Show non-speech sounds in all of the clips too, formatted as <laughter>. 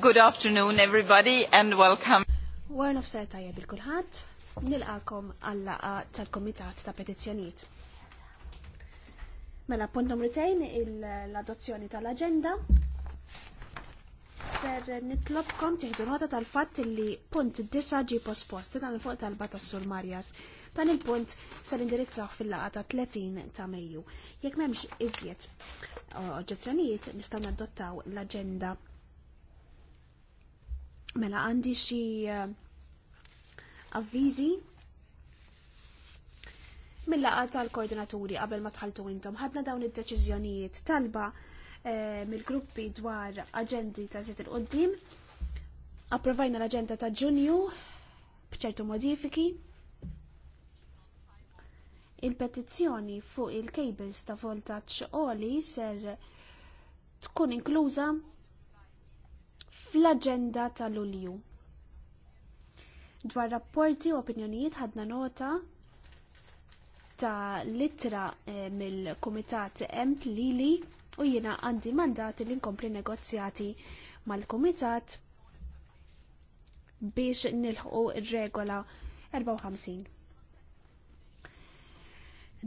Good afternoon everybody and welcome. War nofsar tajjeb il-kulħadd, għal għallaqa tal-Komitat ta' Petizzjonijiet. Mela punt numru tejn l-adozzjoni tal-aġenda. Ser nitlobkom tieħdu nota tal-fatt li punt disa ġi pospost dan fuq talba tas-Sur Marjas Dan il-punt sal indirizzaw fil-laqa ta' 30 ta' Mejju. Jekk m'hemmx iżjed uh, oġġezzjonijiet nistgħu nadottaw l-aġenda. Mela għandi xi uh, avviżi mill-laqa tal-koordinaturi qabel ma tħaltu intom ħadna dawn id-deċiżjonijiet talba uh, mill-gruppi dwar aġendi ta' żied il-qoddim. Approvajna l-aġenda ta' ġunju bċertu modifiki. Il-petizzjoni fuq il-cables ta' voltaġġ oli ser tkun inkluża fl-aġenda tal-Ulju. Dwar rapporti u opinjonijiet ħadna nota ta' litra eh, mill-Kumitat Emp Lili u jiena għandi mandati li nkompli negozjati mal-Kumitat biex nilħu ir-regola 54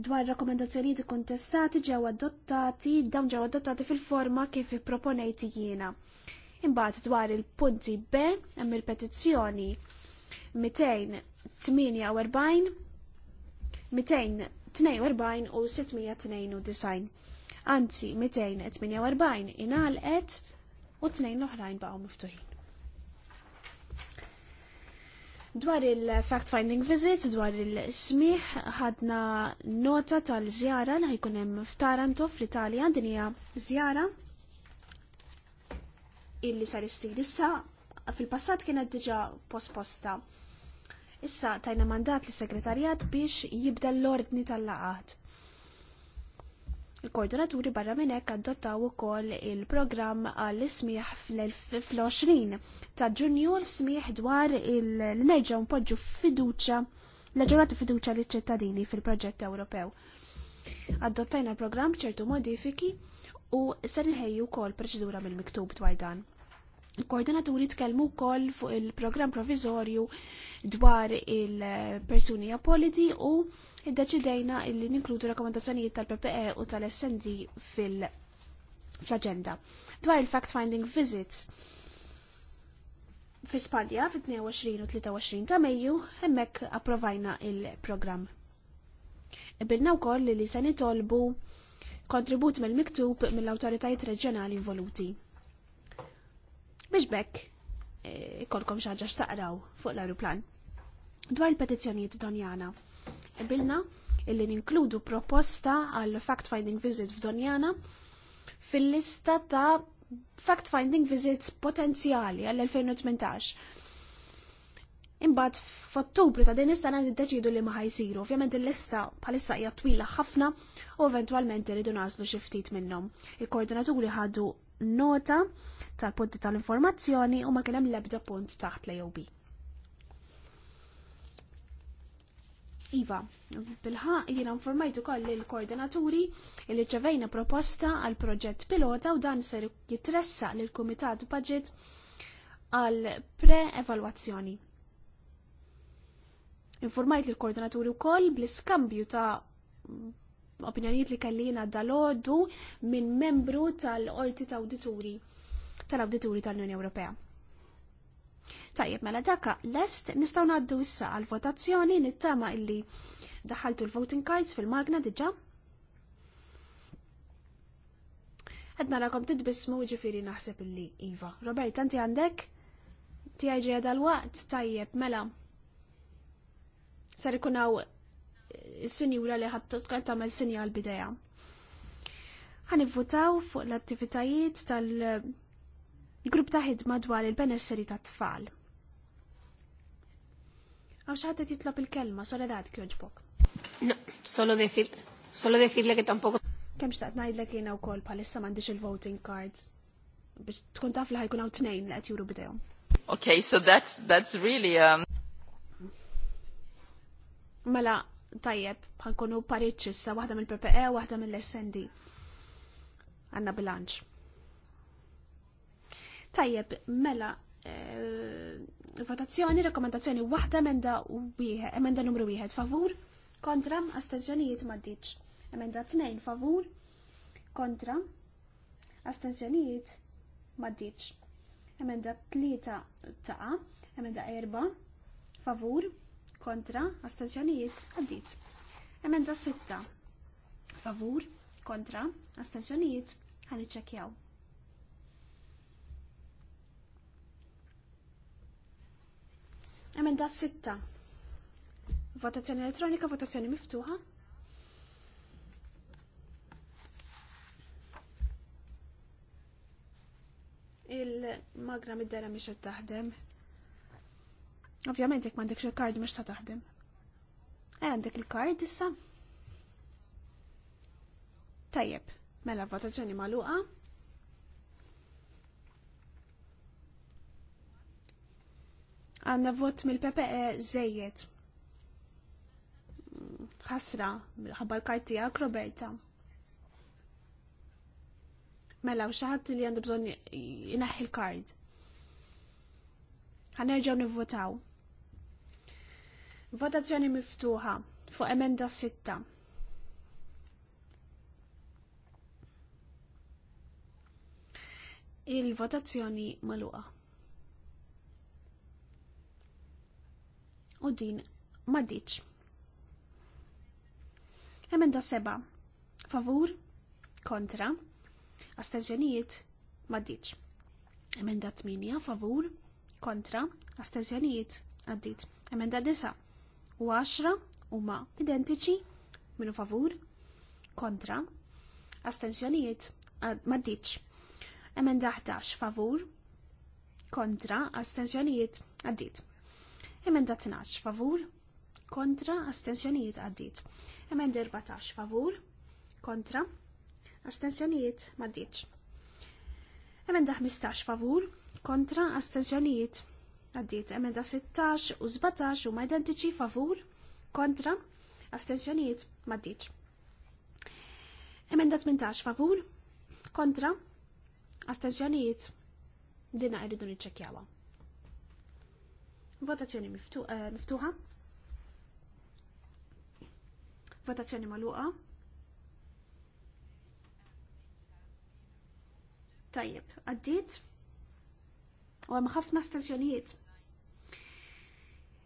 dwar rakkomandazzjonijiet kontestati ġew adottati, dawn ġew adottati fil-forma kif proponejti jiena. Imbagħad dwar il-punti B hemm il-petizzjoni 248 242 u 692. Anzi, 248 inqalqet u tnejn l-oħrajn baqgħu miftuħin. Dwar il-fact-finding visit, dwar il-smiħ, ħadna nota tal-żjara li ħajkun hemm f'Taranto fl-Italja, din hija żjara illi sar issir issa fil-passat kienet diġà posposta. Issa tajna mandat lis segretarjat biex jibda l-ordni tal-laqat. Il-koordinaturi barra minn hekk adottaw ukoll il-programm għall ismieħ fl-20 ta' Ġunju l-smieħ dwar il-nerġa' npoġġu fiduċa l-ġurnata fiduċa liċ ċittadini fil-proġett Ewropew. Adottajna l-programm ċertu modifiki u ser nħejju kol proċedura mill-miktub dwar dan. Il-koordinaturi tkellmu wkoll fuq il-programm provizorju dwar il-persuni apoliti u iddeċidejna illi ninkludu rakkomandazzjonijiet tal-PPE u tal-SND fil-agenda. Dwar il-fact-finding visits fi Spanja fit-22 u 23 ta' Mejju hemmhekk approvajna il-programm. Ibilna wkoll li se nitolbu kontribut mill-miktub mill-awtoritajiet reġjonali involuti biex bekk eh, kolkom xaġa xtaqraw fuq l-aeroplan. Dwar il-petizzjonijiet Donjana, bilna illi ninkludu proposta għal fact-finding visit f'Donjana fil-lista ta' fact-finding visits potenzjali għall-2018. Imbagħad f'Ottubru ta' din is-sena niddeċidu li ma ħajsiru. Ovvjament il-lista bħalissa hija twila ħafna u eventwalment iridu naslu xi ftit minnhom. Il-koordinaturi ħadu nota tal-punti tal-informazzjoni u ma kienem hemm l-ebda punt taħt l-AOB. Iva, bil-ħaq jiena informajtu koll il-koordinaturi li ċevejna proposta għal proġett pilota u dan ser jitressa l kumitat budget għal pre evaluazzjoni Informajt l-koordinaturi u koll bl-iskambju ta' opinjonijiet li kellina dal ordu minn membru tal-Qorti ta' Awdituri tal-Awdituri tal-Unjoni Ewropea. Tajjeb, mela dakka, lest nistaw naddu issa għal-votazzjoni nittama illi daħaltu l-voting cards fil-magna diġa. Għedna rakom tidbismu ġifiri naħseb illi Iva. Robert, tanti għandek? Ti għajġi għadal-waqt, tajjeb, mela. Sar ikunaw il sinjura li ħattu kan tagħmel sinja għal bideja Ħanivvutaw fuq l-attivitajiet tal-grupp ta' ħidma dwar il-benesseri ta' tfal. Għaw xaħta titlop il-kelma, soledad kjoġbok. No, solo defil, solo defil li decirle Kemx ta' tnajd li għina u kol palissa m'għandix il-voting cards Bix tkun taf li għaw t-nejn li qed bidejom. bidejhom. Okay, so that's that's really um Mela tajjeb ħankunu pariċċi issa waħda mill-PPE waħda mill-SND. Għanna bilanċ. Tajjeb, mela eh, votazzjoni, rekomendazzjoni waħda emenda wieħed, emenda numru wieħed favur, kontra astenzjonijiet maddiċ. Emenda tnejn favur, kontra astenzjonijiet maddiċ. Emenda tlieta taqa, emenda erba favur, kontra, astenzjonijiet, għaddit. Emenda 6, favur, kontra, astenzjonijiet, ħalli ċekjaw. Emenda 6, votazzjoni elettronika, votazzjoni miftuħa, il-magra mid-dera miex taħdem Ovvjament jekk m'għandekx il-kard mhux sa taħdem. E għandek il-kard issa? Tajjeb, mela votazzjoni magħluqa. Għanna vot mill pepe żejjed. Ħasra, ħabba l-kart tiegħek Roberta. Mela, u li għandu bżonn inaħħi l-kard. Ħanerġaw nivvotaw. Votazzjoni miftuħa fuq emenda 6. Il-votazzjoni maluqa. U din ma diċ. Emenda seba'. Favur, kontra, astenzjonijiet ma diċ. Emenda 8. Favur, kontra, astenzjonijiet għaddit. Emenda disa' u 10 huma identiċi minu favur kontra astensjonijiet maddiċ. Emenda 11 favur kontra astensjonijiet għaddit. Emenda 12 favur kontra astensjonijiet għaddit. Emenda 14 favur kontra astensjonijiet maddiċ. Emenda 15 favur kontra astensjonijiet Għaddiet emenda 16 u 17 u ma identiċi favur kontra astenzjonijiet maddiċ. Emenda 18 favur kontra astenzjonijiet dina irridu niċċekjawa. Votazzjoni eh, miftuħa. Votazzjoni maluqa. Tajjeb, għaddiet. U hemm ħafna stazzjonijiet.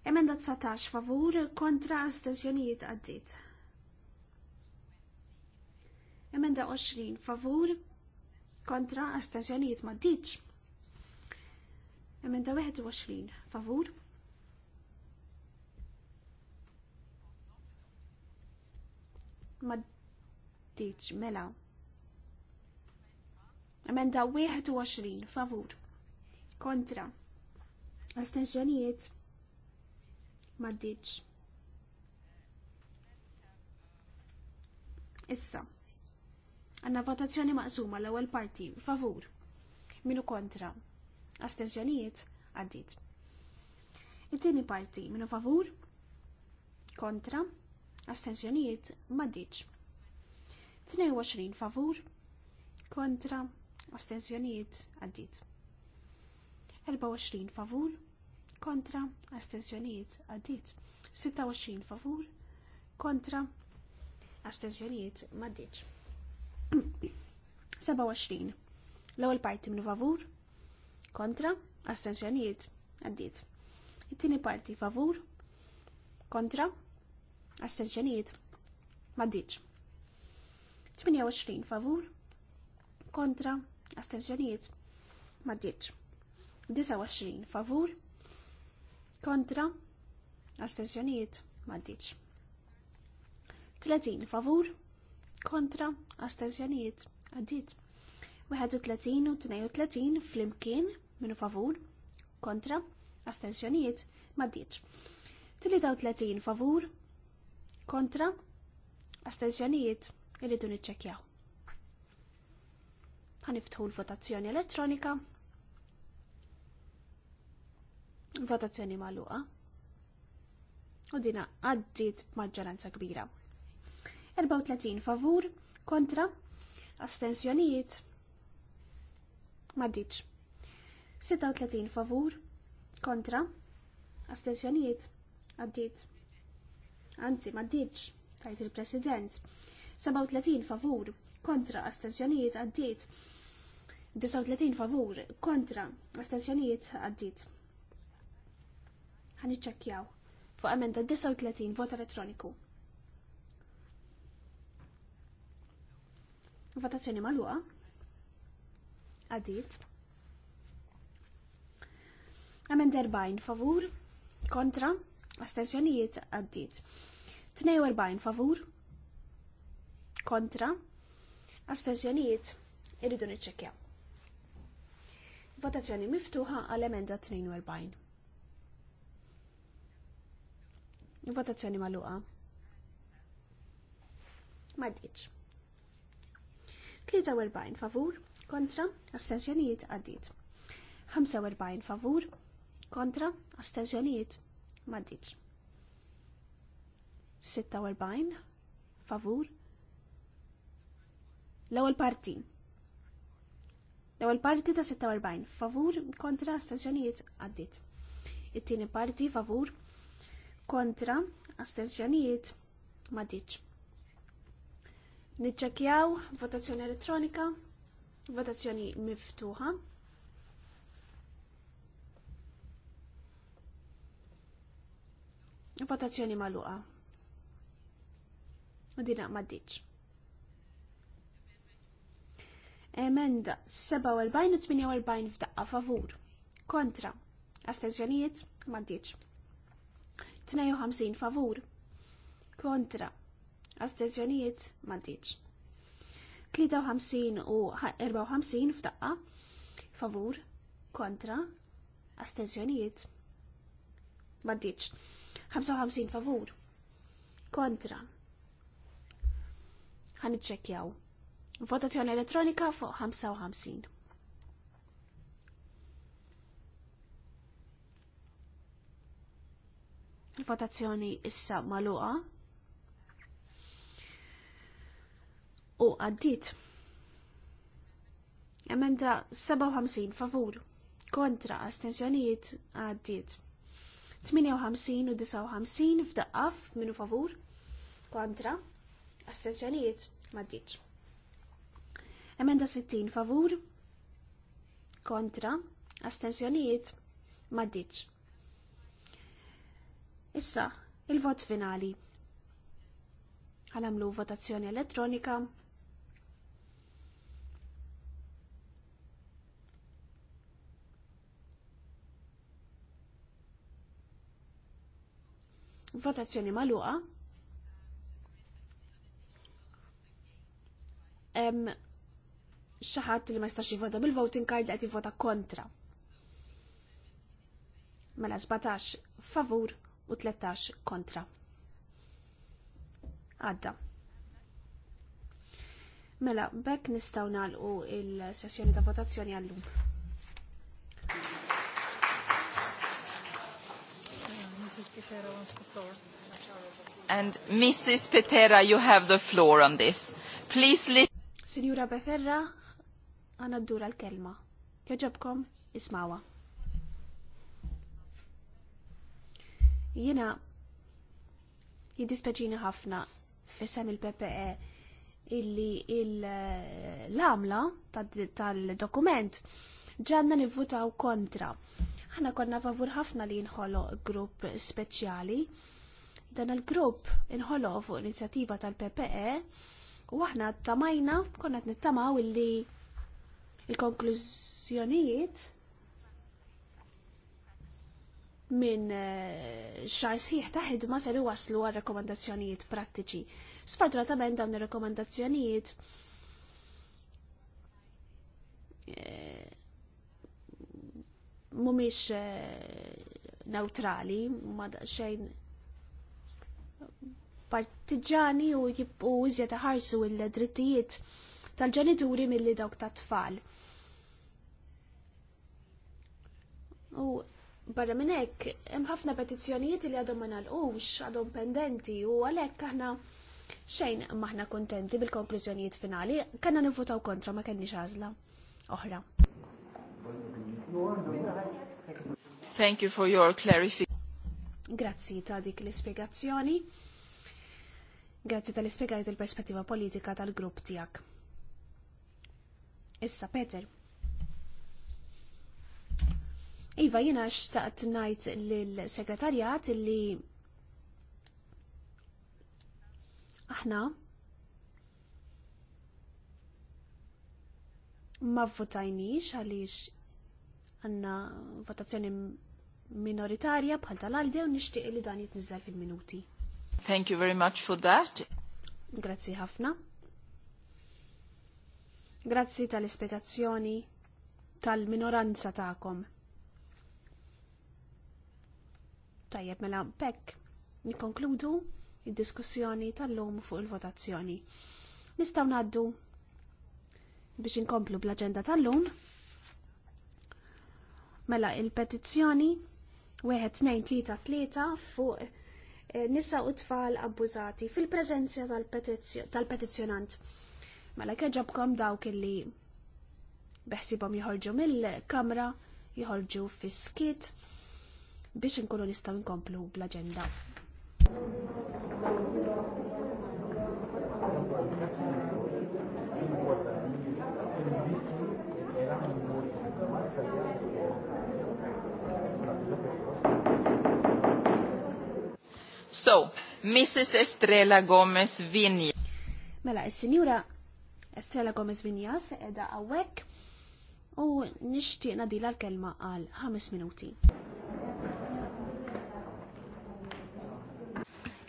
Emenda 19 favur kontra astenzjonijiet għaddit. Emenda 20 favur kontra astenzjonijiet maddiċ. Emenda 21 favur Maddiċ, mela. Emenda 21 favur kontra astenzjonijiet maddiċ. Issa, għanna votazzjoni maqsuma l-ewwel parti favur minu kontra astenzjonijiet għaddit. It-tieni parti minu favur kontra astenzjonijiet maddiċ. 22 favur kontra astenzjonijiet għaddit. 24 favur kontra astenzjonijiet għaddit 26 favur kontra astenzjonijiet maddiċ 27 <clears throat> l-ewwel parti minn favur kontra astenzjonijiet għaddit it-tieni parti favur kontra astenzjonijiet maddiċ 28 favur kontra astenzjonijiet maddiċ 29 favur kontra, astensjonijiet maddiċ. 30 favur, kontra, astensjonijiet għaddit. 31 u 32 flimkien minu favur, kontra, astensjonijiet maddiċ. 33 favur, kontra, astensjonijiet irridu niċċekjaw. Ħaniftħu l-votazzjoni elettronika Votazzjoni magħluqa. U dina għaddit maġġoranza kbira. 34 favur kontra astensjonijiet maddiċ. 36 favur kontra astensjonijiet għaddit. Anzi, maddiċ, tajt il-President. 37 favur kontra astensjonijiet għaddit. 39 favur kontra astensjonijiet għaddit ħaniċċekkjaw fuq emenda 39 vot elettroniku. Votazzjoni magħluqa. għadit. Emenda 40 favur, kontra, astensjonijiet għaddiet. 42 favur, kontra, astensjonijiet irridu niċċekkjaw. Votazzjoni miftuħa għal emenda 42. Votazzjoni maluqa. Ma ddiċ. 43 favur kontra astenzjonijiet għaddit. 45 favur kontra astenzjonijiet ma ddiċ. 46 favur l-ewwel parti L-ewwel parti ta' 46 favur kontra stazzjonijiet għaddit. It-tieni parti favur kontra astensjonijiet ma diċ. Nitċekjaw votazzjoni elettronika, votazzjoni miftuħa. Votazzjoni maluqa. U dina ma diċ. Emenda 47 u 48 f'daqqa favur. Kontra. Astenzjonijiet ma diċ. 52 favur. Kontra. Astenzjonijiet mantiċ. 53 u 54 f'daqqa. Favur. Kontra. Astenzjonijiet. Mantiċ. 55 favur. Kontra. Ħanitċekjaw. Votazzjoni elettronika fuq 55. Votazzjoni issa maluqa. U għaddit. Emenda 57 favur. Kontra astensjonijiet għaddit. 58 u 59 f'daqqaf minu favur. Kontra astensjonijiet maddit. Emenda 60 favur. Kontra astensjonijiet maddit. Issa, il-vot finali. Għalamlu votazzjoni elettronika. Votazzjoni maluqa. Em, xaħat li ma jistax jivota bil-voting card qed vota kontra. Mela 17 favur u 13 kontra. Għadda. Mela, bekk nistaw nalqu il-sessjoni ta' votazzjoni għallum. And Mrs. Petera, you have the floor on this. Please listen. Signora Beferra, għanaddura l-kelma. Joġobkom, ismawa. jina jidispeċini ħafna fissem il-PPE illi l-għamla tal-dokument ġanna nivvutaw kontra. Ħana konna favur ħafna li nħolo grupp speċjali. Dan il-grupp inħolo fuq inizjattiva tal-PPE u aħna tamajna konna nittamaw illi il-konklużjonijiet minn eh, xar sħiħ ta' ħidma se waslu għal rekomendazzjonijiet prattiċi. Sfortunatament dawn ir rekomendazzjonijiet eh, mumiex eh, neutrali, ma xejn partiġani u jibqu iżjed ħarsu l drittijiet tal-ġenituri mill-li dawk tat-tfal. U Barra minn hekk hemm ħafna petizzjonijiet li għadhom ma nalqux, għadhom pendenti u għalhekk aħna xejn maħna kontenti bil-konklużjonijiet finali, kanna nivvotaw kontra ma kenniex għażla oħra. Thank you for your clarification. Grazzi ta' dik l-ispiegazzjoni. Grazzi tal ispiegazzjoni il-perspettiva politika tal-grupp tijak. Issa, Peter. Iva, jina xtaqt najt l-segretarjat li aħna ma votajnix għaliex għanna votazzjoni minoritarja bħal tal alde u nishtiq li dan jitnizzal fil-minuti. Thank you very much for that. Grazzi ħafna. Grazzi tal-ispiegazzjoni tal-minoranza ta'kom. Tajjeb, mela bekk nikkonkludu id-diskussjoni tal-lum fuq il-votazzjoni. Nistgħu ngħaddu biex inkomplu bl-aġenda tal-lum. Mela il-petizzjoni 1233 fuq eh, nisa u tfal abbużati fil-preżenzja tal-petizzjonant. Mela keġabkom dawk illi beħsibhom jħorġu mill-kamra, jħorġu fis-skit biex inkunu nistgħu nkomplu bl-aġenda. So, Mrs. Estrella Gomez Vinia. Mela, il-Sinjura Estrella Gomez se edha għawek u nishtiqna dila l-kelma għal 5 minuti.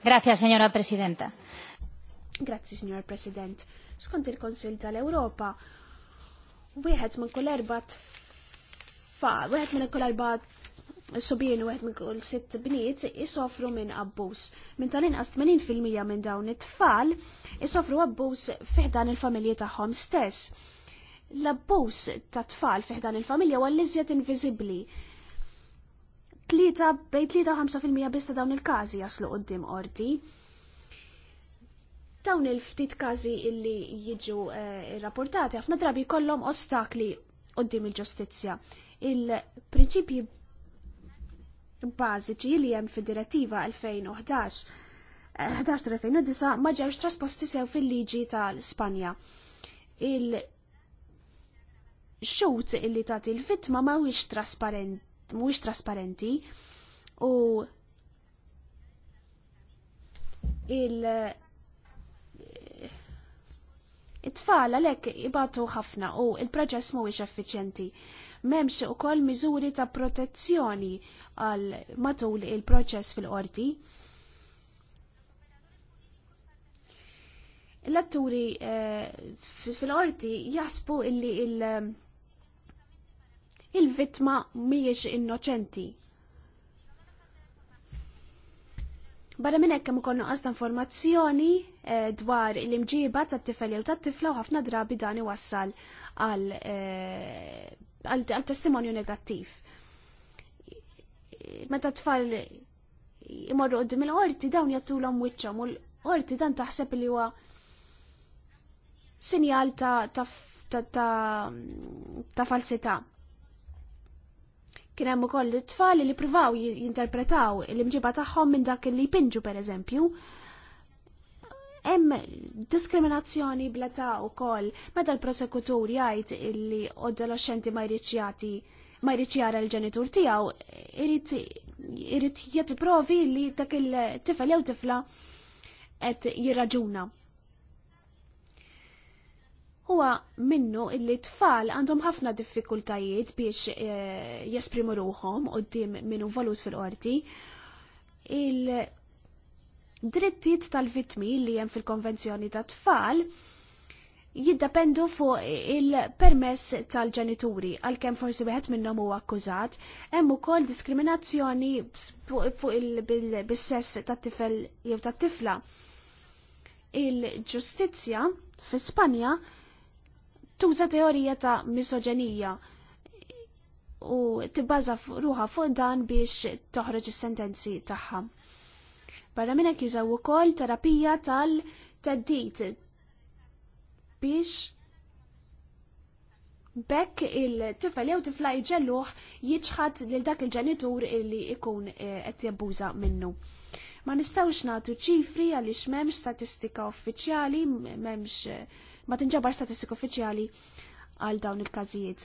Grazie, signora Presidenta. Grazzi, signor President. Skont il-Konsil tal-Europa, wieħed minn kull erba tfal, wieħed minn kull erba sobien u wieħed minn kull sitt bniet isofru minn abbuż. Minn tal-inqas 80% minn dawn it-tfal isofru abbuż fiħdan il-familji tagħhom stess. L-abbuż tat tfal fiħdan il-familja huwa l-iżjed inviżibbli 3 bej 3 u 5% biss ta' dawn il-każi jaslu għoddim qorti. Dawn il-ftit każi illi jiġu eh, rapportati ħafna drabi kollom ostakli għoddim il-ġustizzja. Il-prinċipji bażiċi li hemm fid-direttiva 2011 11-2009 eh, ma ġewx trasposti sew fil-liġi tal-Spanja. Il-xut illi tagħti il-vittma ma wix trasparenti mhuwiex trasparenti u il it-tfal għalhekk ibatu ħafna u il-proċess mhuwiex effiċjenti. M'hemmx ukoll miżuri ta' protezzjoni għal matul il-proċess fil-qorti. L-atturi eh, fil-qorti jasbu illi il- il-vittma mhijiex innoċenti. Barra minn hekk hemm ukoll informazzjoni eh, dwar l-imġiba tat-tifel jew tat-tifla u ħafna drabi dan iwassal għal eh, testimonju negattiv. Meta tfal imorru qudiem il-qorti dawn jattulhom wiċċhom u l-qorti dan taħseb li huwa sinjal ta' ta' falsità. Kien hemm ukoll it-tfal li pruvaw jinterpretaw l-imġiba tagħhom minn dak li jpinġu pereżempju. Hemm diskriminazzjoni bla ta' meta l-prosekutur jgħid li adolescenti ma jridx jagħti ma jridx jara l-ġenitur tiegħu, irid irid li dak il-tifel jew tifla qed jirraġuna huwa minnu illi tfal għandhom ħafna diffikultajiet biex eh, jesprimu ruħom qoddim minnu valut fil-qorti. Il-drittijiet tal-vitmi li hemm fil-konvenzjoni ta' tfal jiddependu fuq il-permess tal-ġenituri għalkemm forsi wieħed minnhom huwa akkużat, hemm ukoll diskriminazzjoni fuq il-bissess tat-tifel jew tat-tifla. Il-ġustizzja fi Spanja tuża teorija ta' misoġenija u tibbaza ruħa fuq dan biex toħroġ is-sentenzi tagħha. Barra minn hekk jużaw ukoll terapija tal-teddit biex bekk il-tifel jew tifla jġelluħ jiġħad lil dak il-ġenitur illi ikun eh, qed jabbuża minnu. Ma nistawx natu ċifri għaliex m'hemmx statistika uffiċjali, m'hemmx ma tinġabar statistika uffiċjali għal dawn il-każijiet.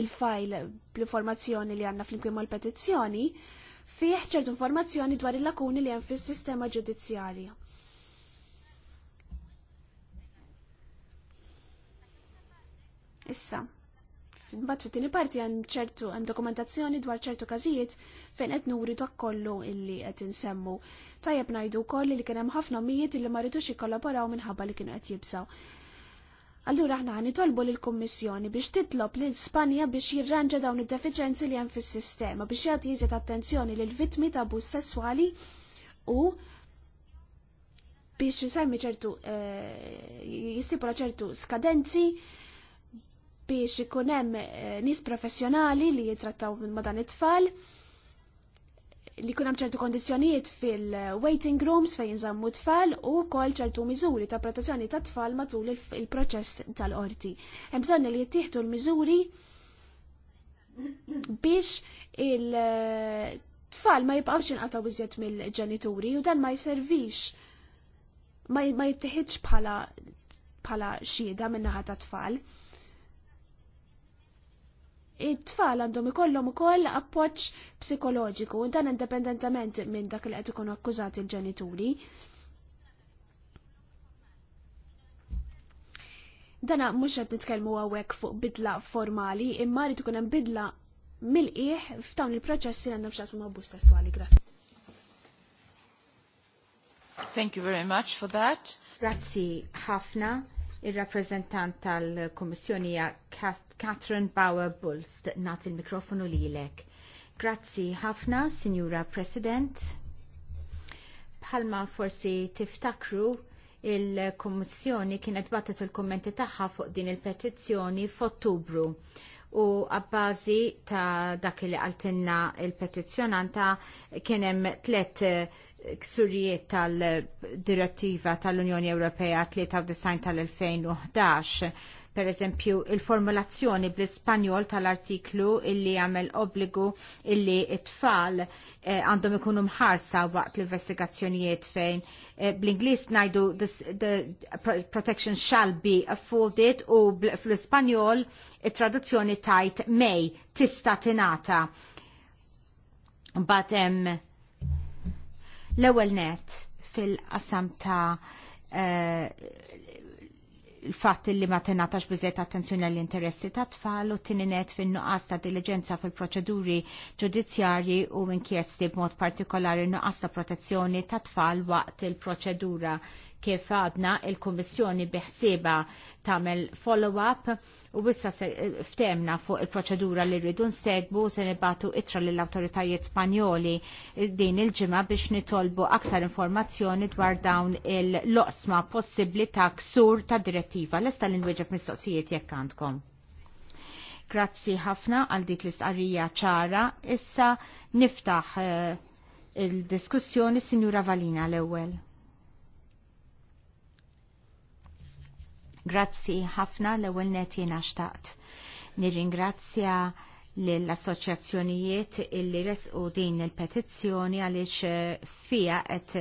Il-fajl bl-informazzjoni li għandna flimkien mal-petizzjoni fih ċertu informazzjoni dwar il-lakuni li hemm fis-sistema ġudizzjali. Issa, Bat fit-tieni parti hemm ċertu hemm dokumentazzjoni dwar ċertu każijiet fejn qed nuri dak kollu illi qed insemmu. Tajjeb ngħidu wkoll li kien hemm ħafna mijiet illi ma rridux jikkollaboraw minħabba li kienu qed jibsaw. Allura aħna ħan nitolbu lill-Kummissjoni biex titlob lil Spanja biex jirranġa dawn id-defiċenzi li hemm fis-sistema biex jagħti jiżed attenzjoni lil vittmi ta' abbuż sesswali u biex jisemmi ċertu eh, jistipula ċertu skadenzi biex ikun hemm eh, nis professjonali li jitrattaw madan it-tfal li kunem ċertu kondizjonijiet fil-waiting rooms fejn nżammu tfal u kol ċertu miżuri ta' protezzjoni ta' tfal matul il-proċess tal-qorti. Hemm bżonn li jittieħdu l-miżuri biex il-tfal eh, ma jibqgħux inqataw iżjed mill-ġenituri u dan ma jservix ma jittieħidx bħala bħala xieda min-naħa ta' tfal it-tfal għandhom ikollhom ukoll appoġġ psikoloġiku dan indipendentament minn dak li qed ikunu akkużati l-ġenituri. Dana mhux qed nitkellmu hawnhekk fuq bidla formali, imma rid ikun hemm bidla mill-qieħ f'dawn il-proċessi li għandhom x'għasmu abbuż sessuali. Grazzi. Thank you very much for that. Grazzi ħafna Il-rappresentant tal hija Catherine Bauer Bulst nat il-mikrofonu lilek. Grazzi ħafna, Signora President. Bħalma forsi tiftakru il kummissjoni kienet battet il-kommenti tagħha fuq din il-petizzjoni f'Ottubru u għabbażi ta' dak li għaltinna il kien kienem tlet ksurijiet tal-direttiva tal-Unjoni Ewropea 93 tal-2011 per eżempju il-formulazzjoni bl-Ispanjol tal-artiklu illi għamel obbligu illi it-tfal eh, għandhom eh, ikunu mħarsa waqt l-investigazzjonijiet fejn eh, bl-Inglis najdu the protection shall be afforded u fl-Ispanjol it-traduzzjoni tajt mej tista tinata. But um, L-ewwel net fil-qasam ta' eh, il fat li ma tenatax bizet attenzjoni għall interessi ta' tfal u tininet fin nuqqas ta' diligenza fil-proċeduri ġudizzjarji u inkjesti b'mod partikolari nuqqas ta' protezzjoni ta' tfal waqt il-proċedura Kif għadna il-Kummissjoni biħsiba tagħmel follow-up u wissa eh, ftemna fuq il-proċedura li rridu nsegbu se nibatu itra lill awtoritajiet Spanjoli din il-ġimgħa biex nitolbu aktar informazzjoni dwar dawn il-loqsma possibbli ta' ksur ta' direttiva lesta li nwieġeb mistoqsijiet jekk għandkom. Grazzi ħafna għal dik l-istqarrija ċara. Issa niftaħ eh, il-diskussjoni Sinjura Valina l-ewwel. Grazzi ħafna l-ewwel net jiena xtaqt. Nirringrazzja l-assoċjazzjonijiet illi resqu din il-petizzjoni għaliex eh, fija qed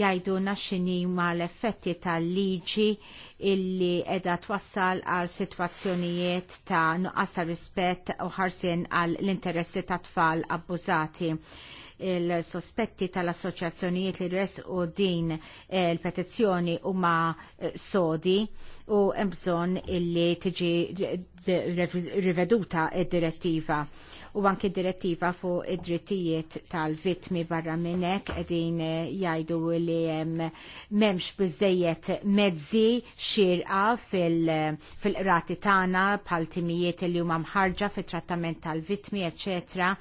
jajduna xini ma l-effetti tal-liġi illi edha twassal għal situazzjonijiet ta' nuqqas rispett u ħarsin għal l-interessi ta' tfal abbużati il-sospetti tal-assoċjazzjonijiet li res u din il-petizzjoni eh, u ma eh, sodi u hemm bżonn illi tiġi riveduta id-direttiva u anki direttiva fuq id-drittijiet tal-vitmi barra minnek edin eh, jajdu li memx bizzejiet mezzi xirqa fil-qrati fil tana pal timijiet li huma mħarġa fit trattament tal-vitmi, etc.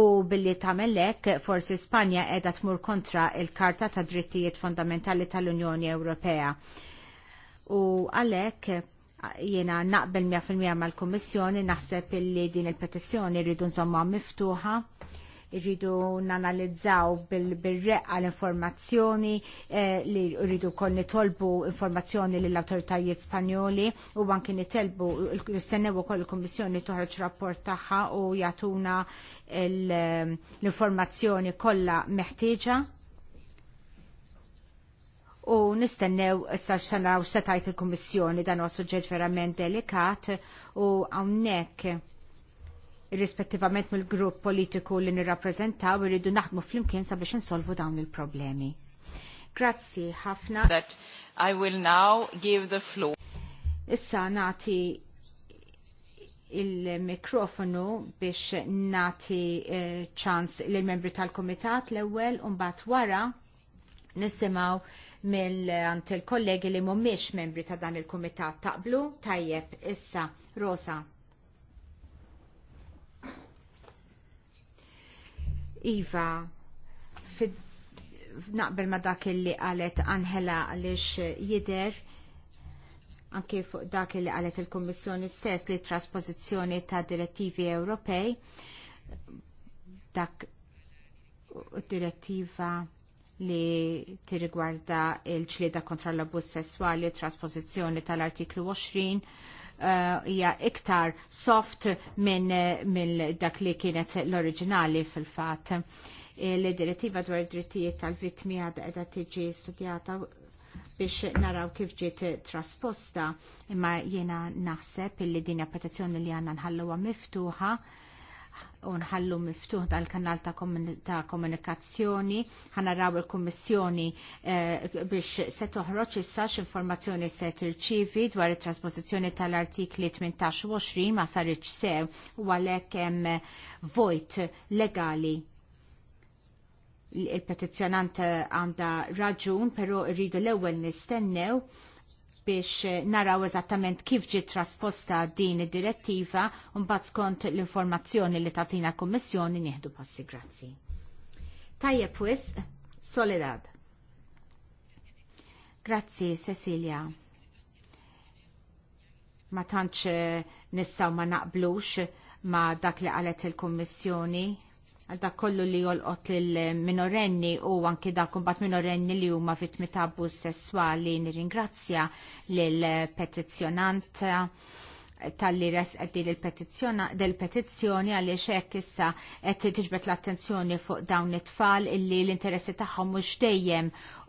U billi tamellek forsi Spanja edha tmur kontra il-Karta ta' Drittijiet Fundamentali tal-Unjoni Ewropea u għalhekk jiena naqbel 100% mal-Kummissjoni naħseb illi din il-petizzjoni rridu nżomma miftuħa irridu nanalizzaw bil-reqqa l-informazzjoni eh, li rridu kol nitolbu informazzjoni l autoritajiet spanjoli u nitolbu nitelbu istennewu kol il-Kommissjoni toħroġ rapport tagħha u jagħtuna l-informazzjoni kollha meħtieġa u nistennew issa xanaw xetajt il-Kommissjoni dan u suġġeġ verament delikat u għawnek rispettivament mill-grupp politiku li nirrappreżentaw irridu naħdmu flimkien sabiex insolvu dawn il-problemi. Grazzi ħafna. That I will now give the floor. Issa nati il-mikrofonu biex nati eh, ċans uh, lill membri tal kumitat l ewwel un bat wara nisimaw mill-ant il-kollegi li mhumiex membri ta' dan il-kumitat taqblu tajjeb issa Rosa. Iva, naqbel ma dak li qalet Anhela għaliex jider anke fuq dak li qalet il-Kummissjoni stess li t-traspożizzjoni ta' direttivi Ewropej dak direttiva li tirigwarda il-ċlieda kontra l-abbuż sesswali, trasposizzjoni tal-artiklu 20 eh, hija uh, iktar soft minn min dak li kienet l-oriġinali fil-fatt. Il-direttiva dwar id-drittijiet tal-vittmi għadha tiġi studjata biex naraw kif ġiet trasposta imma jiena naħseb illi din petizzjoni li għandna nħalluha miftuħa unħallu miftuħ dal-kanal ta', komun ta komunikazzjoni, ħanaraw il-Kommissjoni eh, biex se toħroġ issa x'informazzjoni se tirċivi dwar it trasposizjoni tal-artikli 18 20 ma saritx sew u għalhekk hemm vojt legali il-petizzjonant għanda raġun, pero rridu l-ewwel nistennew biex eh, naraw eżattament kif ġiet trasposta din id-direttiva u mbagħad skont l-informazzjoni li tagħtina l-Kummissjoni nieħdu passi grazzi. Tajjeb wis, Soledad. Grazzi, Cecilia. Ma tantx eh, nistgħu ma naqblux ma dak li qalet il-Kummissjoni għal dak kollu li jolqot lil minorenni u anki dak kumbat minorenni li huma vittmi ta' abbuż sesswali nirringrazzja l petizzjonant tal-li res din il-petizzjoni għaliex hekk issa qed tiġbed l-attenzjoni fuq dawn it-tfal illi l-interessi tagħhom mhux dejjem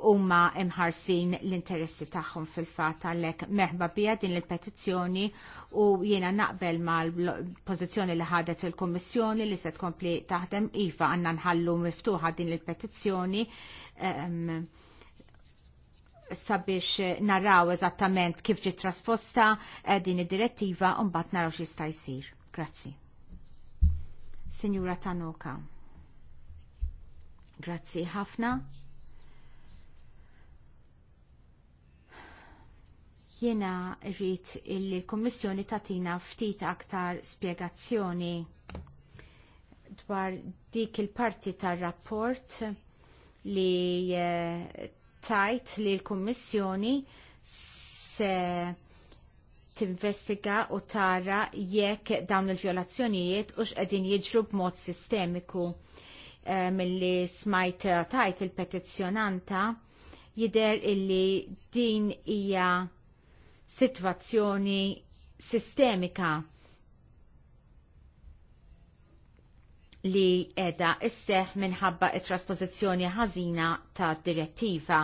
huma imħarsin l-interessi tagħhom fil-fatt għalhekk merħba bija din il-petizzjoni u jiena naqbel mal-pożizzjoni li ħadet il-Kummissjoni li se tkompli taħdem iva għandna nħallu miftuħa din il-petizzjoni ehm, sabiex naraw eżattament kif ġiet trasposta eh, din id-direttiva u mbagħad naraw x'jista' jsir. Grazzi. Signora Tanoka. Grazzi ħafna. Jiena rrit il l-Kommissjoni tatina ftit aktar spjegazzjoni dwar dik il-parti tar rapport li eh, tajt li l-Kommissjoni se tinvestiga u tara jekk dawn il-violazzjonijiet u x'qegħdin jiġru b'mod sistemiku eh, milli smajt eh, tajt il-petizzjonanta jider illi din hija situazzjoni sistemika li edha isseħ minħabba it-trasposizjoni ħażina ta' direttiva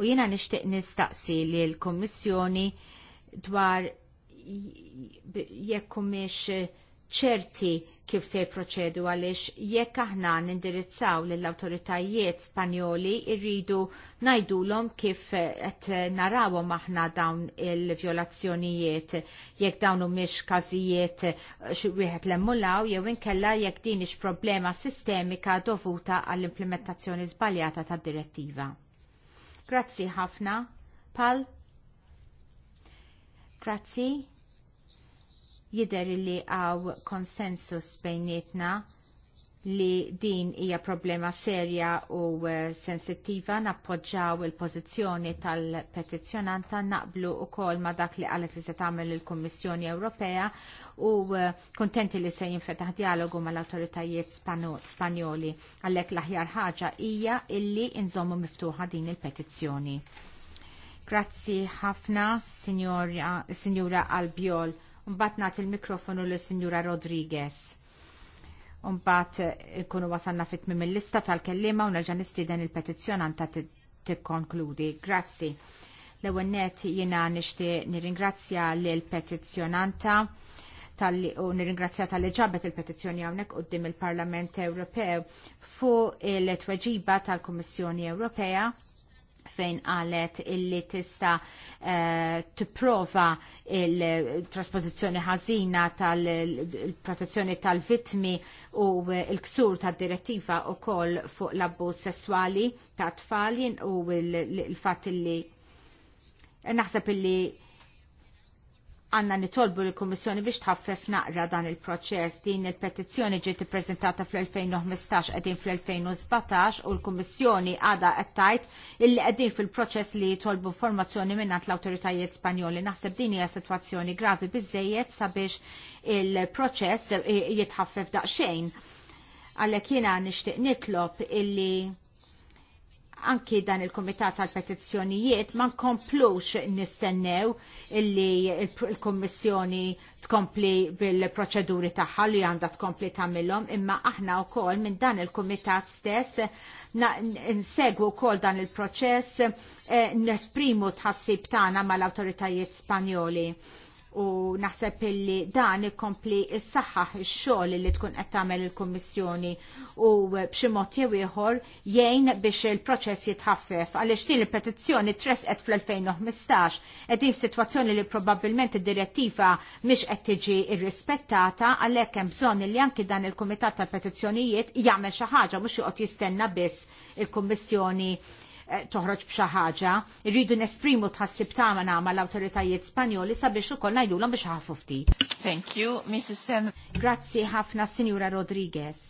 u jiena nixtieq nistaqsi li l-Kommissjoni dwar jekk mhix ċerti kif se jproċedu għaliex jekk aħna nindirizzaw lill awtoritajiet Spanjoli irridu ngħidulhom kif qed narawhom aħna dawn il-vjolazzjonijiet jekk dawn mhumiex każijiet eh, wieħed l-emmulaw jew inkella jekk din ix problema sistemika dovuta għall-implementazzjoni żbaljata tad-direttiva. Grazzi ħafna. Pal? Grazzi jidher li għaw konsensus bejnietna li din hija problema serja u eh, sensittiva nappoġġaw il-pożizzjoni tal-petizzjonanta naqblu wkoll ma dak li qalet li se tagħmel il-Kummissjoni Ewropea u eh, kuntenti li se jinfetaħ dialogu mal-awtoritajiet Spanjoli għalhekk l-aħjar ħaġa hija illi nżommu miftuħa din il-petizzjoni. Grazzi ħafna, Signora Albiol Mbatnat nagħti il-mikrofonu l sinjura Rodriguez. Mbat ikunu eh, wasanna fit mill-lista tal-kellima u nerġa' nistieden il-petizzjonant ta' tikkonkludi. Grazzi. L-ewwel jina jiena nixtieq nirringrazzja lill petizzjonanta u nir u nirringrazzja tal-li ġabet il-petizzjoni għawnek qoddim il-Parlament Ewropew fuq il-tweġiba tal komissjoni Ewropea fejn qalet illi tista uh, tipprova il-trasposizjoni ħażina tal-protezzjoni tal-vitmi u l-ksur tad direttiva wkoll fuq l-abbuż sesswali ta' tfalin u l-fatt illi naħseb illi għanna nitolbu l-Kommissjoni biex tħaffef naqra dan il-proċess. Din il-petizzjoni ġiet ippreżentata fl-2015 qegħdin fl-2017 u l-Kummissjoni għadha qed tgħid illi qegħdin fil-proċess li jitolbu informazzjoni minnant l-awtoritajiet Spanjoli. Naħseb din hija sitwazzjoni gravi biżejjed sabiex il-proċess jitħaffef daqsxejn. Għalhekk jiena nixtieq nitlob illi anki dan il-Komitat tal-Petizzjonijiet ma nkomplux nistennew illi il-Kommissjoni tkompli bil-proċeduri tagħha li għandha tkompli tagħmilhom, imma aħna wkoll minn dan il-Kumitat stess nsegwu wkoll dan il-proċess eh, nesprimu tħassib tagħna mal-awtoritajiet Spanjoli u naħseb illi dan ikompli s-saħħaħ ix-xogħol li tkun qed tagħmel il-Kummissjoni u b'xi mod jew ieħor jgħin biex il-proċess jitħaffef għaliex din il-petizzjoni tresqet fl-2015 qegħdin f'sitwazzjoni li probabbilment id-direttiva mhix qed tiġi rrispettata għalhekk hemm bżonn li anki dan il-Kumitat tal-Petizzjonijiet jagħmel xi ħaġa mhux joqgħod jistenna biss il-Kummissjoni Eh, toħroġ b'xi ħaġa, irridu nesprimu tħassib tagħna nagħma l-awtoritajiet Spanjoli sabiex ukoll ngħidulhom biex ħafu ftit. Thank you, Mrs. Sen. Grazzi ħafna, Sinjura Rodriguez.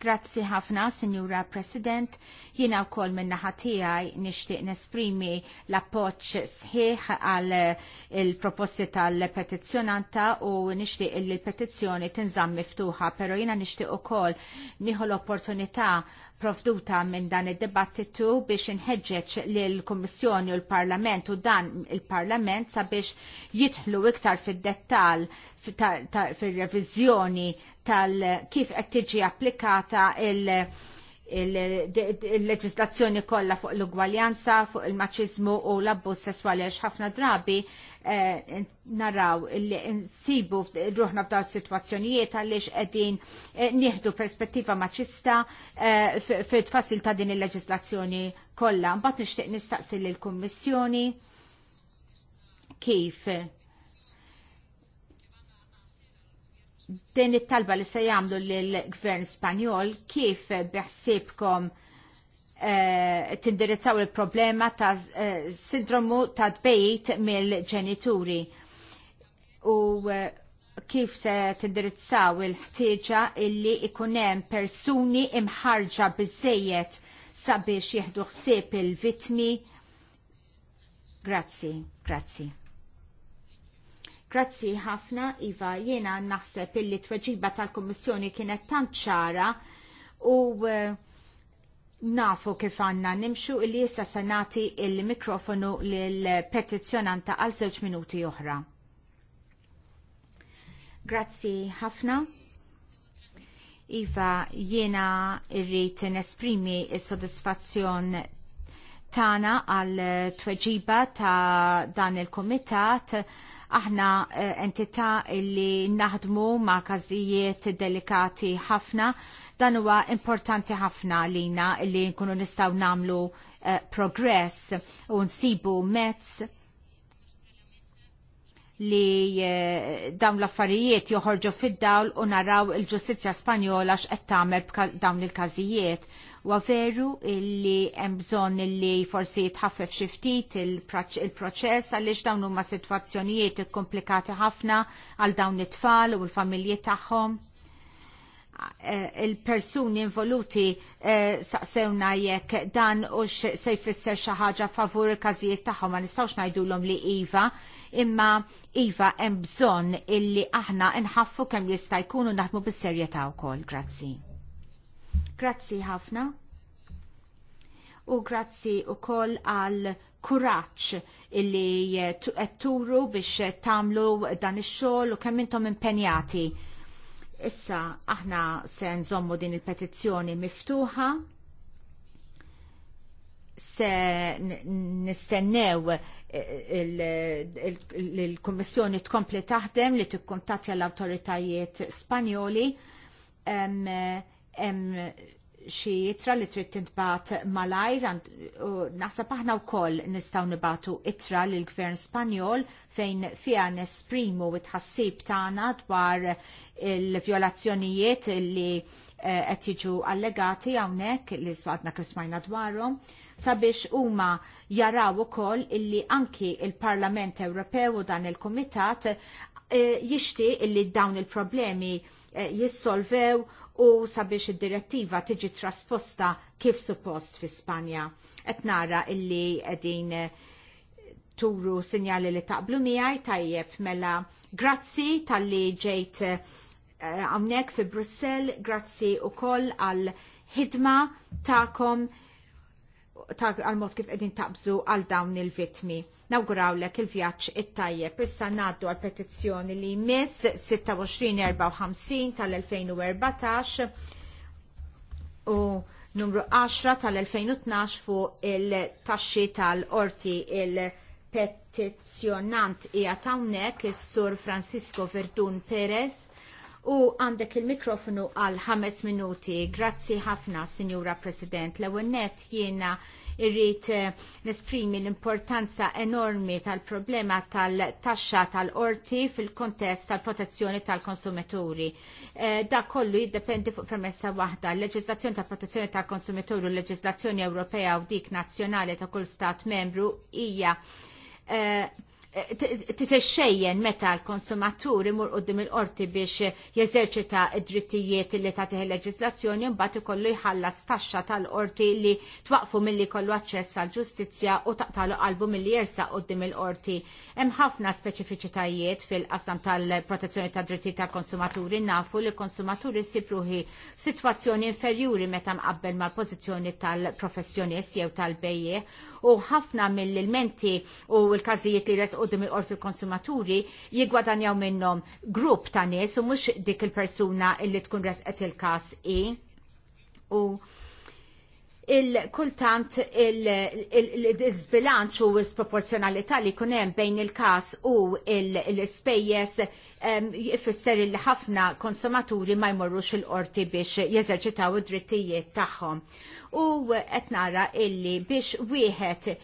Grazzi ħafna, Signora President. Jiena wkoll minn naħa tiegħi nixtieq nesprimi l-appoġġ sħiħ għal eh, il-proposti tal-petizzjonanta u nixtieq li l-petizzjoni tinżamm miftuħa, però jiena nixtieq ukoll nieħu l-opportunità provduta minn dan id-dibattitu biex inħeġġeġ lill kummissjoni u l-Parlament u dan il-Parlament sabiex jidħlu iktar fid-dettall fir-reviżjoni tal kif qed tiġi applikata il- il-leġislazzjoni kollha fuq l-ugwaljanza, fuq il-maċizmu u l-abbuż sessuali għax ħafna drabi eh, naraw li nsibu ruħna f'daw situazzjonijiet għaliex qegħdin eh, nieħdu perspettiva maċista eh, fit-tfassil ta' din il-leġislazzjoni kollha. Mbagħad nixtieq nistaqsi lill-Kummissjoni kif din it-talba li se jagħmlu lill-Gvern Spanjol kif beħsibkom eh, tindirizzaw il-problema ta' eh, sindromu ta' dbejt mill-ġenituri u eh, kif se tindirizzaw il-ħtieġa illi ikunem persuni imħarġa biżejjed sabiex jieħdu ħsieb il-vitmi. Grazzi, grazzi. Grazzi ħafna, Iva, jiena naħseb illi tweġiba tal-Kommissjoni kienet tant ċara u e, nafu kif għanna nimxu illi jissa sanati il-mikrofonu l-petizjonanta għal żewġ minuti oħra. Grazzi ħafna. Iva, jiena irrit nesprimi il-sodisfazzjon tana għal tweġiba ta' dan il-komitat Aħna eh, entità li naħdmu ma' każijiet delikati ħafna dan huwa importanti ħafna lina li nkunu nistaw namlu uh, eh, progress u nsibu mezz li uh, dawn l-affarijiet joħorġu fid-dawl u naraw il-ġustizja Spanjola x'qed tagħmel b'dawn il-każijiet Wa veru illi hemm bżonn illi forsi jitħaffef xi ftit il-proċess għaliex dawn huma sitwazzjonijiet komplikati ħafna għal dawn it-tfal u l-familji tagħhom. Eh, il-persuni involuti eh, saqsewna jekk dan u se jfisser xi ħaġa favur każijiet tagħhom ma nistgħux ngħidulhom li iva, imma iva hemm bżonn illi aħna nħaffu kemm jista' jkunu naħdmu bis-serjetà wkoll. Grazzi. Grazzi ħafna. U grazzi u koll għal kuraċ illi turu biex tamlu dan ix-xogħol u kemm intom impenjati. Issa aħna se nżommu din il-petizzjoni miftuħa se nistennew eh, il-Kommissjoni tkompli taħdem li tikkuntattja l-autoritajiet Spanjoli xi itra li trid tintbat malajr u naħseb aħna wkoll nistgħu nibatu itra lil gvern Spanjol fejn fiha nesprimu u tħassib tagħna dwar il-vjolazzjonijiet li eh, qed jiġu allegati hawnhekk li sbaqna kif smajna dwarhom sabiex huma jaraw ukoll illi anki il-Parlament Ewropew u dan il-Kumitat eh, jixti illi dawn il-problemi eh, jissolvew u sabiex id-direttiva tiġi trasposta kif suppost fi Spanja. Et nara illi edin turu sinjali li taqblu miegħi tajjeb mela grazzi tal-li ġejt eh, għamnek uh, fi Brussel, grazzi u koll għal ħidma ta'kom għal-mod kif edin taqbżu għal dawn il-vitmi lek il-vjaġġ it-tajjeb. Issa ngħaddu għal petizzjoni li 26-54 tal-2014 u numru 10 tal-2012 fuq il-taxxi tal-orti il-petizzjonant hija hawnhekk is-sur Francisco Verdun Perez u għandek il-mikrofonu għal ħames minuti. Grazzi ħafna, Signora President. l net jiena irrit eh, nesprimi l-importanza enormi tal-problema tal-taxxa tal-orti fil-kontest tal-protezzjoni tal-konsumaturi. Eh, da kollu jiddependi fuq premessa waħda. L-leġislazzjoni tal-protezzjoni tal-konsumaturi u l-leġislazzjoni Ewropea u dik nazzjonali ta' kull stat membru hija eh, titexxejjen meta l-konsumatur imur qudiem il-qorti biex jeżerċita d-drittijiet li tagħtih il-leġiżlazzjoni mbagħad ikollu jħallas taxxa tal-qorti li twaqfu milli kollu aċċess għal ġustizzja u taqtalu qalbu milli jersaq qudiem il-qorti. Hemm ħafna speċifiċitajiet fil-qasam tal-protezzjoni tad-drittijiet tal-konsumaturi nafu li l-konsumaturi sibruħi sitwazzjoni inferjuri meta mqabbel mal-pożizzjoni tal-professjonist jew tal-bejje u ħafna mill-ilmenti u l-każijiet li resqu qudiem il-qorti konsumaturi jigwadanjaw minnhom grupp ta' nies u mhux dik il-persuna illi tkun resqet il-każ i u il-kultant il-zbilanċ u s-proporzjonalità li kunem bejn il-kas u l-spejjes jfisser il ħafna konsumaturi ma jmorrux il-qorti biex jeżerċitaw id-drittijiet tagħhom. U qed nara illi biex wieħed eh,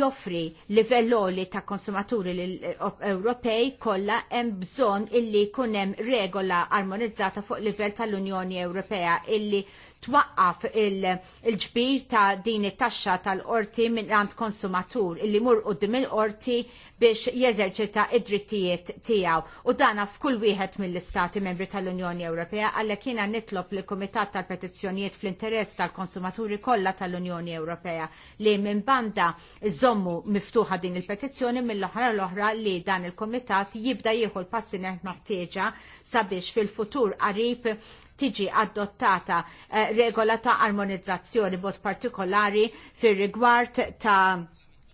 joffri livelloli ta' konsumaturi l-Ewropej eh, kollha hemm bżonn illi jkun hemm regola armonizzata fuq livell tal-Unjoni Ewropea illi twaqqaf il-ġbir ta' din it-taxxa tal-qorti minn għand konsumatur illi mur qudiem il-qorti biex jeżerċita id-drittijiet tiegħu u dana f'kull wieħed mill-istati membri tal-Unjoni Ewropea għalhekk jiena nitlob li kumitat tal-petizzjonijiet fl-interess tal-konsumaturi kollha tal-Unjoni Ewropea li minn banda żommu miftuħa din il-petizzjoni mill-oħra l-oħra li dan il-kumitat jibda jieħu l-passi meħtieġa sabiex fil-futur qarib tiġi adottata eh, regola ta' armonizzazzjoni bot partikolari fir-rigward ta'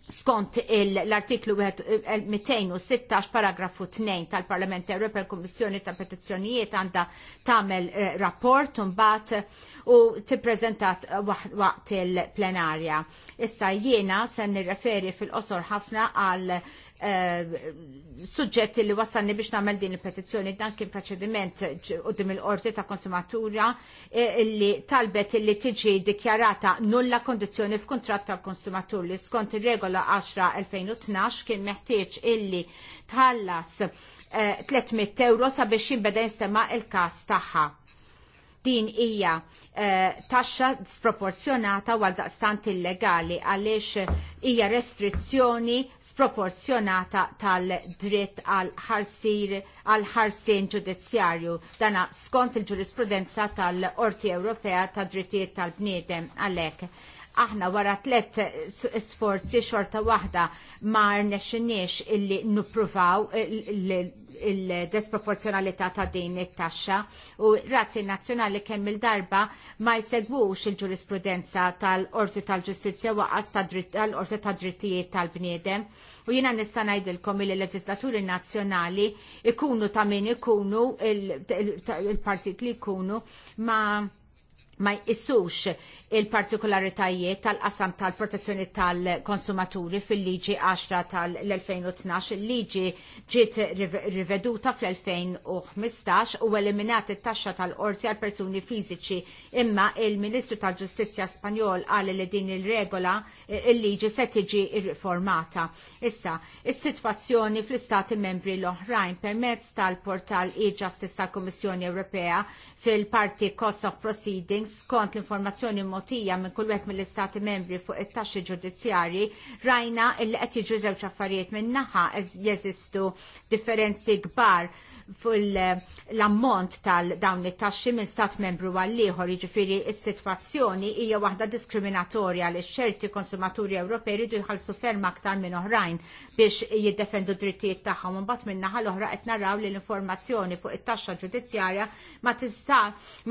skont l-artiklu 216 eh, paragrafu 2 tal-Parlament Ewropew il-Kummissjoni ta' Petizzjonijiet għandha tagħmel eh, rapport imbagħad u tippreżentat waqt il-plenarja. Issa jiena se nirreferi fil-qosor ħafna għal Eh, suġġetti li wassalni biex nagħmel din il-petizzjoni dan kien proċediment dim il-qorti ta' konsumatura eh, li talbet li tiġi dikjarata nulla kondizzjoni f'kuntratt tal-konsumatur li skont ir-regola 10-2012 kien meħtieġ illi tħallas 300 eh, euro sabiex jinbeda jistema il-każ tagħha din hija eh, taxxa sproporzjonata għal daqstant illegali għaliex hija restrizzjoni sproporzjonata tal-dritt għal ħarsir għal ħarsien ġudizzjarju dana skont il-ġurisprudenza tal-Qorti Ewropea tad drittijiet tal-bniedem għalhekk aħna wara tlet sforzi xorta waħda ma rnexxinniex illi nupruvaw il-desproporzjonalità ta' din it-taxxa u rati nazzjonali kemm il-darba ma jsegwux il-ġurisprudenza tal-Qorti tal-Ġustizzja waqas tal-Qorti ta' Drittijiet tal-Bniedem u jiena nista' ngħidilkom li l leġislaturi nazzjonali ikunu ta' min ikunu il-partit li jkunu ma' ma jqissux il-partikolaritajiet tal-qasam tal-protezzjoni tal-konsumaturi fil-liġi 10 tal-2012. Il-liġi ġiet riveduta fl-2015 u eliminat it-taxxa tal-qorti għal persuni fiżiċi imma il-Ministru tal-Ġustizzja Spanjol għal li din il-regola il-liġi se tiġi riformata. Issa, is-sitwazzjoni fl-istati membri l-oħrajn permezz tal-portal e-Justice tal-Kummissjoni Ewropea fil-parti Cost of Proceedings kont l-informazzjoni notija minn kull wieħed mill-istati membri fuq it-taxxi ġudizzjarji rajna illi qed jiġu żewġ affarijiet minn naħa jeżistu differenzi kbar l ammont tal-dawn it-taxxi minn stat membru għal ieħor jiġifieri s-sitwazzjoni hija waħda diskriminatorja li xerti konsumaturi Ewropej jridu jħallsu ferm aktar minn oħrajn biex jiddefendu drittijiet tagħhom imbagħad minn naħa l-oħra qed naraw li l-informazzjoni fuq it-taxxa ġudizzjarja ma tista'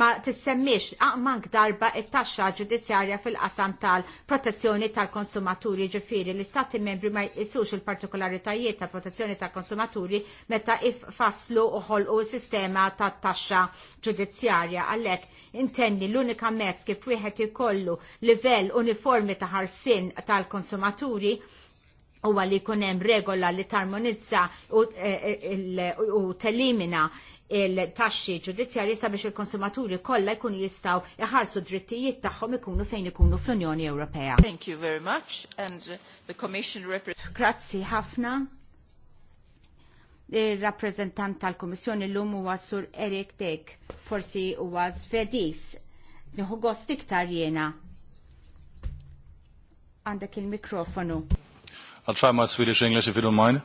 ma tissemmix aqmank darba it-taxxa ġudizzjarja fil-qasam tal-protezzjoni tal-konsumaturi ġifiri li stati membri ma jisux il-partikolaritajiet tal-protezzjoni tal-konsumaturi meta ifasslu uħol u sistema tat taxxa ġudizzjarja għallek intenni l-unika mezz kif wieħed ikollu livell uniformi ta' ħarsin tal-konsumaturi huwa li jkun hemm regola li tarmonizza e, e, u, telimina il-taxxi ġudizzjarji sabiex il-konsumaturi kollha jkunu jistgħu iħarsu drittijiet tagħhom ikunu fejn ikunu fl-Unjoni Ewropea. Thank you very much and the Commission Grazzi ħafna. Il-rappreżentant tal-Kummissjoni llum huwa Sur Erik Dek, forsi huwa Svedis. Nieħu gost iktar jiena. Għandek il-mikrofonu. I'll try my Swedish English if you don't mind.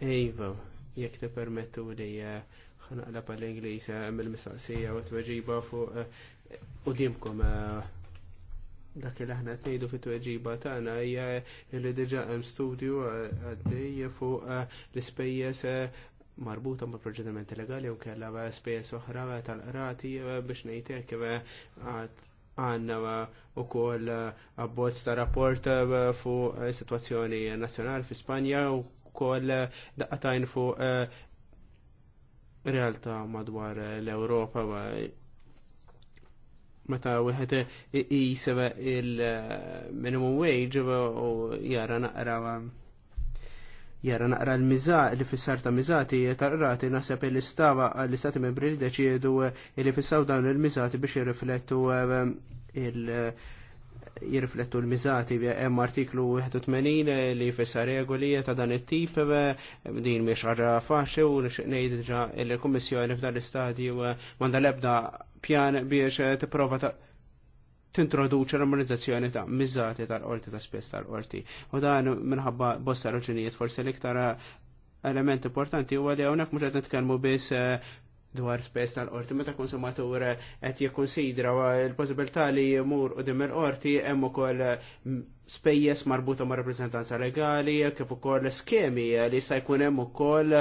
Eva, jek te permettu li eh, ħanaqla pal-Inglis eh, mill-mistaqsija u t-tweġiba fuq eh, u dimkom dak li aħna tnejdu fit-tweġiba tagħna hija li diġà hemm studju għaddej fuq l-ispejjeż marbuta ma' proġedimenti legali u kellha spejjeż oħra tal-qrati biex ngħidlek għad għanna u kol abbozz ta' rapport fu situazzjoni nazjonali fi Spanja u kol daqqatajn fu realtà madwar l-Europa meta u wieħed jiseba il-minimum wage u jara naqra jara naqra l miza li fissar ta' mizati, tarqrati nasab il istava l-istati membri li deċiedu eh, li fissaw dawn il-mizati biex jirriflettu eh, il- jirriflettu l-mizati hemm artiklu 81 li fissa regoli ta' dan it-tip eh, din miex ħaġa faċli u ngħid diġà il-Kummissjoni f'dan l-istadju m'għandha l-ebda pjan biex tipprova ta' tintroduċi l-armonizzazzjoni ta' mizzati tal-qorti ta' spess tal-qorti. U dan minħabba bosta raġunijiet forse l-iktar eh, element importanti huwa li hawnhekk mhux qed nitkellmu biss eh, dwar spess tal-qorti. Meta konsumatur eh, qed jikkonsidra l-possibilità li jmur qudiem il-qorti hemm ukoll spejjeż marbuta ma' rappreżentanza legali, kif ukoll skemi li sta jkun hemm ukoll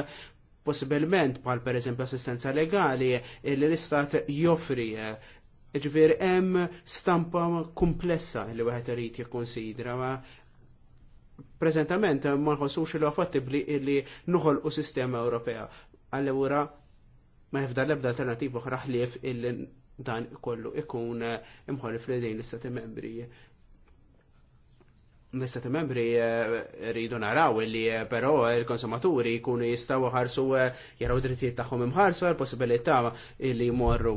possibilment bħal pereżempju assistenza legali li l-istat joffri Ġveri, hemm stampa komplessa li wieħed irid jikkonsidra ma preżentament ma nħossux li affattibli li noħolqu sistema Ewropea. Allura ma jifda l-ebda alternativa oħra ħlief dan kollu ikun imħolif li dejn l-istati membri. L-istati membri eh, rridu naraw li eh, però il-konsumaturi jkunu jistgħu ħarsu eh, jaraw drittijiet tagħhom imħarsu l-possibilità li jmorru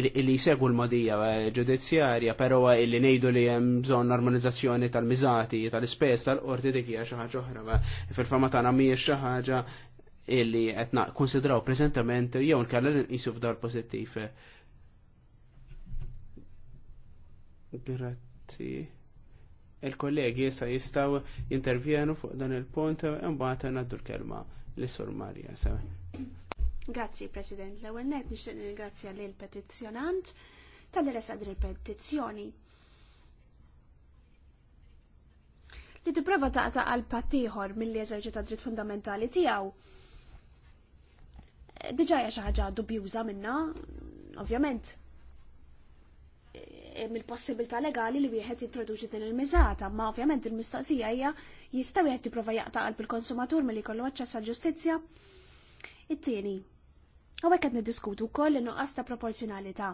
li jsegu l-modija eh, ġudizzjarja, però li ngħidu li hemm bżonn armonizzazzjoni tal-miżati, tal-ispejs, tal-qorti dik hija xi ħaġa oħra. Fil-fama tagħna mhijiex xi ħaġa illi qed konsidraw preżentament jew nkella nqisu f'dar pozittif. Grazzi. Il-kollegi issa jistgħu jintervjenu fuq dan il-punt imbagħad ngħaddu l-kelma l sur Marja. Grazzi, President. L-ewwel net nixtieq nirringrazzja lil petizzjonant tal-resa din il-petizzjoni. Li tipprova ta' għal patiħor milli eżerġita dritt fundamentali tiegħu. Diġà hija xi ħaġa dubjuża minna, ovvjament. E, mill-possibilità legali li wieħed jintroduċi din il-miżata, ma ovvjament il-mistoqsija hija jista' wieħed jipprova jaqta' għal il-konsumatur milli jkollu aċċess għall-ġustizzja. It-tieni, Għawek għed niddiskutu koll nuqqas ta' proporzjonalità.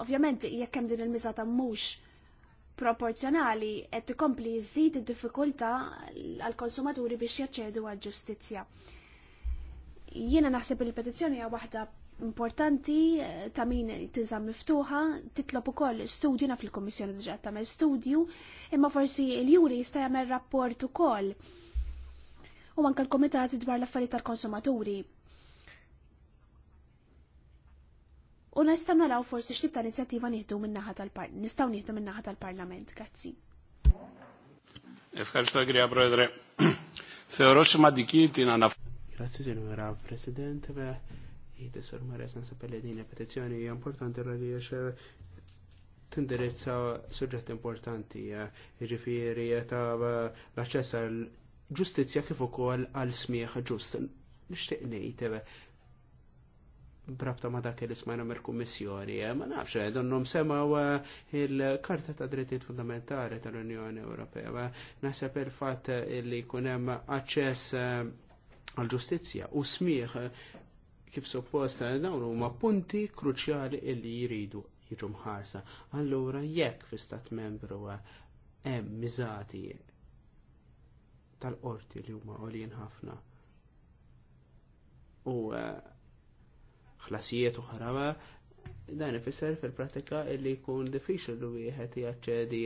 Ovvjament, jekk hemm din il-miżata mhux proporzjonali qed tikompli jżid id-diffikultà għall-konsumaturi biex jaċċedu għall-ġustizzja. Jiena naħseb il-petizzjoni hija waħda importanti ta' min tinsa miftuħa, titlob ukoll studju naf il kummissjoni diġà tagħmel studju, imma forsi l-juri jista' jagħmel rapport ukoll u anke l-Komitat dwar l-affarijiet tal-konsumaturi. U nistaw naraw forsi x'tib ta' inizjattiva nieħdu minnaħa tal-Parlament. Nistaw nieħdu minnaħa tal-Parlament. Grazzi. Ευχαριστώ κυρία Πρόεδρε. Θεωρώ σημαντική την αναφορά. Grazie signora Presidente, jite sormare senza pelledine petizzjoni importanti rradi għaliex eh, tindirizza suġġett importanti, eh, ġifiri eh, ta' l-aċċess ġustizzja kif ukoll għal smieħ ġust. Nixtieq ngħid eh, brabta ma dak li ismajna mill-Kummissjoni, eh, ma nafx eh, donnom semaw il-Karta ta' Drittijiet Fundamentali tal-Unjoni Ewropea, ma naħseb il-fatt li jkun hemm aċċess għal ġustizzja u smieħ kif supposta dawn huma punti kruċjali li jridu jiġu mħarsa. Allura jekk fi stat membru hemm miżati tal-qorti li huma għolin ħafna. U eh, ħlasijiet uħra eh, dan ifisser fil-pratika li jkun diffiċli li wieħed jaċċedi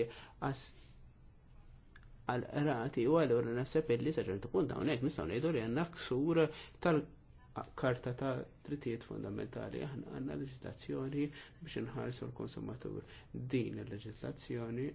għal rati u għallura naħseb illi sa ċertu punt nistgħu ngħidu li għandna ksur tal-karta ta' drittijiet fundamentali aħna għandna leġislazzjoni biex inħarsu l-konsumatur. Din il-leġislazzjoni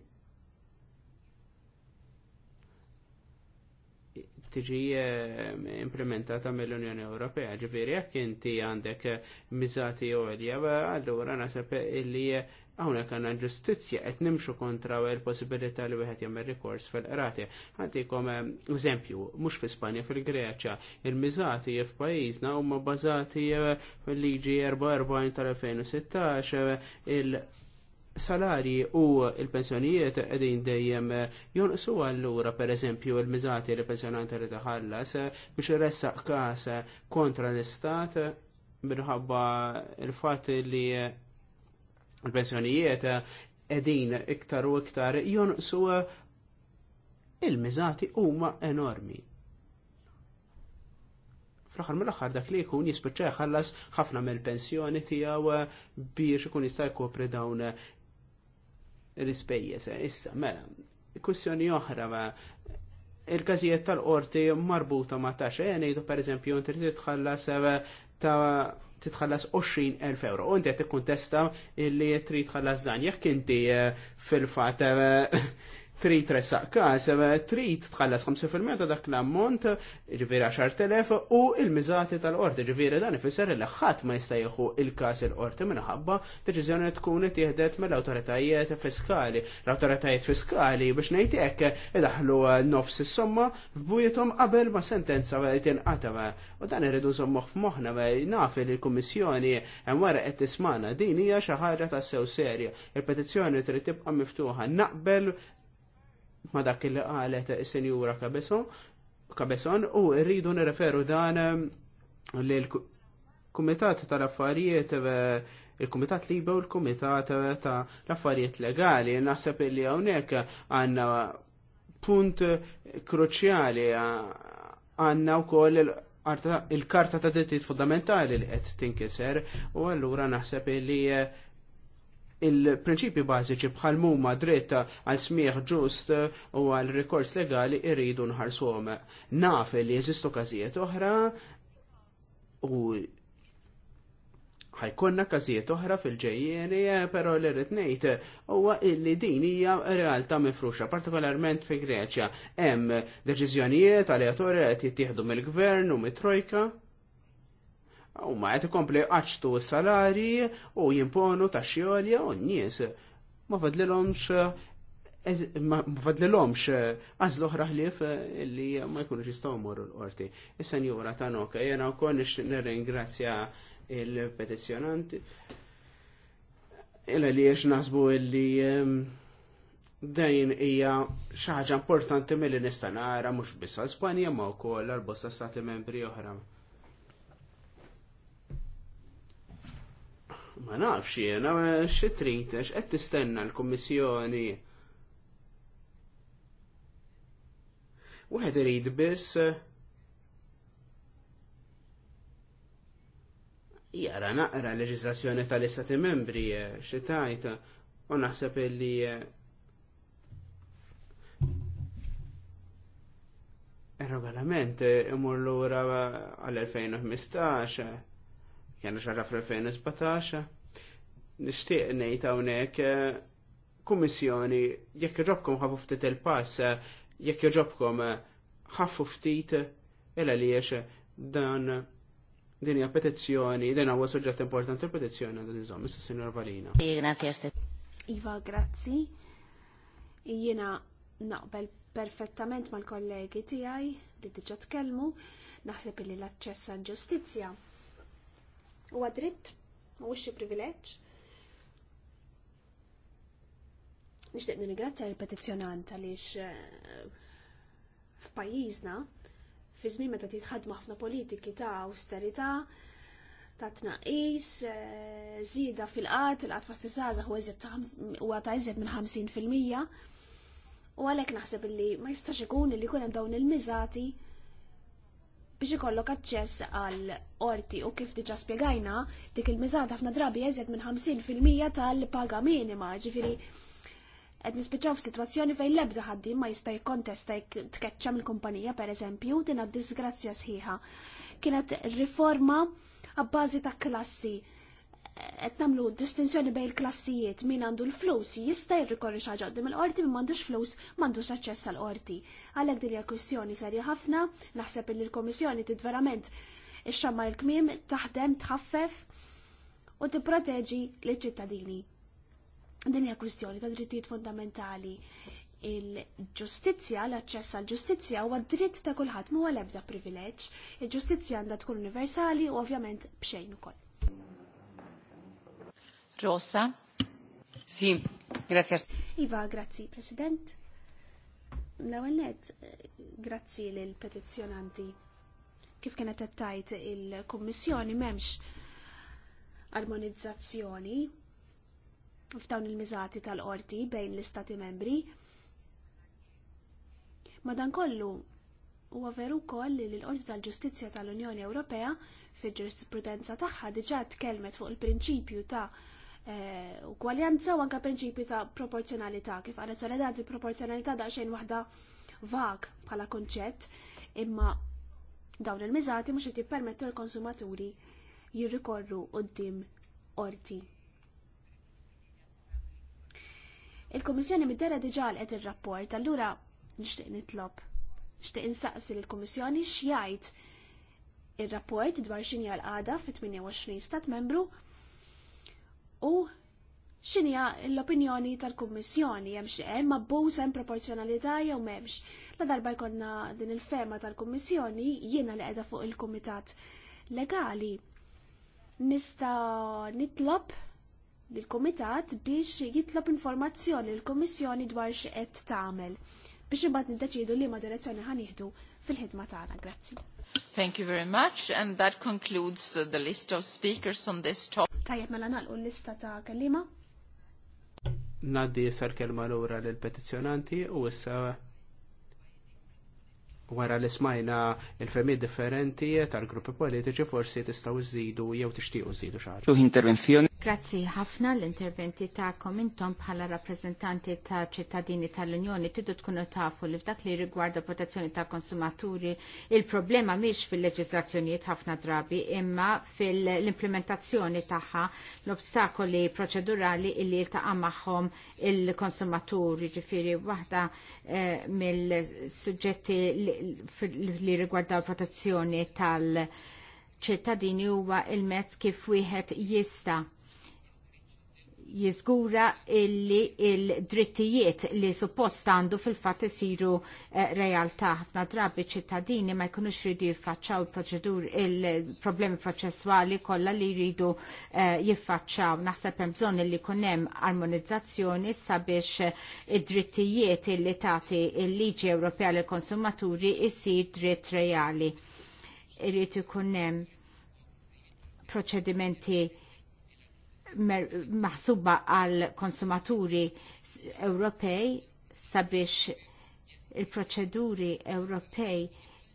tiġi eh, implementata mill-Unjoni Ewropea. Ġifieri jekk inti għandek eh, miżati olja, eh, allura nasab illi hawnhekk għandna ġustizzja qed nimxu kontra l-possibilità li wieħed jagħmel rikors fil-qrati. Għandikom eżempju, mhux fi Spanja fil-Greċja, il-miżati f'pajjiżna huma bbażati fil-liġi 44 tal-2016 il- salari u il-pensjonijiet qegħdin dejjem jonqsu allura pereżempju l-miżati li pensjonanti li taħallas biex iressaq każ kontra l-istat minħabba il fat li l-pensjonijiet qegħdin iktar u iktar jonqsu il-miżati huma enormi. Fl-aħħar mill-aħħar dak li jkun jispiċċa jħallas ħafna mill-pensjoni tiegħu biex ikun jista' jkopri dawn l Issa, mela, kwistjoni oħra ma il-każijiet tal-qorti marbuta ma ta' xejn eh, ngħidu pereżempju inti titħallas eh, ta' titħallas 20.000 euro. Inti qed tikkuntesta li trid tħallas dan jekk inti eh, fil-fatt trit tressaq każ, eh, trid tħallas 5% ta' dak l-ammont, ġifieri 10,000 u l-miżati tal-qorti, ġifieri dan ifisser li ħadd ma jista' jieħu il-każ il-qorti minħabba deċiżjoni tkun tieħdet mill-awtoritajiet fiskali. L-awtoritajiet fiskali biex ngħid hekk daħlu eh, nofs is-somma f'bujithom qabel ma sentenza eh, tinqata. U dan irridu nżommuh f'moħħna naf li l-Kummissjoni hemm wara qed tismana din hija xi ħaġa ta' sew serja. Il-petizzjoni trid tibqa' miftuħa naqbel ma dak li qalet senjura Kabeson, u rridu nirreferu dan um, li l-Kumitat tal-Affarijiet eh, il-Kumitat Liba u l-Kumitat eh, ta' l-Affarijiet Legali. Naħseb li hawnhekk għandna punt eh, kruċjali għandna wkoll il-karta ta' diritti fundamentali li qed tinkiser u allura naħseb li il-prinċipi bażiċi bħal muma dritt għal smieħ ġust u għal rikors legali irridu nħarsuhom. Naf li jeżistu każijiet oħra u ħajkonna każijiet oħra fil-ġejjeni, però li rrid ngħid huwa li din hija realtà mifruxa, partikolarment fi Greċja. Hemm deċiżjonijiet għal qed jittieħdu mill-gvern u mit-trojka U ma jgħet ikompli għaċtu salari u jimponu ta' xjolja u n-nies. Ma fadlilomx, ma fadlilomx għazlu ħraħlif li ma jkunu ġistaw morru l-qorti. Is-senjura ta' noka, jena u konix nir-ingrazzja il-petizjonanti. Illa li jiex nasbu illi dejn hija xi ħaġa importanti milli nista' nara mhux biss Spanja ma wkoll l bosta stati membri oħra. Ma nafx jena, xi trid, t tistenna l-Kummissjoni. Wieħed irid biss jara naqra l leġiżlazzjoni tal-Istati Membri xi tajta u naħseb illi eh, regolament imur lura għal-2015 jena xaġa fl-2017, nishtiq nejt għonek eh, kummissjoni, jekk ġobkom ħafu ftit il-pass, eh, jekk ġobkom eh, ħafu ftit illa li jiex dan din hija petizzjoni, din huwa suġġett importanti l-petizzjoni għandu nżomm, Mr. Sinjor Valina. Iva, grazzi. Jiena naqbel perfettament mal-kollegi tiegħi li diġà tkellmu, naħseb li l-aċċess għall-ġustizzja huwa dritt, mhuwiex xi privileġġ. Nixtieq nirringrazzja l-petizzjonant għaliex eh, f'pajjiżna fi żmien meta titħadmu ħafna politiki ta' austerità, ta' tnaqis, eh, żieda fil-qat, il-qat fost iż-żgħażagħ huwa ta' iżjed minn 50 fil-mija. U għalhekk naħseb li ma jistax ikun li jkun hemm dawn il-miżati biex ikollok aċċess għal orti u kif diġa spiegajna dik il miżata ħafna drabi jeżed minn 50% tal-paga minima, ġifiri qed nispiċċaw f'sitwazzjoni fejn l-ebda ħaddim ma jista' jikkontesta tkeċċa mill-kumpanija pereżempju din għad disgrazzja sħiħa. Kienet riforma għabbażi ta' klassi qed nagħmlu distinzjoni bejn il-klassijiet min għandu l-flus jista' jirrikorri xi ħaġa qudiem il-qorti min m'għandux flus m'għandux l-aċċess għall qorti Għalhekk din hija kwistjoni serja ħafna, naħseb li l-Kummissjoni tit verament ix-xamma l-kmiem taħdem tħaffef u tipproteġi l-ċittadini. Din hija kwistjoni ta' drittijiet fundamentali. Il-ġustizzja, l-aċċess għall ġustizzja huwa dritt ta' kulħadd mhuwa l-ebda privileġġ. Il-ġustizzja għandha tkun universali u ovvjament b'xejn ukoll. Rosa. Sì, grazie. Iva, grazie, President. L-ewwel grazie grazzi lil petizzjonanti. Kif kienet tajt il-Kummissjoni m'hemmx armonizzazzjoni f'dawn il-miżati tal-qorti bejn l-Istati membri. Madankollu, huwa veru koll li l-Qorti tal-Ġustizzja tal-Unjoni Ewropea fil-ġurisprudenza tagħha diġà tkellmet fuq il-prinċipju ta' Eh, ugwaljanza u anka prinċipju ta' proporzjonalità kif għalet soledad il-proporzjonalità da' xejn waħda vag bħala konċett imma dawn il-miżati mhux qed jippermettu l-konsumaturi jirrikorru qudiem qorti. Il-Kummissjoni mid-dera diġà qed ir-rapport, allura nixtieq nitlob. Nixtieq insaqsi lill-Kummissjoni x'jgħid ir-rapport dwar x'inhi l-qagħda fit-28 stat membru u xinja l-opinjoni tal-Kummissjoni hemm xi hemm abbuż hemm proporzjonalità jew m'hemmx. La darba jkollna din il-ferma tal-Kummissjoni jiena li qiegħda fuq il-Kumitat Legali nista nitlob lill-Kumitat biex jitlob informazzjoni l-Kummissjoni dwar x'qed tagħmel biex imbagħad niddeċidu li ma direzzjoni ħanieħdu fil-ħidma tagħna. Grazzi. Thank you very much and that concludes the list of speakers on this topic. Tajjeb mela nagħlqu l-lista ta' kellima. Naddi jisar kelma lura lill petizzjonanti u issa wara li smajna il-femi differenti tal-gruppi politiċi forsi tistaw żidu jew tixtiequ iżidu xaħġa. Intervenzjoni Grazzi ħafna l-interventi ta' intom bħala rappresentanti ta' ċittadini tal-Unjoni tiddu tkunu tafu li f'dak li rigwarda protezzjoni ta' konsumaturi il-problema miex fil-leġislazzjonijiet ħafna drabi imma fil-implementazzjoni tagħha l-obstakoli proċedurali illi jiltaqa' magħhom il-konsumaturi ġifieri waħda eh, mill-suġġetti li, li rigwardaw protezzjoni tal- ċittadini huwa il-mezz kif wieħed jista' jizgura illi il-drittijiet li suppost għandu fil-fat isiru eh, realtà ħafna drabi ċittadini ma jkunux jridu jiffaċċaw il-proċedur il-problemi proċessuali kollha li jridu eh, jiffaċċaw. Naħseb hemm bżonn li jkun hemm armonizzazzjoni sabiex eh, id-drittijiet illi tagħti il-liġi Ewropea lill konsumaturi jsir dritt reali. Irrid ikun hemm proċedimenti maħsuba għal konsumaturi Ewropej sabiex il-proċeduri Ewropej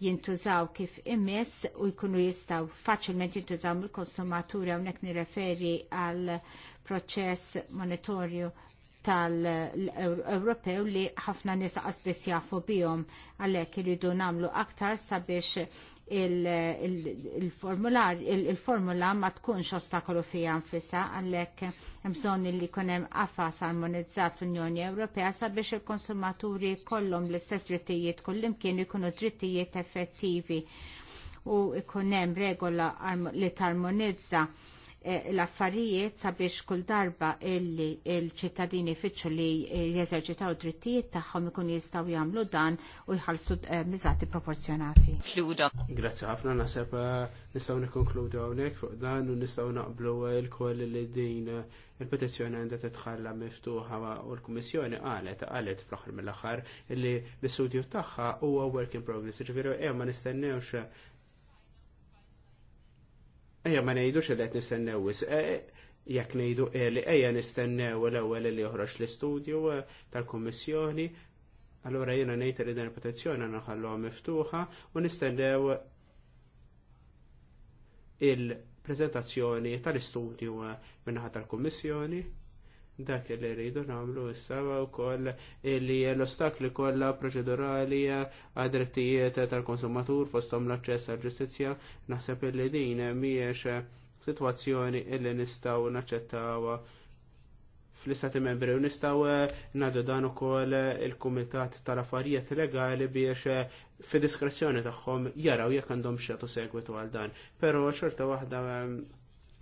jintużaw kif imess u jkunu jistaw faċilment jintużaw mill-konsumaturi hawnhekk nirreferi għal proċess monitorju tal-Ewropew li ħafna nisa għasbis jafu bijom għalhekk iridu nagħmlu aktar sabiex il-formula ma tkunx ostakolu fija nfisa għallek bżon li kunem għafas armonizzat fl-Unjoni Ewropea sabiex il-konsumaturi kollom l-istess drittijiet kullim kienu jkunu drittijiet effettivi u ikunem regola li tarmonizza Eh, l-affarijiet sabiex kull darba illi il-ċittadini fitxu li jeżerċitaw drittijiet tagħhom ikun jistgħu jagħmlu dan u jħallsu eh, miżati proporzjonati. Grazzi ħafna naħseb eh, nistgħu nikkonkludi hawnhekk fuq dan u nistgħu naqblu l kolli li din il-petizzjoni għandha titħalla miftuħa u l-Kummissjoni qalet qalet fl-aħħar mill-aħħar li l-istudju tagħha huwa work in progress, ġifieri ma nistennewx Ejja ma ngħidux xe qed nistennew e, e, jekk ngħidu e, li eja nistennew l-ewwel li joħroġ l-istudju tal-Kummissjoni, allura jiena ngħid li din il-petizzjoni naħalluha miftuħa u nistennew il-prezentazzjoni tal-istudju minnaħat tal-Kummissjoni dak li rridu nagħmlu issa wkoll li l-ostakli kollha proċedurali għad-drittijiet tal-konsumatur fosthom l-aċċess għall-ġustizzja naħseb li din mhijiex sitwazzjoni illi nistgħu naċċettaw fl-istati membri u nistgħu nadu dan ukoll il-kumitat tal-affarijiet legali biex fi diskrezzjoni tagħhom jaraw jekk għandhom xetu segwitu għal dan. Però xorta waħda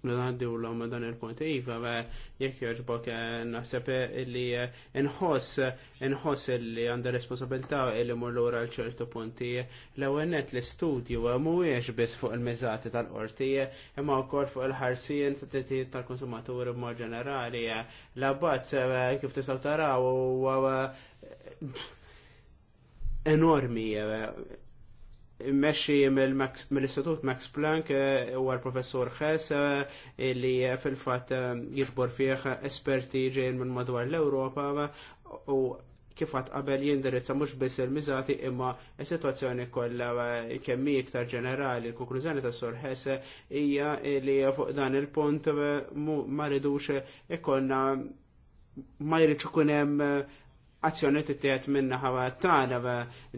l-għaddi mela u l-għom dan il-punt. Iva, jek joġbok eh, naħseb eh, li eh, nħoss, nħoss li għanda responsabilta li mur l-għura l-ċertu punti. L-għennet l-studju mhuwiex bis fuq il-mizzati tal-qorti, imma kor fuq il-ħarsien fit-trittijiet tal-konsumaturi mor ġenerali. L-abbazz kif tisaw taraw u enormi meċi mill-Istitut Max Planck eh, u għal-professor Hess eh, li eh, fil-fat jiġbor fieħ esperti ġejn minn madwar l-Europa u kifat qabel jindirizza mhux biss il-miżati imma is-sitwazzjoni kollha kemm iktar ġenerali. L-konklużjoni ta' Sor Hesse hija li fuq dan il-punt ma ridux ikonna ma jridx ikun hemm azzjoni t-tiet minna ħava tana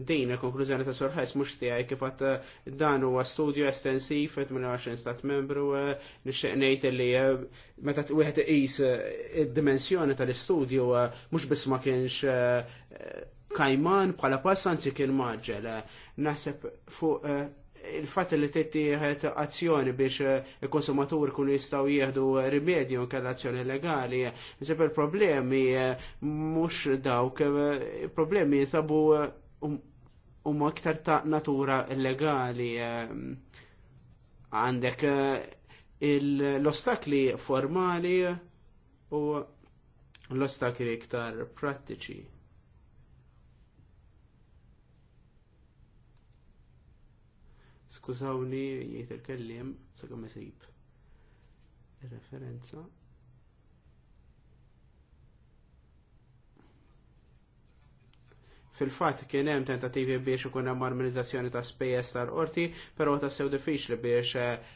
din il-konklużjoni ta' sorħes mux kif għad eh, dan huwa studju studio minn 20 stat membru eh, nixtieq ngħid li eh, meta wieħed iqis id-dimensjoni tal istudju mhux biss ma kienx kajman bħala passanzi kien maġġel naħseb fuq il-fat li tittieħed azzjoni biex eh, il-konsumatur kun jistaw jieħdu eh, rimedju kalla azzjoni legali. Nsib il-problemi eh, mux dawk, il problemi jisabu u um, ma iktar ta' natura legali. Għandek l-ostakli formali u l-ostakli iktar prattiċi. Skużawni jgħid il-kellim sakemm isib. Referenza. Fil-fatt kien hemm tentativi biex ikun hemm armonizzazzjoni ta' spejjeż tal-qorti, però ta' sew diffiċli biex eh,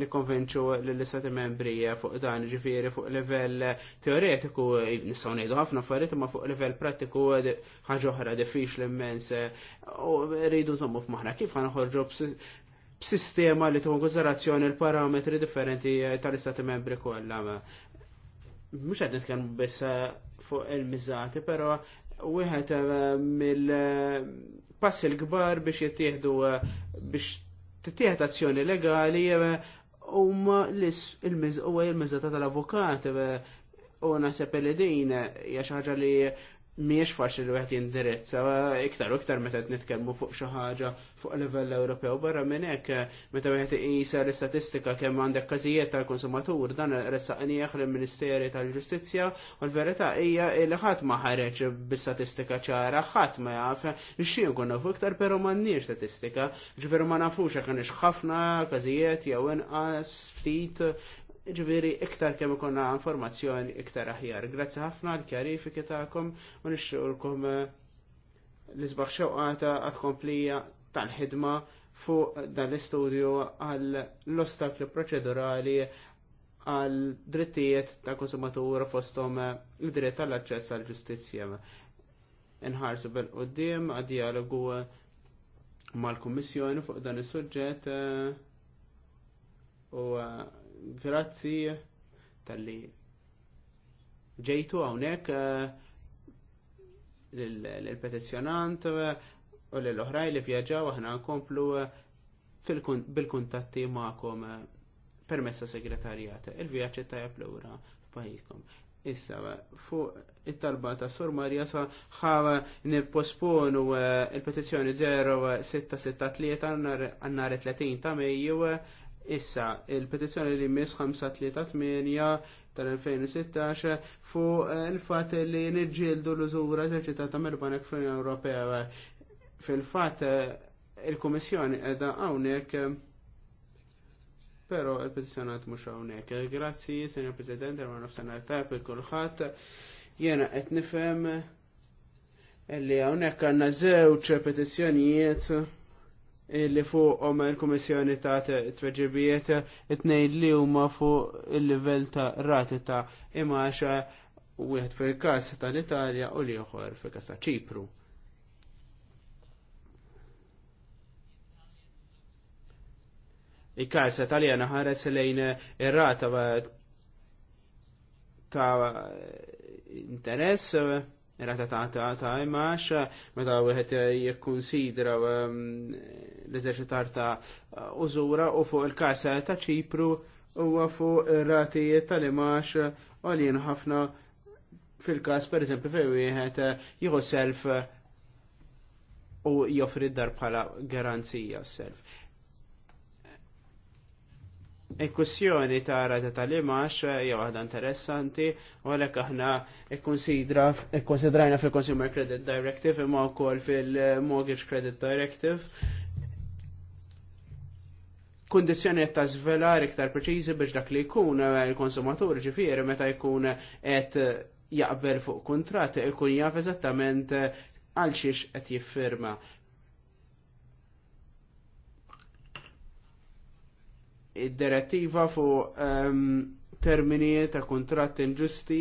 nikonvenċu l-istati membri fuq dan ġifiri fuq level teoretiku nistaw nejdu ħafna affarijiet ma fuq level pratiku ħaġa oħra diffiċli immens eh, u rridu zommu f'maħna kif ħanħorġu b'sistema li tuħu konsiderazzjoni l-parametri differenti eh, tal-istati membri kollha. Mhux qed nitkellmu biss eh, fuq il-miżati, però wieħed mill-passi l-kbar biex jittieħdu biex tittieħed azzjoni legali huma l-mizqwa il-miżata tal-avukati eh, u naħseb li din hija xi ħaġa li miex faċli li wieħed jindirizza iktar u iktar meta nitkellmu fuq xi ħaġa fuq livell Ewropew barra minn hekk meta wieħed iqisa l-istatistika kemm għandek każijiet tal-konsumatur dan ressaqnieħ lill-Ministeri tal-Ġustizzja u l-verità hija li ħadd ma ħareġ bis statistika ċara, ħadd ma jaf xi nkun iktar però m'għandniex statistika, ġifieri ma nafux hekk ħafna każijiet jew inqas ftit ġviri iktar kemm ikonna informazzjoni iktar aħjar. Grazzi ħafna l-kjarifiki ta'kom u nixxurkom eh, l-isbaħ xewqata għad komplija tal-ħidma fuq dan l-istudju għal l-ostakli proċedurali għal drittijiet ta' konsumatur fostom eh, id-dritt tal-aċċess għal ġustizzja. Inħarsu bil-qoddim għad dialogu eh, mal-Kummissjoni fuq dan is-suġġett u Grazzi tal-li ġejtu għawnek eh, l-petizjonant u l-oħraj li vjaġġaw aħna nkomplu eh, bil-kuntatti ma'kom eh, permessa segretarjata. Il-vjaġġ tajab l-ura f'pajjiżkom. Issa, fuq it-talba ta' Sur Marja sa xawa nipposponu il-petizjoni 0663 għannar 30 ta' Mejju Issa, il-petizjoni li mis 538 tal-2016 fuq eh, il-fat li nġildu l-użura eżerċitata ta' banek fl-Unjoni Ewropea. Fil-fat, eh, il-Komissjoni edha hawnhekk pero il-petizjonat mhux hawnhekk. Grazzi, Senjor President, għal nofsenar tajb il-kulħadd. Jena qed nifhem li hawnhekk għandna żewġ petizzjonijiet li fuqhom il-Kummissjoni ta' Tweġibiet it-tnejn li huma fuq il-livell ta' rati ta' imaxa wieħed fil-każ tal-Italja u l-ieħor fil-każ ta' Ċipru. Il-każ Italjana ħares lejn ir-rata ta' interess Rata ta' ta' ta' imax, meta wieħed jikkunsidra um, l-eżerċitar ta' użura u fuq il-kasa ta' ċipru u fuq ratijiet tal-imax għalin ħafna fil-kas per eżempju fej wieħed jieħu self u joffri dar bħala garanzija self. Il-kussjoni e ta' rata tal-imax eh, hija waħda interessanti u għalhekk aħna ikkonsidrajna fil-Consumer Credit Directive imma wkoll fil-Mortgage Credit Directive kundizzjonijiet ta' żvelar iktar preċiżi biex dak li jkun eh, il-konsumatur ġifiri meta jkun eh, qed jaqbel fuq kuntratt ikun jaf eżattament għal xiex qed jiffirma. id-direttiva fuq ehm, termini ta' kontrat inġusti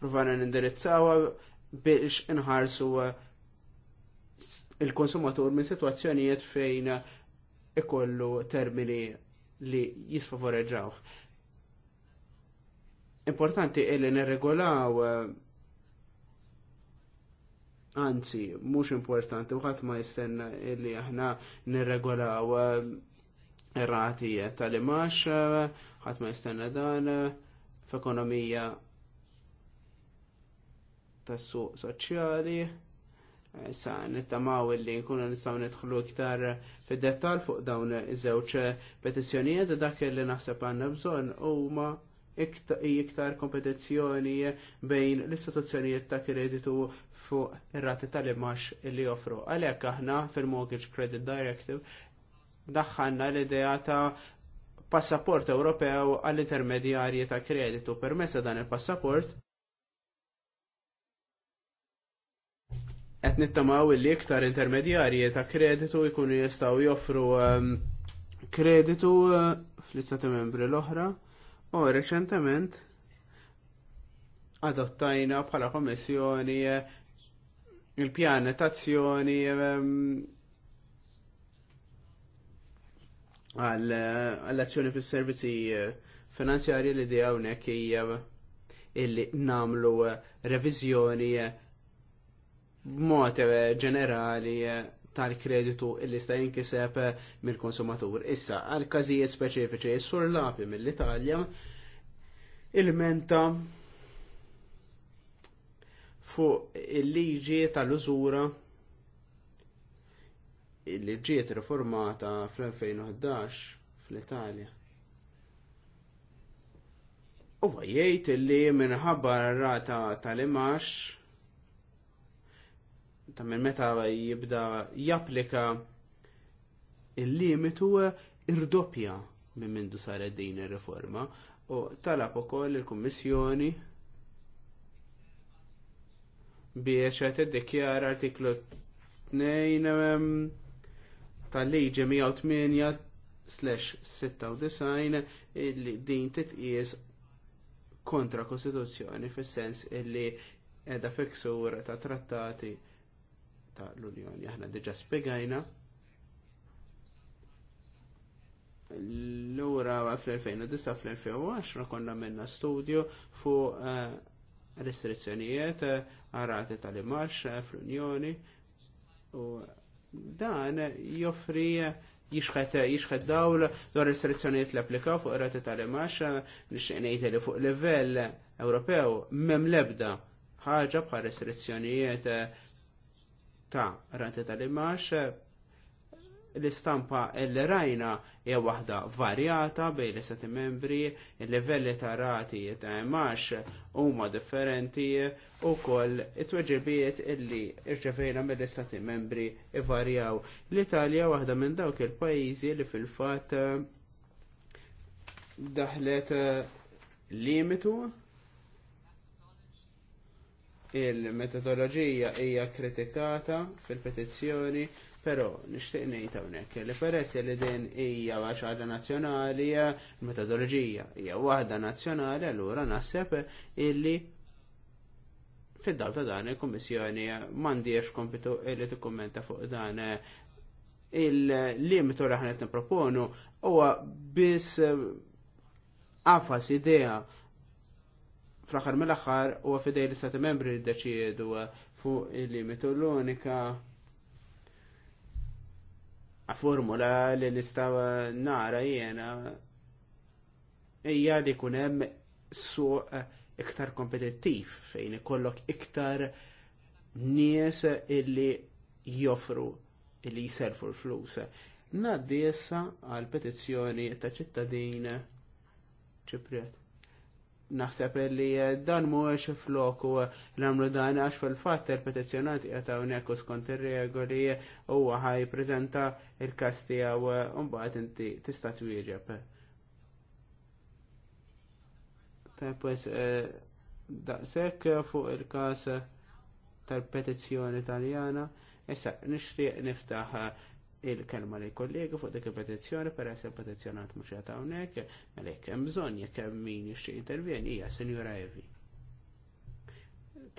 provana nindirizzawa biex inħarsu eh, il-konsumatur minn situazzjonijiet fejn ikollu termini li jisfavoreġaw. Importanti illi nirregolaw eh, anzi, mhux importanti, uħat ma jistenna illi aħna nirregolaw eh, rati tal-imax, ħat ma jistenna dan f'ekonomija tas-suq soċjali. Issa nittamaw li nkunu nistgħu nidħlu iktar fid-dettal fuq dawn iż-żewġ petizzjonijiet dak li naħseb għandna bżonn huma iktar kompetizzjoni bejn l-istituzzjonijiet ta' kreditu fuq ir-rati tal-imax li joffru. Għalhekk aħna fil-Mortgage Credit Directive daħħalna l-idea ta' passaport Ewropew għall-intermedjarji ta' kreditu permessa dan il-passaport. Qed nittamaw li iktar intermedjarji ta' kreditu jkunu jistgħu joffru ehm, kreditu eh, fl-istati membri l-oħra u reċentement adottajna bħala Kommissjoni eh, il-pjan tazzjoni ehm, Eh, għall-azzjoni fis servizzi eh, finanzjarji li di hawnhekk hija illi namlu eh, reviżjoni b'mod ġenerali tal-kreditu illi sta jinkiseb mill-konsumatur. Issa, għal każijiet speċifiċi, s-sur lapi mill-Italja, il-menta fuq il-liġi tal-użura il ġiet riformata fl-2011 fl-Italja. U jgħid li minħabba rata tal-imax ta' minn meta jibda japplika il-limitu irdoppja minn mindu saret din ir-riforma u talab ukoll il-Kummissjoni biex qed iddikjara artiklu 2 tal-liġi 108/96 illi din titqies kontra Kostituzzjoni fis-sens illi edha fiksur ta' trattati ta' l-Unjoni. Aħna diġa spiegajna l-ura fl-2009 fl-2010 konna minna studju fu eh, restrizzjonijiet eh, arati tal-imax eh, fl-Unjoni u Dan joffri jixħet jixħet dawl dwar il-selezzjoniet li applikaw fuq rati tal-imax nixqnejt li fuq livell Ewropew mem lebda ħaġa bħal restrizzjonijiet ta' rati tal-imax l-istampa l rajna hija waħda varjata bejn l-istati membri, il-livelli ta' rati ta' imax huma differenti u koll it-tweġibiet illi irċevejna mill-istati membri ivarjaw. L-Italja waħda minn dawk il-pajjiżi li fil-fatt eh, daħlet eh, limitu il-metodoloġija hija kritikata fil-petizzjoni Pero, nishtiq ngħid hawnhekk li peress li din hija ħaġa nazzjonali, metodologija hija waħda nazzjonali, allura naħseb illi fid-dawl ta' dan il-Kummissjoni m'għandix kompitu li tikkummenta fuq dan il-limitu li ħanet nipproponu huwa biss għafas idea fl-aħħar mill-aħħar huwa fidej l stati Membri li ddeċiedu fuq il-limitu l-unika a formula li nista nara jena hija li kun hemm suq iktar kompetittiv fejn ikollok iktar nies illi joffru illi jiserfu l-flus. Naddi jessa għal petizzjoni ta' ċittadin Ċipriet naħseb li eh, dan mhuwiex u l-għamlu eh, dan għax fil-fatt il-petizjonanti qed hawnhekk skont ir-regoli eh, u għaj prezenta il-każ tiegħu baħt inti tista' twieġeb. Tempus daqshekk fuq il-każ tal-petizzjoni Taljana, issa nixtieq niftaħ il-kelma li kollegi fuq dik il-petizzjoni per essere petizzjonat mhux qed hawnhekk, għalhekk mela hemm bżonn jekk hemm min jixtieq intervjeni hija senjora Evi.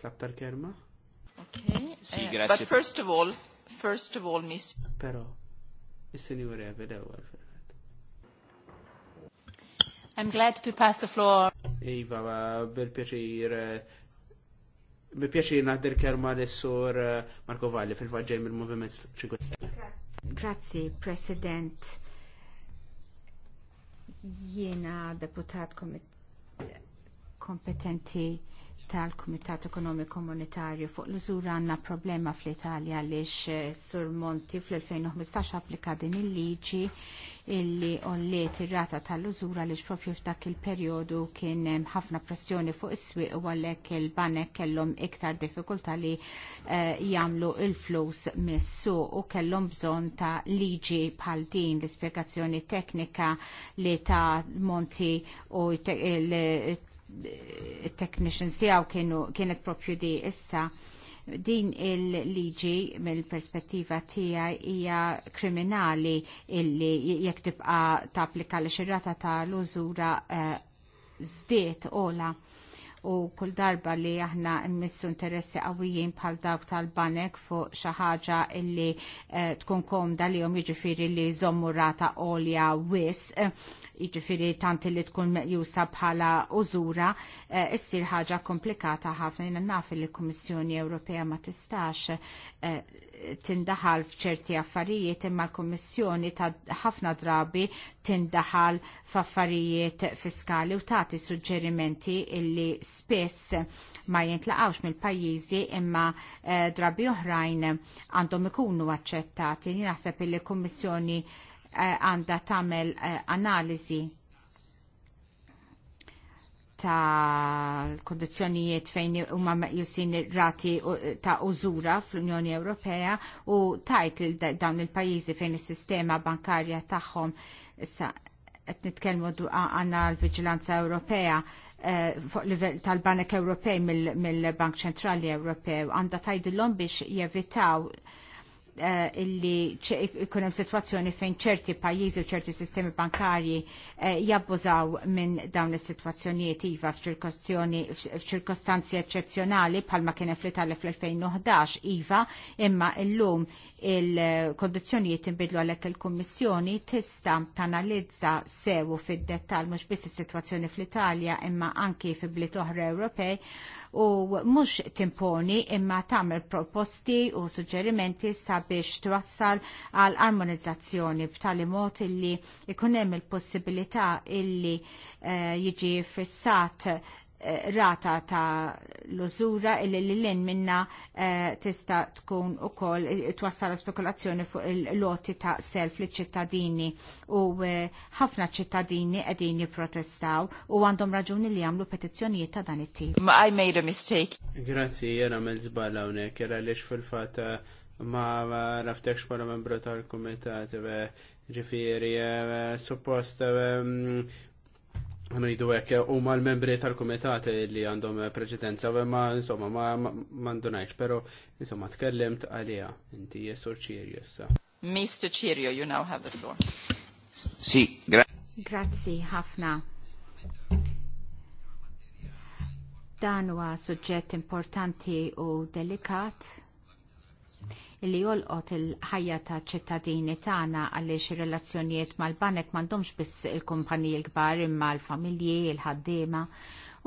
Tlab tal-kelma? Okay. Si, eh, grazie. But first of all, first of all, miss. Pero, il-senjora Evi l-ewwel I'm glad to pass the floor. Iva, bil pieċir bi pjaċir naħder kerma l-sur eh, Marko Valli fil-faġġej mil movement 5 Grazie. Grazzi, President. Jiena deputat kompetenti tal-Kumitat Ekonomiku Monetarju fuq l-użura għandna problema fl-Italja għaliex eh, Sur Monti fl-2015 applika din il-liġi illi olliet ir-rata tal-użura għaliex propju f'dak il periodu kien hemm ħafna pressjoni fuq is-swieq u għalhekk il-banek kellhom iktar diffikultà li eh, jagħmlu il-flus missu u kellhom bżonn ta' liġi bħal din l-ispjegazzjoni teknika li ta' Monti u technicians tiegħu kienu kienet propju di issa din il-liġi mill-perspettiva tiegħi hija kriminali illi jekk tibqa' tapplika li xirrata ta' l-użura eh, żdiet ola u kull darba li aħna mmissu interessi qawwijin bħal dawk tal-banek fuq xi ħaġa illi eh, tkun komda li jom jiġifieri li żommu rata għolja wis, eh, jiġifieri tant li tkun meqjusa bħala użura, eh, issir ħaġa komplikata ħafna jiena naf li l-Kummissjoni Ewropea ma tistax eh, tindaħal f'ċerti affarijiet imma l-Kummissjoni ta' ħafna drabi tindaħal f'affarijiet fiskali u tagħti suġġerimenti illi spess ma jintlaqawx mill-pajjiżi imma eh, drabi oħrajn għandhom ikunu aċċettati. Naħseb illi l-Kummissjoni eh, għandha eh, tagħmel eh, analiżi tal-kondizjonijiet fejn huma meqjusin rati ta' użura fl-Unjoni Ewropea u tajt dawn il-pajjiżi fejn is-sistema bankarja tagħhom issa qed nitkellmu għandna l-Viġilanza Ewropea eh, fuq livell tal-Banek Ewropej mill-Bank Ċentrali Ewropew għandha tajdilhom biex jevitaw Eh, illi ikun hemm sitwazzjoni fejn ċerti pajjiżi u ċerti sistemi bankarji eh, jabbużaw minn dawn is-sitwazzjonijiet iva f'ċirkostanzi eċċezzjonali bħalma kien fl-Italja fl-2011 iva imma llum il kondizjonijiet inbidlu għalhekk il-Kummissjoni tista' tanalizza sewu fid-dettall mhux biss is-sitwazzjoni fl-Italja imma anki fi bliet oħra Ewropej u mhux timponi imma tagħmel proposti u suġġerimenti sabiex twassal għal armonizzazzjoni b'tali mod illi ikun hemm il-possibilità illi uh, jiġi fissat rata ta' l-użura illi l-lin minna eh, tista' tkun u koll eh, twassal spekulazzjoni fuq il-loti ta' self li ċittadini u eh, ħafna ċittadini edin jiprotestaw u għandhom raġuni li għamlu petizzjonijiet ta' dan it-tip. I made a mistake. Grazzi, jena mel zbala unek, jera lix fil-fat ma naftekx bħala membru tal-komitat, ġifiri, suppost mm, Għanu jidu għek, eh, u ma l-membri tal-komitat li għandhom eh, preċedenza, u eh, ma insomma, ma mandunajx, pero insomma, tkellimt għalija, inti jessur ċirju jessa. Mr. Cirio, you now have the floor. Si, gra Grazzi, ħafna. Dan huwa suġġett importanti u delikat li jolqot il-ħajja ta' ċittadini tagħna għaliex ir-relazzjonijiet mal-banek m'għandhomx biss il-kumpaniji l-kbar imma l-familji, il-ħaddiema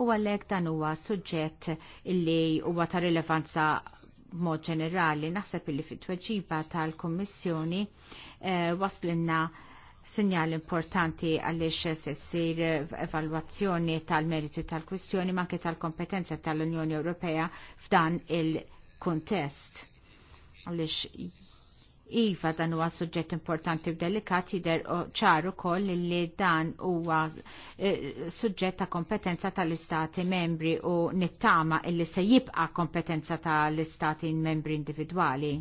u għalhekk dan huwa suġġett li huwa ta' rilevanza b'mod ġenerali naħseb illi fit-tweġiba tal-Kummissjoni eh, waslinna sinjal importanti għaliex se sir evalwazzjoni tal-meriti tal-kwistjoni ma anke tal-kompetenza tal-Unjoni Ewropea f'dan il-kontest għaliex Iva dan huwa suġġett importanti u delikat jidher ċaru koll li dan huwa eh, suġġett ta' kompetenza tal-istati membri u nittama illi se jibqa' kompetenza tal-istati membri individwali.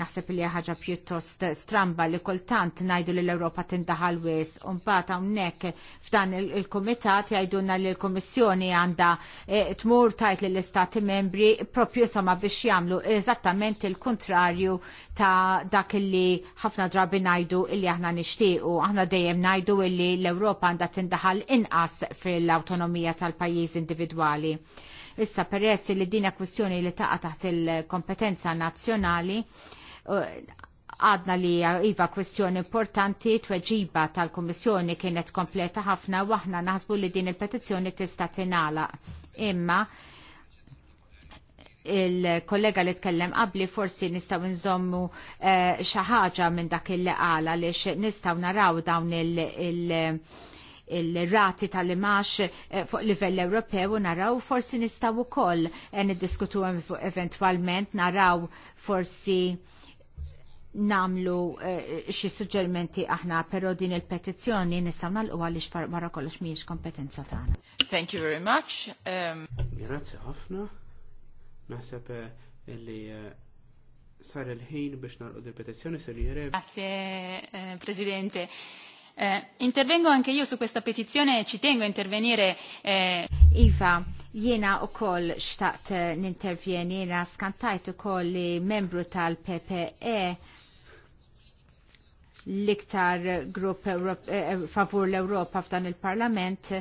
Naħseb li ħaġa pjuttost stramba li kultant najdu li l-Europa tindaħal wis un bata hawnhekk f'dan il-kumitat jgħidulna li l-Kummissjoni għandha e, tmur tajt lill istati membri propju sama biex jagħmlu eżattament il-kontrarju ta' dak li ħafna drabi najdu illi aħna nixtiequ. Aħna dejjem najdu illi l-Ewropa għandha tindaħal inqas fil-autonomija tal-pajjiż individwali. Issa peress li dina kwistjoni li taqa taħt il-kompetenza nazzjonali, għadna li iva kwestjoni importanti tweġiba tal-Kommissjoni kienet kompleta ħafna u aħna naħsbu li din il-petizzjoni tista' tinala. Imma il-kollega li tkellem qabli forsi nistaw nżommu eh, xi ħaġa minn dak il qala li nistaw naraw dawn il-rati tal-imax eh, fuq livell Ewropew u naraw forsi nistaw ukoll eh, diskutu eventualment naraw forsi namlu eh, xi suġġerimenti aħna, però din il-petizzjoni nistgħu nagħlqu għaliex mara kollox mhijiex kompetenza tagħna. Thank you very much. Um, Grazzi ħafna. Naħseb eh, li eh, sar il-ħin biex narqu il petizzjoni sir jere. Grazie, Presidente. Eh, intervengo anche io su questa petizione, e ci tengo a intervenire. Eh... Iva, jiena u koll xtaqt nintervjeni, jena skantajt u koll li membru tal-PPE l-iktar grupp eh, eh, favur l-Europa f'dan il-Parlament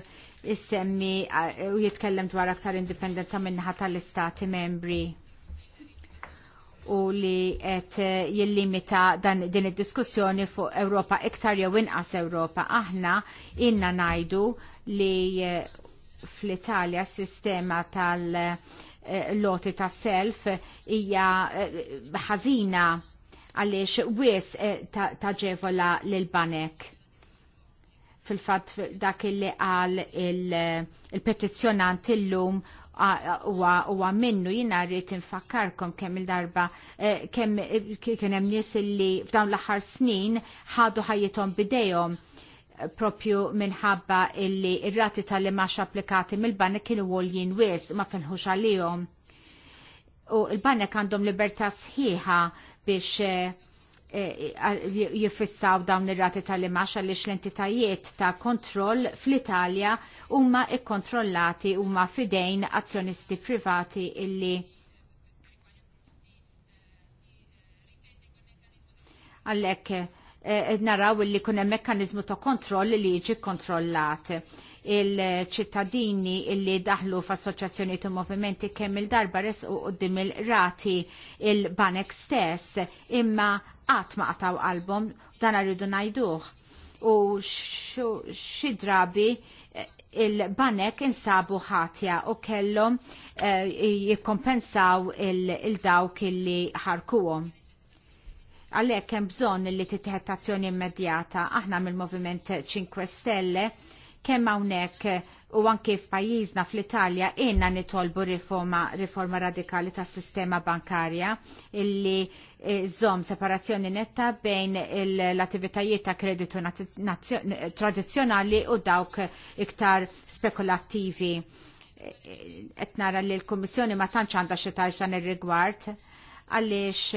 jissemmi eh, u jitkellem dwar aktar indipendenza minnaħa tal-istati membri u li qed jillimita dan din id-diskussjoni fuq Ewropa iktar jew inqas Ewropa. Aħna inna ngħidu li fl-Italja s sistema tal-loti tas self hija ħażina għaliex wis eh, taġevola l-banek fil-fat dak li għal eh, il-petizjonant il-lum u minnu jina rrit infakkarkom kemm il-darba eh, kemm kien hemm nies li f'dawn l-aħħar snin ħadu ħajjetom bidejhom propju minħabba illi ir-rati tal-li maċ applikati mill-banek kienu għoljin wis ma finħux għalihom. U l-banek għandhom libertà sħiħa biex eh, eh, eh, jifissaw dawn ir-rati tal-imax għaliex l-entitajiet ta' kontroll fl-Italja huma ikkontrollati huma fidejn azzjonisti privati illi Għalhekk naraw li hemm mekkaniżmu ta' kontroll li jiġi kontrollat il-ċittadini illi daħlu f'assoċjazzjoni u movimenti kemm il-darba resqu qudiem il-rati il-banek stess imma qatt ma qataw qalbhom dan rridu ngħiduh u xi drabi eh, il-banek insabu ħatja u kellhom eh, jikkompensaw il-dawk illi ħarkuhom. Għalhekk hemm bżonn li titħettazzjoni immedjata aħna mill-Moviment 5 Stelle kemm hawnhekk u anke f'pajjiżna fl-Italja inna nitolbu riforma, riforma radikali tas sistema bankarja illi eh, żomm separazzjoni netta bejn l-attivitajiet ta' kreditu tradizzjonali u dawk iktar spekulattivi. Eh, eh, qed nara li l-Kummissjoni ma tantx għandha xi tajx dan ir-rigward għaliex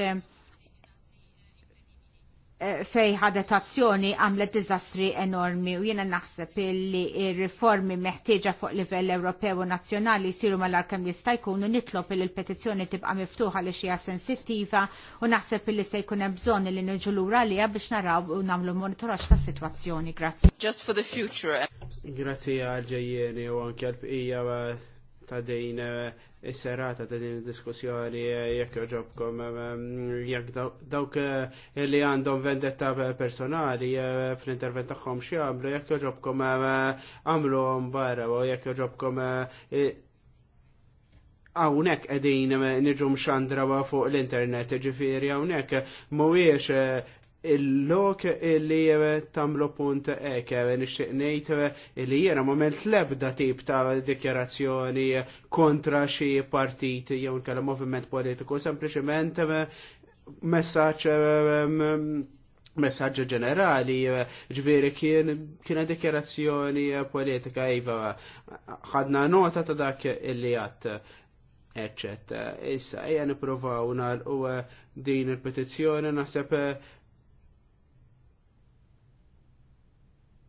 Eh, fej ħadet azzjoni għamlet dizastri enormi u jiena naħseb illi il-riformi meħtieġa fuq livell Ewropew u nazzjonali jsiru mal arkam jista' jkun u nitlob il petizzjoni tibqa' miftuħa li xija sensittiva u naħseb illi se jkun hemm bżonn li niġu lura għalija biex naraw u nagħmlu monitoraġġ tas-sitwazzjoni. Grazzi. Just for the future. Grazzi għal ġejjeni u anke għall bqija ta' dejn eh, is-serata ta' din diskussjoni eh, jekk joġobkom eh, eh, jekk dawk li għandhom vendetta personali fl-intervent tagħhom għamlu jekk joġobkom għamlu barra u jekk joġobkom hawnhekk edin niġu mxandra fuq l-internet, ġifiri hawnhekk mhuwiex il-lok li eh, tamlu punt eke, eh, nixtiqnejt eh, li jena moment lebda tip ta' dikjarazzjoni kontra xi partit jew nkella moviment politiku, sempliciment messaċ messaġġi ġenerali, ġveri kien kiena dikjarazzjoni politika iva ħadna nota ta' dak illi għat eccetera. Issa, ejja niprofaw nal u din il-petizzjoni naħseb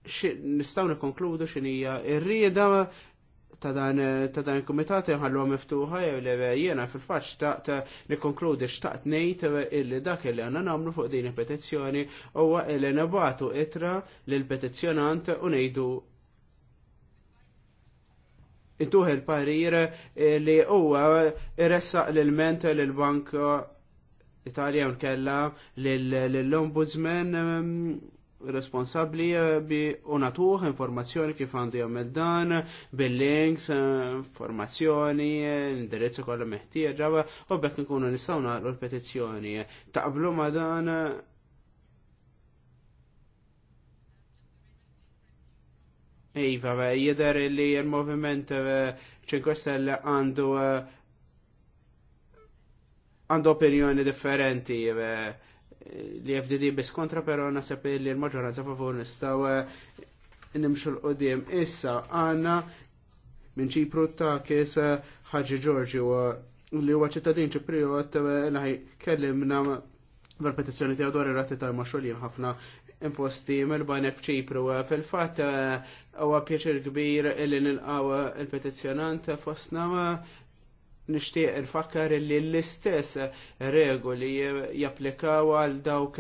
nistaw nikonkludu xinija ir-rieda ta' dan il-komitat jħallu miftuħa jew li jiena fil-fatt ta' nikkonkludi xtaqt ngħid illi dak li għandna nagħmlu fuq din il-petizzjoni huwa li nibagħtu itra lil petizzjonant u ngħidu intuħ il-parir li huwa iressaq l-ment l-Bank Italja nkella l-Ombudsman responsabli eh, bi unatuħ informazzjoni kif għandu jagħmel dan, bil-links, eh, informazzjoni, indirizzi kollha meħtieġa, u bekk nkunu nistgħu l-petizzjoni. Taqblu ma dan eh? Iva, jidher li l-moviment 5 Stelle għandu għandu opinjoni differenti. Be, li FDD bis kontra, pero nasab li l-maġoranza favur nistaw eh, nimxu l-qoddim. Issa, għanna minn ċipru ta' kies eh, ħagġi Ġorġi eh, li huwa ċittadin ċipriot laħi kellimna val-petizzjoni ti dwar ir-rati tal-maxolin ħafna imposti mill-banek ċipru. Fil-fatt huwa pjaċir kbir illi nilqgħu il-petizzjonant fostna nishtiq il-fakkar li l-istess regoli japplikaw għal dawk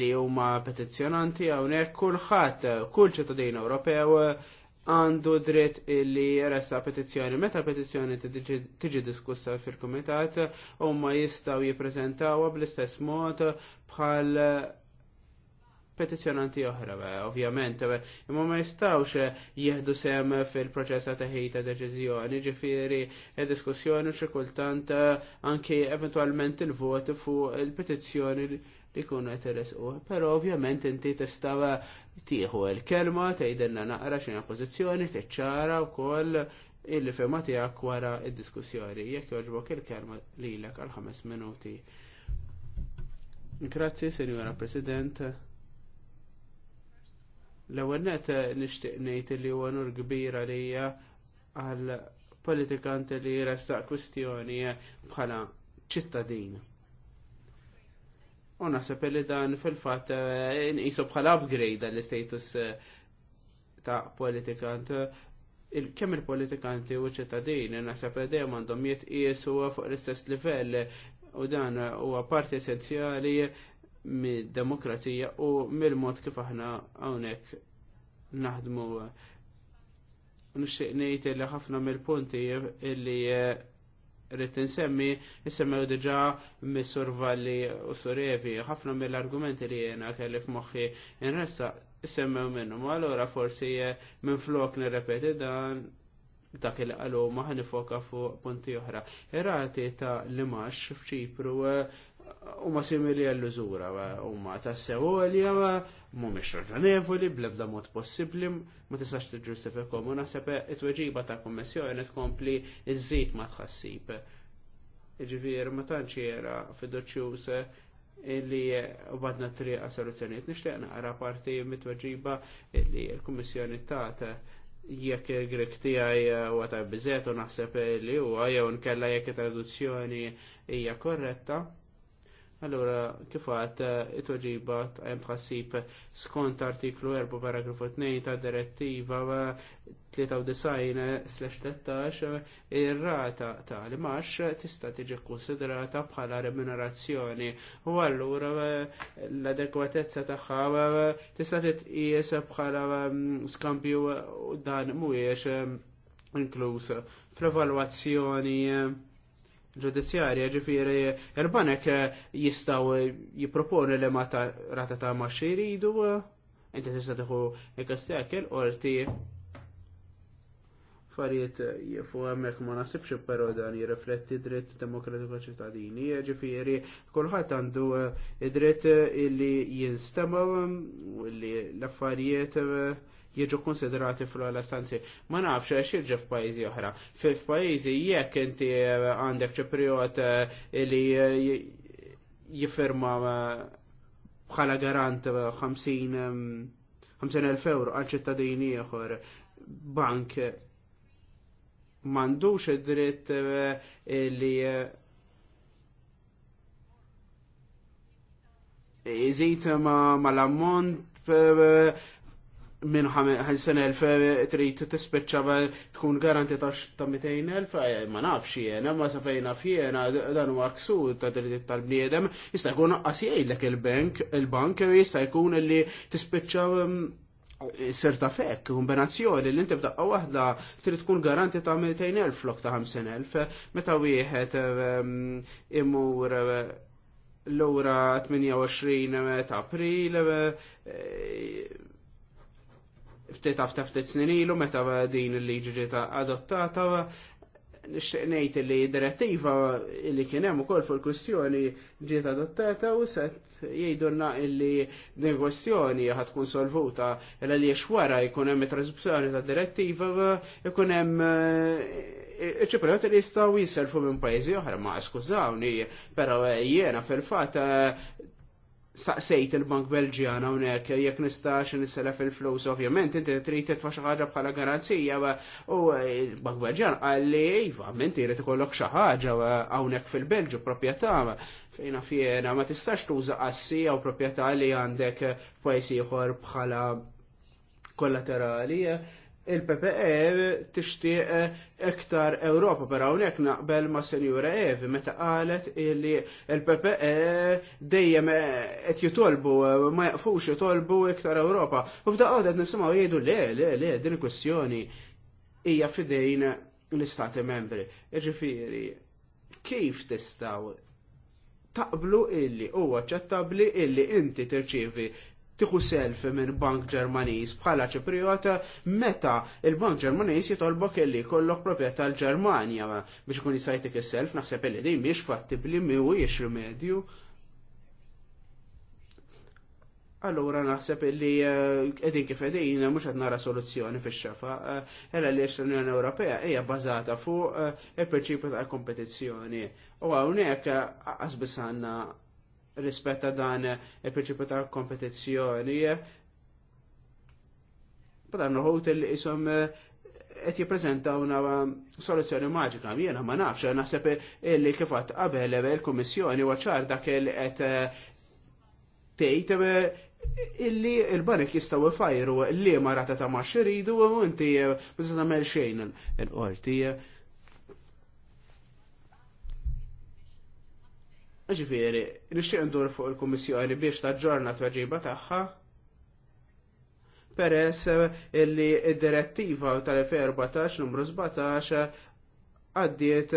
li huma petizzjonanti hawnhekk kulħadd kull ċittadin Ewropew għandu dritt li jeressa petizzjoni. Meta petizzjoni tiġi diskussa fil-komitat, huma jistgħu jippreżentawha bl-istess mod bħal petizjonanti oħra, ovvjament, imma ma jistawx eh, jieħdu sem fil-proċess ta' ħejta deċiżjoni, ġifiri, eh, diskussjoni xikultant eh, anki eventualment il-vot fuq il-petizjoni li kunu jteresqu. Pero ovvjament inti tistava tieħu l-kelma, tgħidilna naqra xi pożizzjoni, tiċċara wkoll illi fema tiegħek wara id-diskussjoni. Jekk jogħġbok il-kelma lilek għal ħames minuti. Grazzi, Signora President. L-ewwel net eh, nixtieq ngħid li huwa nur kbira lija għal politikant li jressaq kwistjoni eh, bħala ċittadin. U naħseb li dan fil-fatt eh, nqisu bħala upgrade dan l-istatus ta' politikant kemm il-politikanti u ċittadini naħseb dejjem għandhom jitqiesu fuq l-istess livell u dan huwa parti essenzjali mid-demokrazija u mill-mod kif aħna hawnhekk naħdmu. Nixtieq ngħid li ħafna mill-punti illi eh, rrid insemmi issemmew diġà mis-survalli u surevi, ħafna mill-argumenti li jiena kelli f'moħħi inressa issemmew minnhom. Allura forsi eh, minflok nirrepeti dan dak il qalu ma ħanifoka fuq punti oħra. Ir-rati ta' limax f'ċipru eh, ma simili għall-użura, huma tas-sewolja, mhumiex raġonevoli, bl mod possibbli, ma tistax tiġġustifikhom u naħseb it-tweġiba ta' kummissjoni tkompli iż-żid ma tħassib. Iġivir, ma tantx jera fiduċjuż illi u badna triqa soluzzjonijiet. Nixtieq naqra parti mit-tweġiba illi l-Kummissjoni tata jekk il-Grek tiegħi u ta' bizet u naħseb li huwa jew nkella jekk it-traduzzjoni hija korretta Allura, kif għat eh, it-tweġiba għem skont artiklu 4 paragrafu 2 ta' direttiva 93-13 eh, eh, ir-rata ta' li max tista' tiġi konsiderata bħala remunerazzjoni u allura l-adekwatezza tagħha tista' titqies bħala mm, skambju dan mhuwiex inkluż fl-evalwazzjoni ġudizzjarja ġifiri erbanek eh, jistaw eh, jiproponi li ma ta' rata ta' ma xiridu eh, inti tista' tieħu ikkastjak il-qorti farijiet jifu għamek ma nasibx però dan jirrifletti dritt demokratiku ċittadini, ġifieri kulħadd għandu id-dritt illi jinstema' illi l-affarijiet jieġu konsiderati fl-għala stanzi. Ma nafx għax jirġa f'pajzi oħra. F'pajzi jekk inti eh, għandek ċepriot eh, li eh, jifirma bħala garant 50.000 euro għal ċittadini ieħor bank mandux id-dritt li jizit ma l-ammont minn ħansen elf trid tispeċċa tkun garanti ta' 200,000, eh, ma nafx jiena, ma sa naf fjena dan huwa ksur ta' dritt tal-bniedem, jista' jkun qas jgħidlek il-bank, il-bank jista' jkun li tispiċċa mm, ta' fekk, kombinazzjoni li inti f'daqqa waħda trid tkun garanti ta' 200,000 flok ta' 50,000, meta wieħed mm, imur l ura 28 ta' april eh, ftit għafta ftit snin ilu meta din il-liġi ġiet adottata nixtieq ngħid li direttiva li kien hemm ukoll fuq il-kwistjoni ġiet adottata u set jgħidulna li din kwestjoni ħad tkun solvuta għaliex wara jkun hemm trasposizzjoni ta' direttiva jkun hemm eh, ċipriot li jistgħu jiselfu minn pajjiżi oħra ma' skużawni, però eh, jiena fil-fatt eh, saqsejt il-Bank Belġjana unek, jek nistax nisela il-flus, ovvjament, inti trid tidfa xi ħaġa bħala garanzija, u eh, il-Bank Belġjan għalli, jiva, menti jrid ikollok xi ħaġa hawnhekk fil-Belġu proprjetà fejna fjena, ma tistax tuża qassi jew proprjetà li għandek pajjiż ieħor bħala kollaterali il-PPE tixtieq eh, iktar Ewropa, però hawnhekk naqbel ma' Senjura Evi meta qalet li il-PPE dejjem eh, qed jitolbu eh, ma jaqfux jitolbu iktar Ewropa. U f'daqqa qed nisimgħu jgħidu le le le din il-kwestjoni hija fidejn l-Istati Membri. Ġifieri, kif tistgħu taqblu illi huwa aċċettabbli illi inti tirċievi tiħu self minn bank Ġermaniż bħala ċipriota meta il-bank Ġermaniż jitolbok kelli jkollok proprjetà tal-Ġermanja biex ikun jisajtik is-self naħseb li din biex fattibli mhuwiex rimedju. Allura naħseb li eh, qegħdin kif qegħdin mhux qed nara soluzzjoni fix-xefa, ela eh, li l-Unjoni Ewropea hija bbażata fuq eh, il-prinċipju tal kompetizzjoni. U hawnhekk aqas biss rispetta dan il-prinċipju ta' kompetizzjoni. Pala nħut il-isom eh, qed jippreżentawna soluzzjoni maġika. Jiena ma nafx, naħseb illi kif qatt qabel il-Kummissjoni wa ċar dak il qed eh, tgħid eh, illi il-banek jistgħu fajru li marata rata ta' max iridu u inti ma tagħmel xejn il-qorti. Ġifiri, nixtieq ndur fuq il-Kummissjoni biex taġġorna tweġiba tagħha peress illi id-direttiva tal-2014 numru 17 għaddiet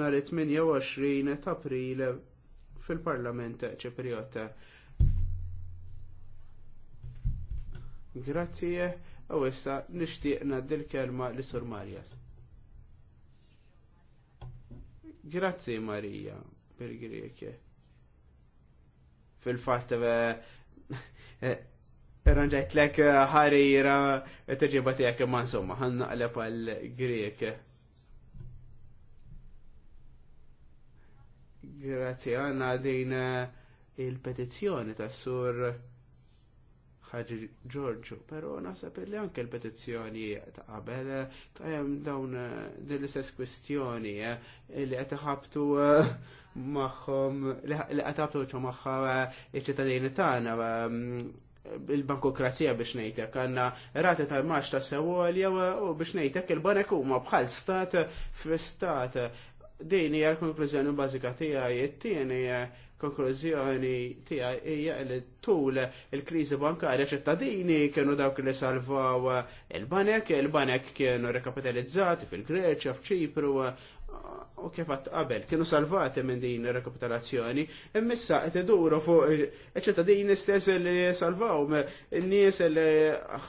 nhar 28 ta' April fil-Parlament Ċipriot. Grazzi, u issa nixtieq ngħaddi l-kelma li Sur Marjas. Grazzi Marija bil-Greki. Fil-fatt eh, eh, Ranġajt lek eh, jira t ġibati għak man insomma, għanna għalep għal-Grek. Grazie, għanna din il-petizjoni ta' sur ħagġi Giorgio, pero nasab li anke l-petizjoni ta' qabel ta' jem dawn l-istess kwistjoni li għetħabtu maħħom, li għatapluċu magħha eh, iċ-ċittadini tagħna eh, il-bankokrazija biex ngħidlek għandna rati tal-maċ ta' sewolja eh, u biex ngħidlek il-banek huma bħal stat f-stat. Din hija l-konklużjoni bażika tiegħi it-tieni konklużjoni tiegħi hija li tul il-kriżi bankarja ċittadini kienu dawk li salvaw il-banek, il-banek kienu rekapitalizzati fil-Greċja, f'Ċipru, u kif għat qabel, kienu salvati minn din rekapitalazzjoni, immissa qed iduru fuq iċ-ċittadini stess li salvaw, n-nies li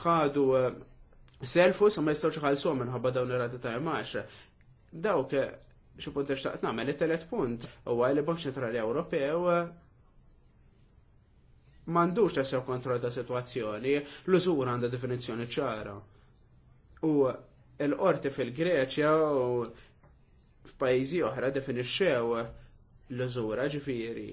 ħadu eh, selfu sa ma jistgħux ħalsu minħabba dawn ir-rati ta' imax. Dawk eh, xi punt xtaqt nagħmel it-telet punt huwa li Bank Ċentrali Ewropew eh, m'għandux sew kontroll ta' sitwazzjoni, l-użur għandha definizzjoni ċara. U l-qorti fil-Greċja u f'pajjiżi oħra definixxew l-użura ġifieri.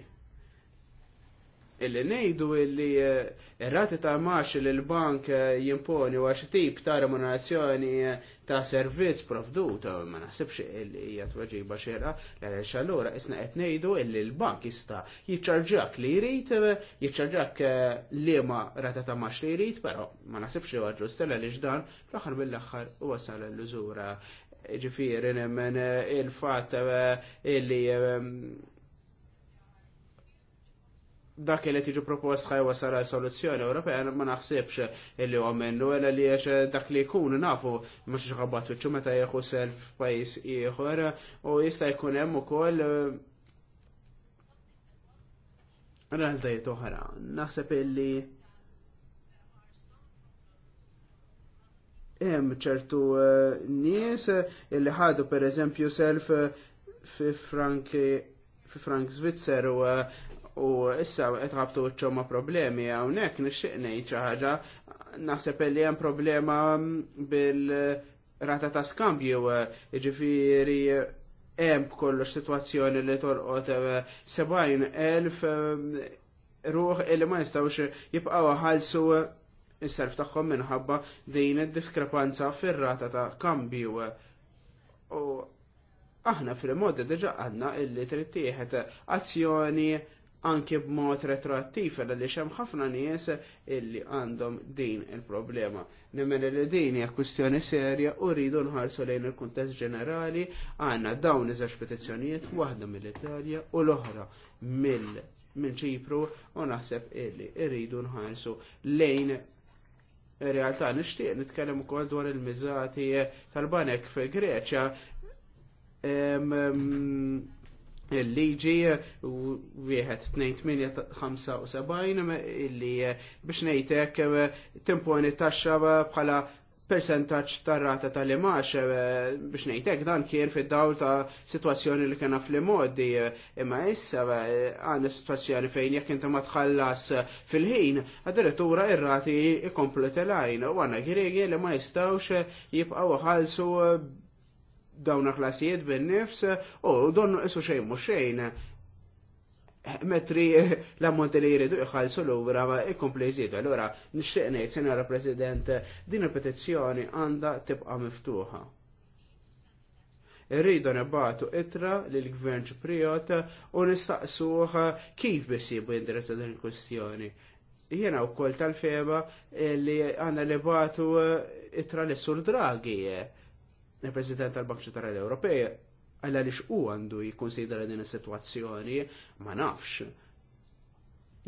Illi ngħidu illi eh, rati ta' maċ li l-bank eh, jimponi għax tip ta' remunerazzjoni eh, ta' servizz provdut, ma nasibx illi hija tweġiba xera, għaliex allura isna qed ngħidu illi l-bank jista' jiċċarġak li jrid, jiċċarġak liema rata ta' maċ li jrid, però ma nasibx li huwa ġust għaliex dan fl-aħħar mill-aħħar huwa sal l-użura ġifiri nemmen eh, il-fat eh, illi eh, dak li tiġu propost ħaj wasara soluzzjoni Ewropea ma naħsibx illi huwa minnu illa li għax dak li jkun nafu ma xi ħabatu ċu meta jieħu self pajjiż ieħor u jista' jkun hemm ukoll realtajiet oħra. Naħseb illi hemm ċertu eh, nies eh, illi ħadu pereżempju self eh, fi Frank fi Frank Zwitzer u u issa qed ħabtu ċoma problemi hawnhekk nixtieq ngħid xi ħaġa naħseb li hemm problema mm, bil-rata ta' skambju jiġifieri hemm kollox sitwazzjoni li torqod elf ruħ illi ma jistgħux jibqgħu ħalsu is-serf tagħhom minħabba din id-diskrepanza fir-rata ta' kambju. U aħna fil-modi diġa għandna illi trid tieħed azzjoni anke b'mod retroattiv li hemm ħafna nies illi għandhom din il-problema. Nimmel li din hija kwistjoni serja u rridu nħarsu lejn il-kuntest ġenerali għandna dawn iż-żewġ petizzjonijiet waħda mill-Italja u l-oħra mill minn ċipru u naħseb illi rridu nħarsu lejn realtà nixtieq nitkellem ukoll dwar il-miżati tal-banek fil Greċja il-liġi wieħed 2875 illi eh, biex ngħidlek eh, timponi taxxa bħala percentaċ tar-rata li imax eh, biex ngħidlek dan kien fid-dawl ta' sitwazzjoni li kena fl-modi eh, imma issa eh, għanna sitwazzjoni fejn jekk inti ma tħallas fil-ħin għadirettura ir-rati ikomplu telajn u għanna għirigi li ma jistgħux jibqgħu ħalsu dawna klasijiet bin-nifs u donnu isu xejn mhux xejn metri eh, l-ammonti li jridu jħalsu l-ura ma ikompli jżidu. Allora, nixtieq ngħid, Senjora President, din il-petizzjoni għandha tibqa' miftuħa. Irridu nebatu itra lill gvern Ċipriot u nistaqsuħ kif bisibu jindirizza din il-kwestjoni. Jiena wkoll tal-feba li għanna li itra li sur Draghi, il-President tal-Bank Ċentrali Ewropej, għalla li xqu għandu jikonsidera din is-sitwazzjoni ma nafx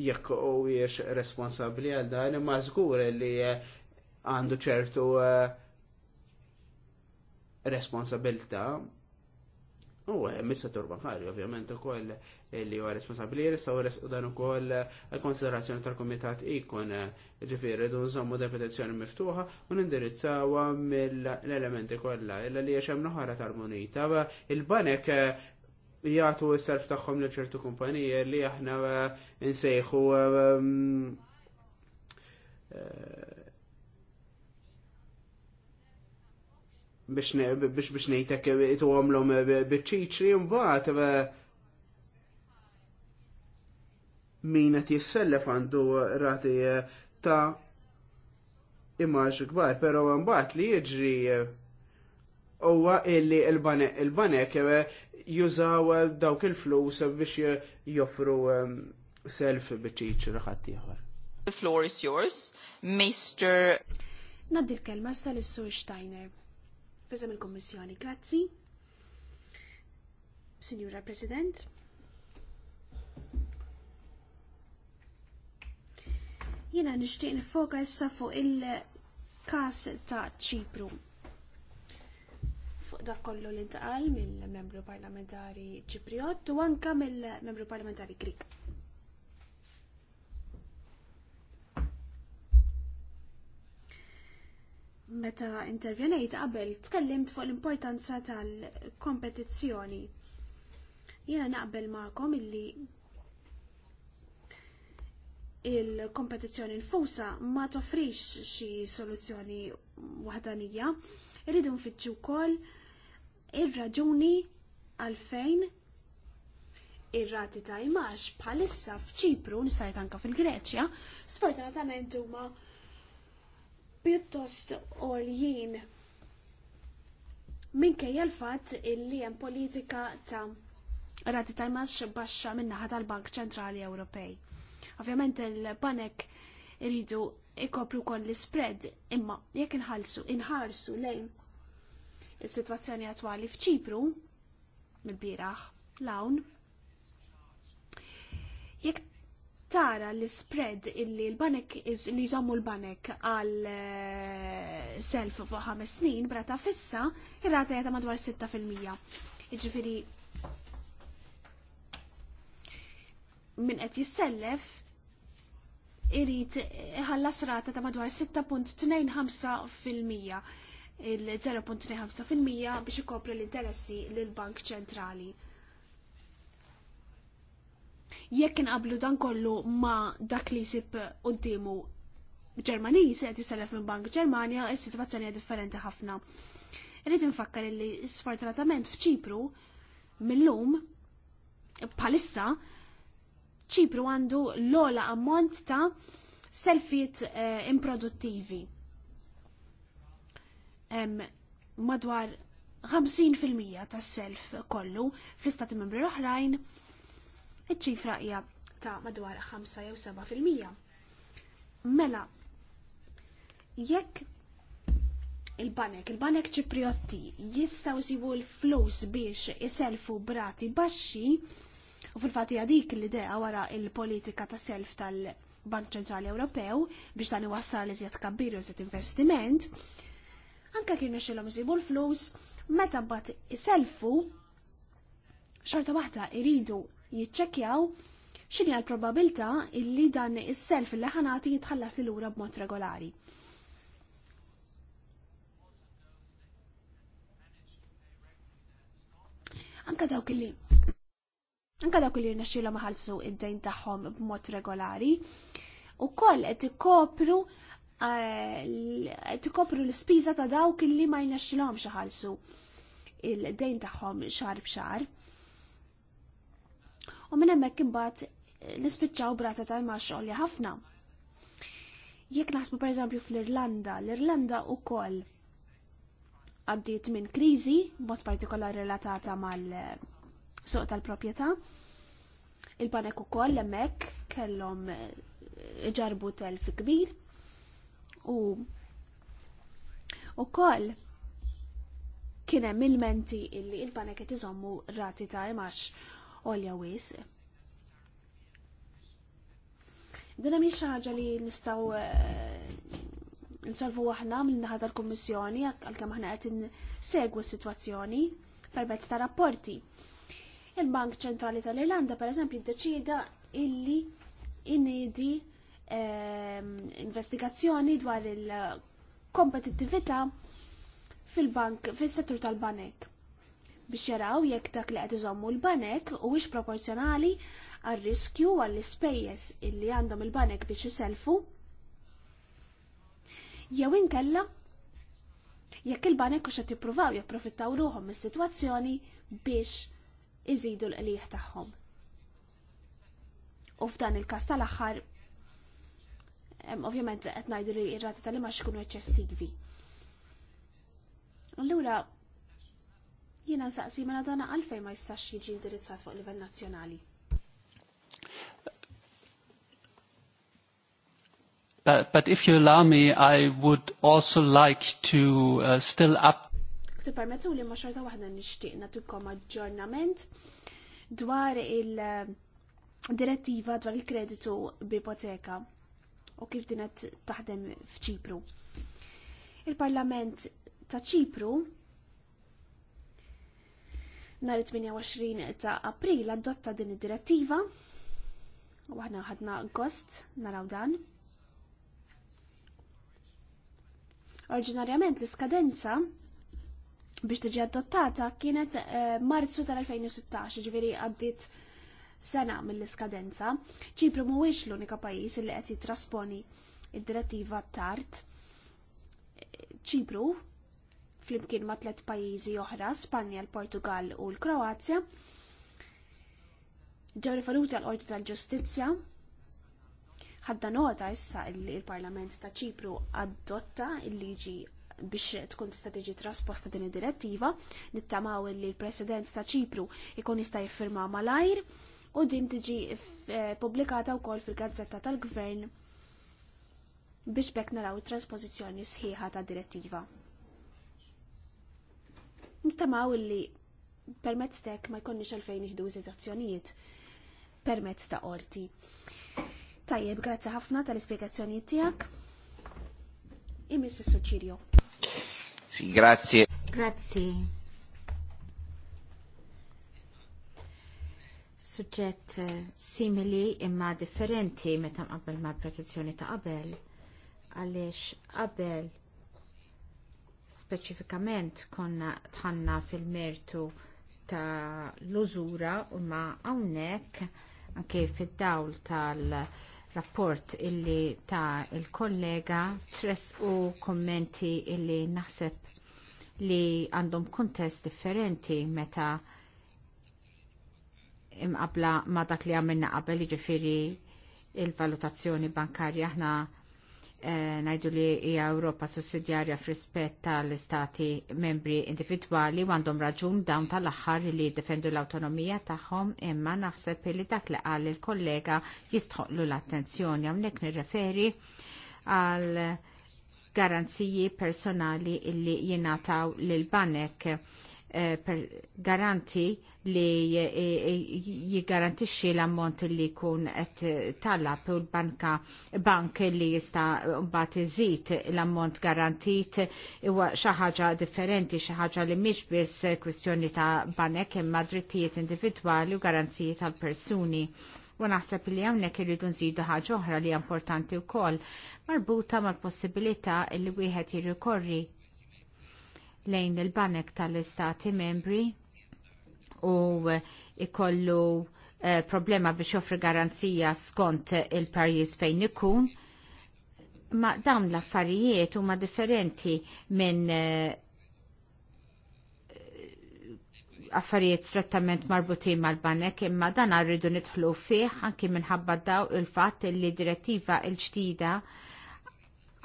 jekk u jiex responsabli għal dan imma żgur li għandu ċertu eh, responsabilta u hemm eh, is-settur ovvjament ukoll li huwa responsabbli jistgħu u dan ukoll konsiderazzjoni tal-kumitat ikun ġifieri dun nżommu da miftuħa u nindirizzawha mill-elementi kollha illa li hemm noħara tal-munita il-banek eh, jagħtu s-serf tagħhom lil ċertu kumpaniji li aħna eh, nsejħu eh, biex biex biex nejtek tu għamlom bieċiċri mbaħt min qed jissellef għandu rati eh, ta' imaġ kbar, pero mbagħad li jiġri eh, huwa illi il-banek eh, jużaw dawk il-flus biex joffru self biċċiċ raħat ħadd ieħor. The floor is yours, Mr. Naddi l-kelma sal-Sur Steiner. Fizem il-Kommissjoni, grazzi. Signora President, Jiena nixtieq nifoka issa fuq il-każ ta' Ċipru. Fuq dak kollu li ntaqal mill-membru parlamentari Ċipriot u anke mill-membru parlamentari Grik. Meta intervjenejt qabel tkellimt fuq l-importanza tal-kompetizzjoni. Jiena naqbel ma'kom illi il-kompetizzjoni nfusa ma toffrix xi soluzzjoni waħdanija. Irridu nfittxu wkoll ir-raġuni għalfejn ir-rati ta' imax bħalissa f'Ċipru, nistajt anka fil-Greċja, sfortunatament huma pjuttost għoljien minkejja l-fatt illi hemm politika ta' rati ta' imax baxxa min-naħa tal-Bank Ċentrali Ewropej Ovvjament il-banek iridu ikopru kon l-spread, imma jekk inħalsu, inħarsu lejn il-situazzjoni attwali f'ċipru, mill-biraħ, lawn, jekk tara l-spread illi l-banek li jżommu l-banek għal eh, self fuq ħames snin brata fissa, ir-rata jeta madwar 6%. Iġifiri, min qed jissellef irrit ħallas rata ta' madwar 6.25% il-0.25% biex ikopri l-interessi l-Bank ċentrali. Jekk inqablu dan kollu ma dak li jsib quddiemu Ġermaniż qed jisellef minn Bank Ġermanja, is-sitwazzjoni hija differenti ħafna. Irrid infakkar li sfortunatament f'Ċipru lum bħalissa ċipru għandu l-ola ammont ta' selfiet eh, improduttivi. Em, madwar 50% tas self kollu fl-istati membri l-oħrajn, iċ-ċifra hija ta' madwar 5 7%. Mela, jekk il-banek, il-banek ċipriotti jistaw sibu l-flus biex jiselfu brati baxxi, U fil-fatti dik l-idea wara il-politika ta' self tal-Bank Ċentrali Ewropew biex dan iwassar li zjed kabbir u zjed investiment, anka kienu xilom zibu l-flus, meta bat selfu xorta waħda iridu jitċekjaw xini għal probabilta illi dan is-self il ħanati jitħallas li lura b'mod regolari. Anka dawk illi Anka dak li rnexxielhom maħalsu id-dejn tagħhom b'mod regolari. Ukoll qed ikopru qed eh, ikopru l-ispiża ta' dawk li ma jnexxilhomx iħallsu il-dejn tagħhom xar b'xar. U minn hemmhekk imbagħad nispiċċaw brata tal-maxxol ħafna. Jekk naħsbu pereżempju fl-Irlanda, l-Irlanda ukoll għaddiet minn kriżi, mod partikolari relatata mal- suq tal-propieta. il panek u koll emmek kellom eh, ġarbu telf kbir u u koll kienem il-menti illi il-banek qed iżommu rati ta' imax olja wis. Dina mi ħaġa li nistaw eh, nsolvu aħna mill-naħa tal-Kummissjoni għalkemm aħna qed segwu s-sitwazzjoni permezz ta' rapporti. Il-Bank Ċentrali tal-Irlanda eżempju ddeċida illi inidi ehm, investigazzjoni dwar il-kompetittività fil-bank fis-settur tal-banek biex jaraw jekk dak li qed iżommu l-banek huwiex proporzjonali għar-riskju għall-ispejjeż illi għandhom il-banek biex iselfu. Jew inkella jekk il-banek hux qed jippruvaw jipprofittaw ruħom mis-sitwazzjoni biex iżidu l qlieħ tagħhom. U f'dan il-każ tal-aħħar ovvjament qed ngħidu li r-rati tal ma xkunu eċċessivi. Allura jiena saqsi mela dan għalfejn ma jistax jiġi indirizzat fuq livell nazzjonali. But, but if you allow me, I would also like to uh, still up jekk li ma xorta waħda nixtieq nagħtikom aġġornament dwar il-direttiva eh, dwar il-kreditu b'ipoteka u kif din qed taħdem f'Ċipru. Il-Parlament ta' Ċipru nar 28 ta' April adotta din id-direttiva u għahna ħadna gost naraw dan. Oriġinarjament l-iskadenza biex tiġi adottata kienet eh, marzu tal-2016, ġveri għaddit sena mill-iskadenza. ċipru mhuwiex l-unika pajis li qed jitrasponi id-direttiva tard. Ċipru flimkien ma' tliet pajjiżi oħra, Spanja, l-Portugal u l-Kroazja, ġew riferuti għal qorti tal-Ġustizzja ħadda nota issa il parlament ta' Ċipru adotta il-liġi biex tkun tista' tiġi trasposta din id-direttiva, nittamaw li l-President ta' Ċipru ikun jista' jiffirma malajr u din tiġi eh, pubblikata wkoll fil-Gazzetta tal-Gvern biex bekk naraw it-transpożizzjoni sħiħa ta' direttiva. Nittamaw li permezz tek ma jkunniex għalfejn iħdu iżitazzjonijiet permezz ta' qorti. Tajjeb, grazzi ħafna tal-ispjegazzjonijiet tiegħek. Imis Sì, grazie. Grazie. Suġġett eh, simili imma differenti meta qabel mal-protezzjoni ta' qabel għaliex qabel speċifikament konna tħanna fil-mertu ta' l-użura u ma' għawnek anke fid-dawl tal- rapport illi ta' il-kollega tress u kommenti illi naħseb li għandhom kuntest differenti meta imqabla ma dak li għamilna qabel ġifiri il-valutazzjoni bankarja aħna Eh, najdu li hija Ewropa sussidjarja f'rispett tal-istati membri individwali għandhom raġun dawn tal-aħħar li jiddefendu l-awtonomija tagħhom imma naħseb li dak li qal il-kollega jistħoqlu l-attenzjoni hawnhekk nirreferi għal garanziji personali illi jingħataw lil banek Eh, garanti li eh, eh, jiggarantixxi l-ammont li jkun qed talab u l-banka bank li jista' mbagħad iżid l-ammont garantit huwa xi ħaġa differenti, xi ħaġa li mhix biss kwistjoni ta' banek imma drittijiet individwali u garanziji tal-persuni. U naħseb li hawnhekk irridu nżidu ħaġa oħra li hija importanti wkoll marbuta mal-possibilità li wieħed jirrikorri lejn il-banek tal-istati membri u ikollu eh, problema biex joffri garanzija skont il-pajjiż fejn ikun. Ma dawn l-affarijiet huma differenti minn eh, affarijiet strettament marbutin mal-banek imma dan rridu nidħlu fih anki minħabba daw il-fatt li direttiva l-ġdida il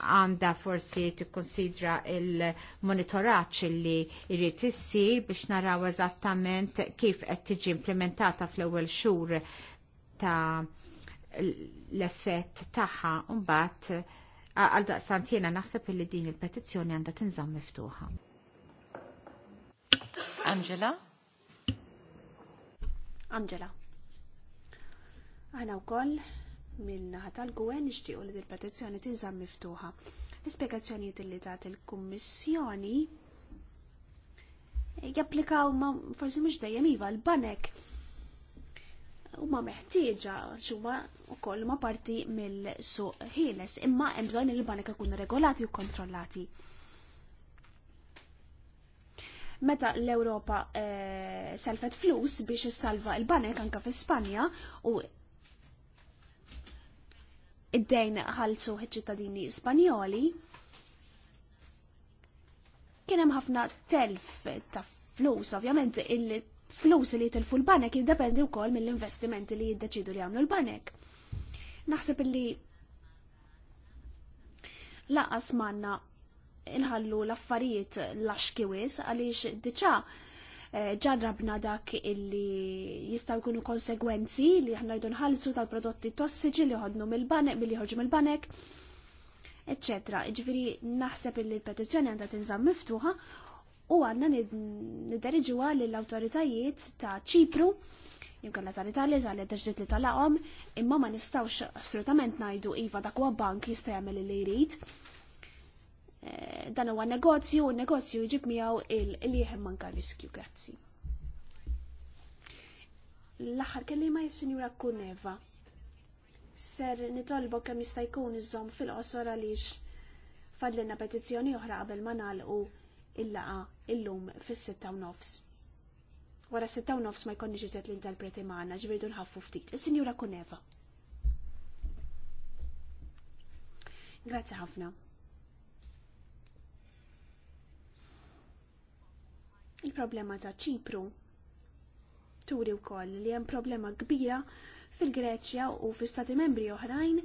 għanda forsi tikkonsidra il-monitoraċ li jrid issir biex naraw eżattament kif qed tiġi implementata fl-ewwel xhur ta' l-effett tagħha mbagħad għal jiena naħseb li din il-petizzjoni għandha tinżamm miftuħa. Angela? Angela. Għana u koll minn-naħa tal-gwen nixtiequ li dil-petizzjoni tinżamm miftuħa. L-ispjegazzjonijiet li tat il-Kummissjoni eh, japplikaw ma forsi mhux dejjem iva l-banek huma meħtieġa xuma wkoll ma parti mill-suq ħieles, imma hemm bżonn li l-banek ikunu regolati u kontrollati meta l ewropa e, eh, salfet flus biex issalva l banek anka fi Spanja u id-dejn ħalsu ċittadini Spanjoli, kien hemm ħafna telf ta' flus, ovvjament il-flus li jitilfu l-banek jiddependi wkoll mill-investimenti li jiddeċidu li għamlu l-banek. Naħseb li laqas manna inħallu l-affarijiet laxki wis għaliex diċa' Eh, ġarrabna dak illi jistaw jkunu konsegwenzi li aħna rridu nħallsu tal-prodotti tossiċi li ħodnu mill-banek, billi ħorġu mill-banek, eccetera. Ġviri naħseb illi l-petizzjoni għandha tinżamm miftuħa u għanna nidderġuwa l-autoritajiet ta' ċipru, la tal-Italja, tal-Edirġiet li tal-għom, imma ma nistawx assolutament najdu iva dak huwa bank jista' jagħmel li jrid. Eh, dan huwa negozju, u negozju jġib miegħu il-lieħem manka riskju, grazzi. L-aħħar kelliema jis-Sinjura Kuneva. Ser nitolbu kemm jista' jkun iżomm fil-qosor għaliex fadlina petizzjoni oħra qabel ma nagħlqu il-laqa illum fis-sitta u nofs. Wara sitta u nofs ma jkollniex iżet l-interpreti magħna ġbirdu nħaffu ftit. Is-Sinjura Kuneva. Grazzi ħafna. Il-problema ta' ċipru turi wkoll li hemm problema kbira fil-Greċja u fl stati membri oħrajn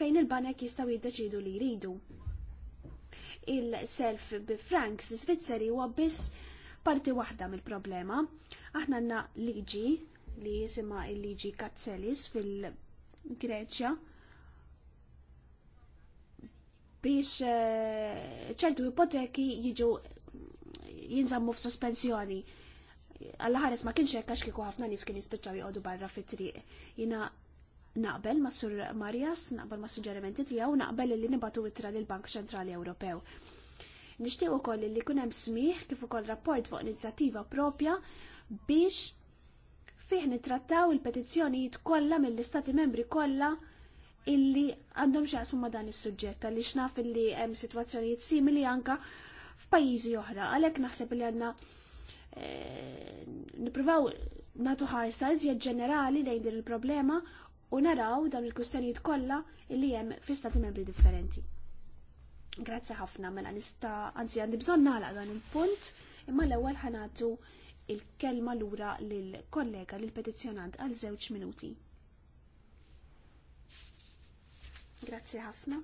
fejn il-banek jistgħu jiddeċidu li jridu. Il-self bi franks Svizzeri huwa biss parti waħda mill-problema. Aħna għandna liġi li jisima il-liġi Katzelis fil-Greċja biex eh, ċertu ipoteki jiġu jinżammu f'sospensjoni. sospensjoni ħares ma kienx hekk għax kieku ħafna nies kien jispiċċaw joqogħdu barra fit-triq. Jina naqbel ma' Sur Marjas, naqbel ma' suġġerimenti tiegħu, naqbel li nibatu ittra lil Bank Ċentrali Ewropew. Nixtieq ukoll li jkun hemm smih kif ukoll rapport fuq inizjattiva propja biex fih nitrattaw il-petizzjonijiet kollha mill-istati membri kollha illi għandhom xaqsmu ma' dan is-suġġett għaliex naf illi hemm sitwazzjonijiet simili anka f'pajjiżi oħra. Għalhekk naħseb li għandna eh, nippruvaw nagħtu ħarsa iżjed ġenerali lejn din il-problema u naraw dawn il-kustanijiet kollha li hemm fi stati membri differenti. Grazzi ħafna mela nista' anzi għandi bżonn nagħlaq dan il-punt imma l-ewwel ħanatu il-kelma lura lill-kollega lill-petizzjonant għal żewġ minuti. Grazzi ħafna.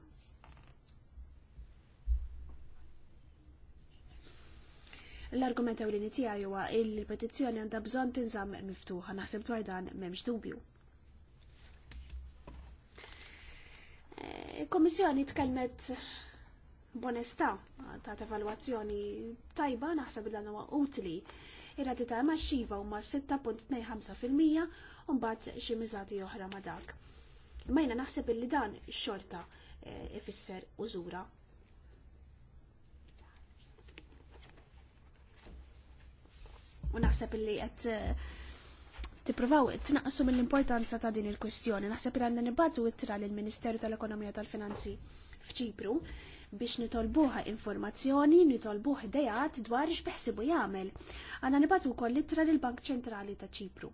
L-argument ewlieni tiegħi huwa li l-petizzjoni għandha bżonn tinżamm miftuħa naħseb dwar dan m'hemmx dubju. Il-Kommissjoni tkellmet b'onestà ta' evalwazzjoni tajba naħseb dan huwa utli. Ir-rati ta' maċċiva huma 6.25% u mbagħad xi miżati oħra ma' dak. Imma jiena naħseb illi dan xorta eh, ifisser użura U naħseb illi qed eh, tippruvaw tnaqqsu mill-importanza ta' din il-kwestjoni. Naħseb li għandna nibgħatu ittra lill-Ministeru tal-Ekonomija tal-Finanzi f'Ċipru biex nitolbuha informazzjoni, nitolbuh idejat dwar x'beħsibu jagħmel. Għandna nibgħatu wkoll ittra lill-Bank Ċentrali ta' Ċipru.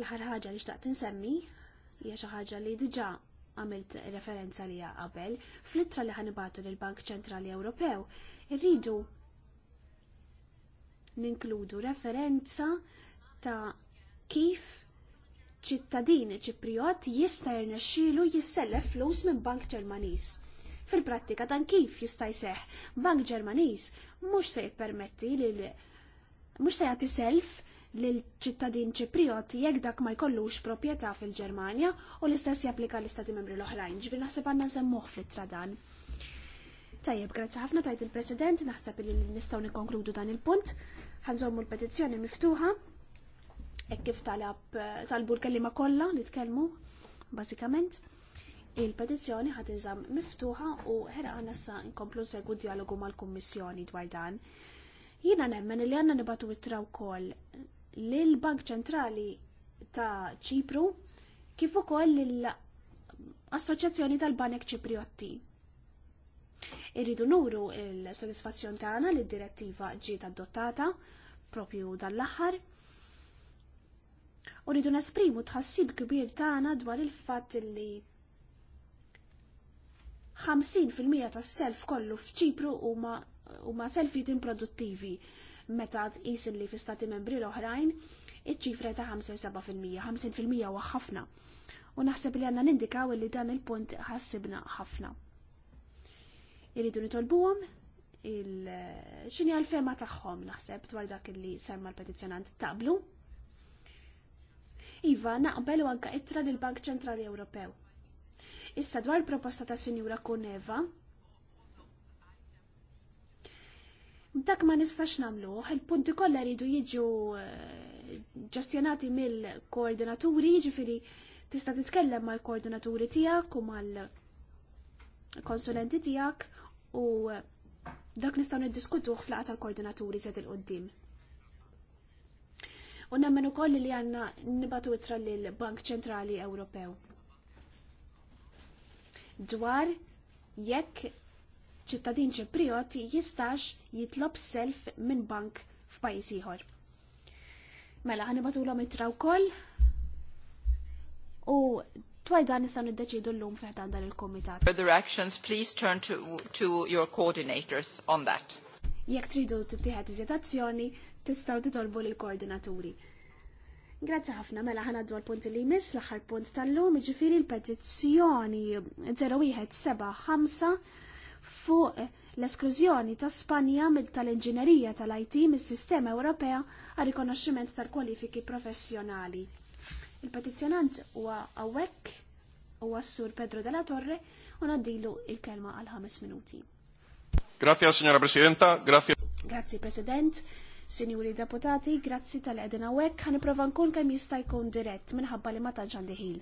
l-ħar ħaġa li xtaqt insemmi hija xi ħaġa li diġà għamilt referenza li qabel, fl-ittra li ħanibatu lill-Bank Ċentrali Ewropew, irridu ninkludu referenza ta' kif ċittadin ċipriot jista' jirnexxielu jissellef flus minn Bank Ġermaniż. Fil-prattika dan kif jista' jseħħ Bank Ġermaniż mhux se jippermetti lil mhux se jagħti self l-ċittadin Ċipriot jekk dak ma jkollux proprjetà fil-Ġermanja u l-istess japplika l-istati membri l-oħrajn. Ġifier naħseb għandna nsemmuh fil tradan Tajjeb, grazzi ħafna tajt il-President, naħseb li nistgħu nikonkludu dan il-punt. Ħanżommu l-petizzjoni miftuħa ekk kif talab talbu l-kelliema kollha nitkellmu bażikament il-petizzjoni ħat iżam miftuħa u ħera nassa nkomplu segwu dialogu mal-Kummissjoni dwar dan. Jiena nemmen li għanna nibatu ittra wkoll lill bank Ċentrali ta' Ċipru kif ukoll l-Assoċjazzjoni tal-Banek Ċipriotti. Irridu nuru l-sodisfazzjon tagħna li d-direttiva ġiet adottata propju dal-aħħar u rridu nesprimu tħassib kbir tagħna dwar il-fatt li 50% tas-self kollu f'Ċipru huma huma selfijiet improduttivi meta tqis li fi stati membri l-oħrajn iċ-ċifra ta' 5 50% huwa ħafna. U naħseb li għanna nindikaw li dan il-punt ħassibna ħafna. Iridu nitolbuhom il-xini għal-fema tagħhom naħseb dwar dak li semma l-petizzjonant tablu. Iva, naqbel anka ittra lill bank Ċentrali Ewropew. Issa dwar proposta ta' Sinjura Kuneva, Dak ma nistax namlu, il-punti kollha jridu jiġu eh, ġestjonati mill-koordinaturi, jiġifieri tista' titkellem mal-koordinaturi tiegħek u mal-konsulenti tiegħek u eh, dak nistgħu niddiskutuh fl tal-koordinaturi set il-qoddim. U nemmen ukoll li għandna nibatu itra lill-Bank Ċentrali Ewropew dwar jekk ċittadin ċipriot jistax jitlob self minn bank f'pajjiż ieħor. Mela ħanibatulhom ittra wkoll u dwar dan nistgħu niddeċidu llum fih dan il-kumitat. Further actions please turn to, to your coordinators on that. Jekk tridu tittieħed iżitazzjoni azzjoni, tistgħu titolbu lill-koordinaturi. Grazzi ħafna, mela ħana dwar punti li jmiss l-aħħar punt tal-lum, ġifiri l-petizzjoni 0175 fuq l-esklużjoni ta' Spanja tal-inġinerija tal-IT mis-sistema Ewropea għal rikonoxximent tal-kwalifiki professjonali. Il-petizzjonant huwa għawek huwa s-sur Pedro della Torre u naddilu il-kelma għal ħames minuti. Grazie, signora Presidenta, grazie. Grazie, President. Sinjuri deputati, grazzi tal-edin għawek, għan prova nkun kem jista' jkun dirett minħabba li ma tanġan diħil.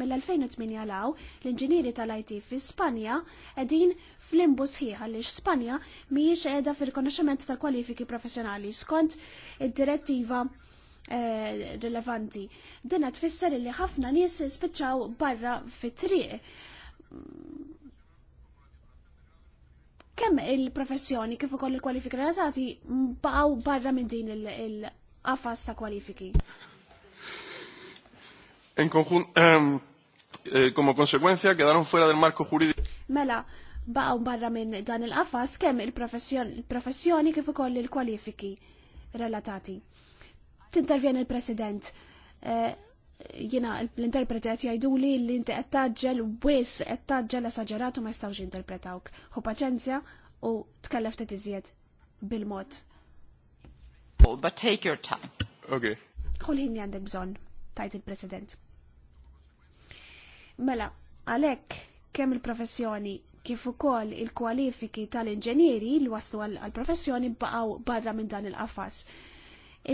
Mill-2008 għalaw l-inġinieri tal-IT fi Spanja edin fl imbus ħieħa li Spanja mhijiex qiegħda fir-rikonoxximent tal-kwalifiki professjonali skont id-direttiva eh, rilevanti. Dina tfisser li ħafna nies spiċċaw barra fit-triq kemm il-professjoni kif ukoll il-kwalifiki relatati baqgħu barra minn din il-qafas ta' kwalifiki en conjunto, eh, eh, como consecuencia quedaron fuera del marco jurídico. Mela, baqgħu barra minn dan il-qafas kemm il-professjoni kif ukoll il-kwalifiki relatati. Tintervjen il-President. Eh, jina l-interpretet jgħiduli li inti qed taġġel wis qed taġġel esaġeratu ma jistgħux jinterpretawk. Hu paċenzja u tkellef ta' tiżjed bil-mod. But take your time. Okay. Kull ħin li għandek bżonn, tajt il-President. Mela, għalhekk kemm il-professjoni kif ukoll il-kwalifiki tal-inġenieri li waslu għal-professjoni baqgħu barra minn dan il-qafas.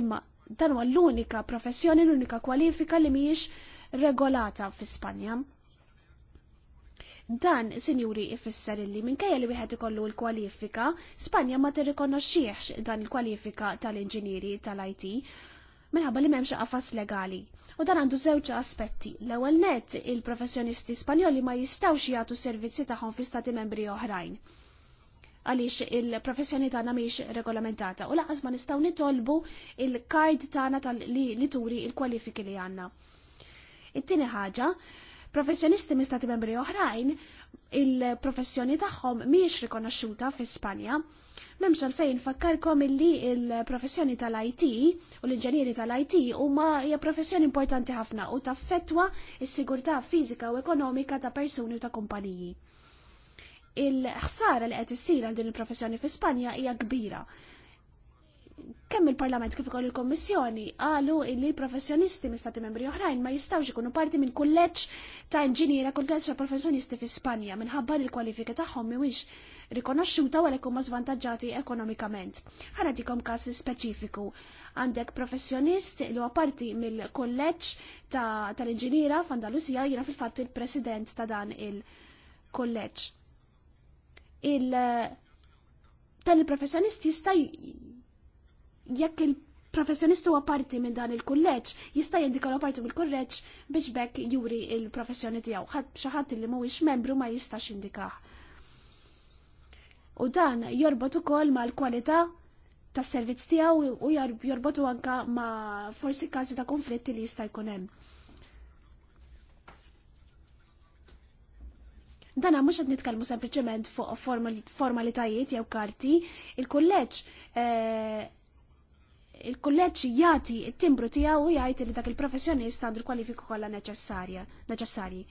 Imma dan huwa l-unika professjoni, l-unika kwalifika li mhijiex regolata fi Spanja. Dan, sinjuri, ifisser illi minkejja li wieħed ikollu l-kwalifika, Spanja ma tirrikonoxxiex dan il-kwalifika tal-inġinieri tal-IT minħabba li m'hemmx qafas legali. U dan għandu żewġ aspetti. L-ewwel net il-professjonisti Spanjoli ma jistgħux jagħtu servizzi tagħhom fi stati membri oħrajn għaliex il-professjoni tagħna mhix regolamentata u laqas ma nistgħu nitolbu il-kard tagħna li turi il-kwalifiki li għandna. It-tieni ħaġa, professjonisti minn stati membri oħrajn il-professjoni tagħhom mhijiex rikonoxxuta fi Spanja. Memx għalfejn fakkarkom illi il-professjoni tal-IT u l-inġenieri tal-IT huma hija professjoni importanti ħafna u taffettwa s sigurtà fiżika u ekonomika ta' persuni u ta' kumpaniji. Il-ħsara li qed issir għal din il-professjoni fi Spanja hija kbira kemm il-Parlament kif ukoll il-Kommissjoni qalu illi professjonisti minn stati membri oħrajn ma jistgħux ikunu parti minn kulleġġ ta' inġiniera kulleġġ ta' professjonisti fi Spanja minħabba li l-kwalifika tagħhom mhuwiex rikonoxxuta u huma żvantaġġati ekonomikament. Ħana tikom każ speċifiku. Għandek professjonist li huwa parti mill-kulleġġ tal-inġiniera f'Andalusija jiena fil-fatt il-president ta' dan il-kulleġġ. il tal-professjonist jista' jekk il-professjonist huwa parti minn dan il-kulleġġ, jista' l parti mill-kulleġġ biex bekk juri il-professjoni tiegħu. xi ħadd li mhuwiex membru ma jistax indikah. U dan jorbot ukoll mal-kwalità tas servizz tiegħu u jorbotu anka ma' forsi każi ta' konflitti li jista' jkun hemm. dana mux għad nitkalmu sempliciment fuq formalitajiet jew karti, il-kolleġ eh, il kolleġġi jagħti t-timbru tiegħu u jgħid li dak il-professjonist għandu l-kwalifiku kollha neċessarja neċessarji.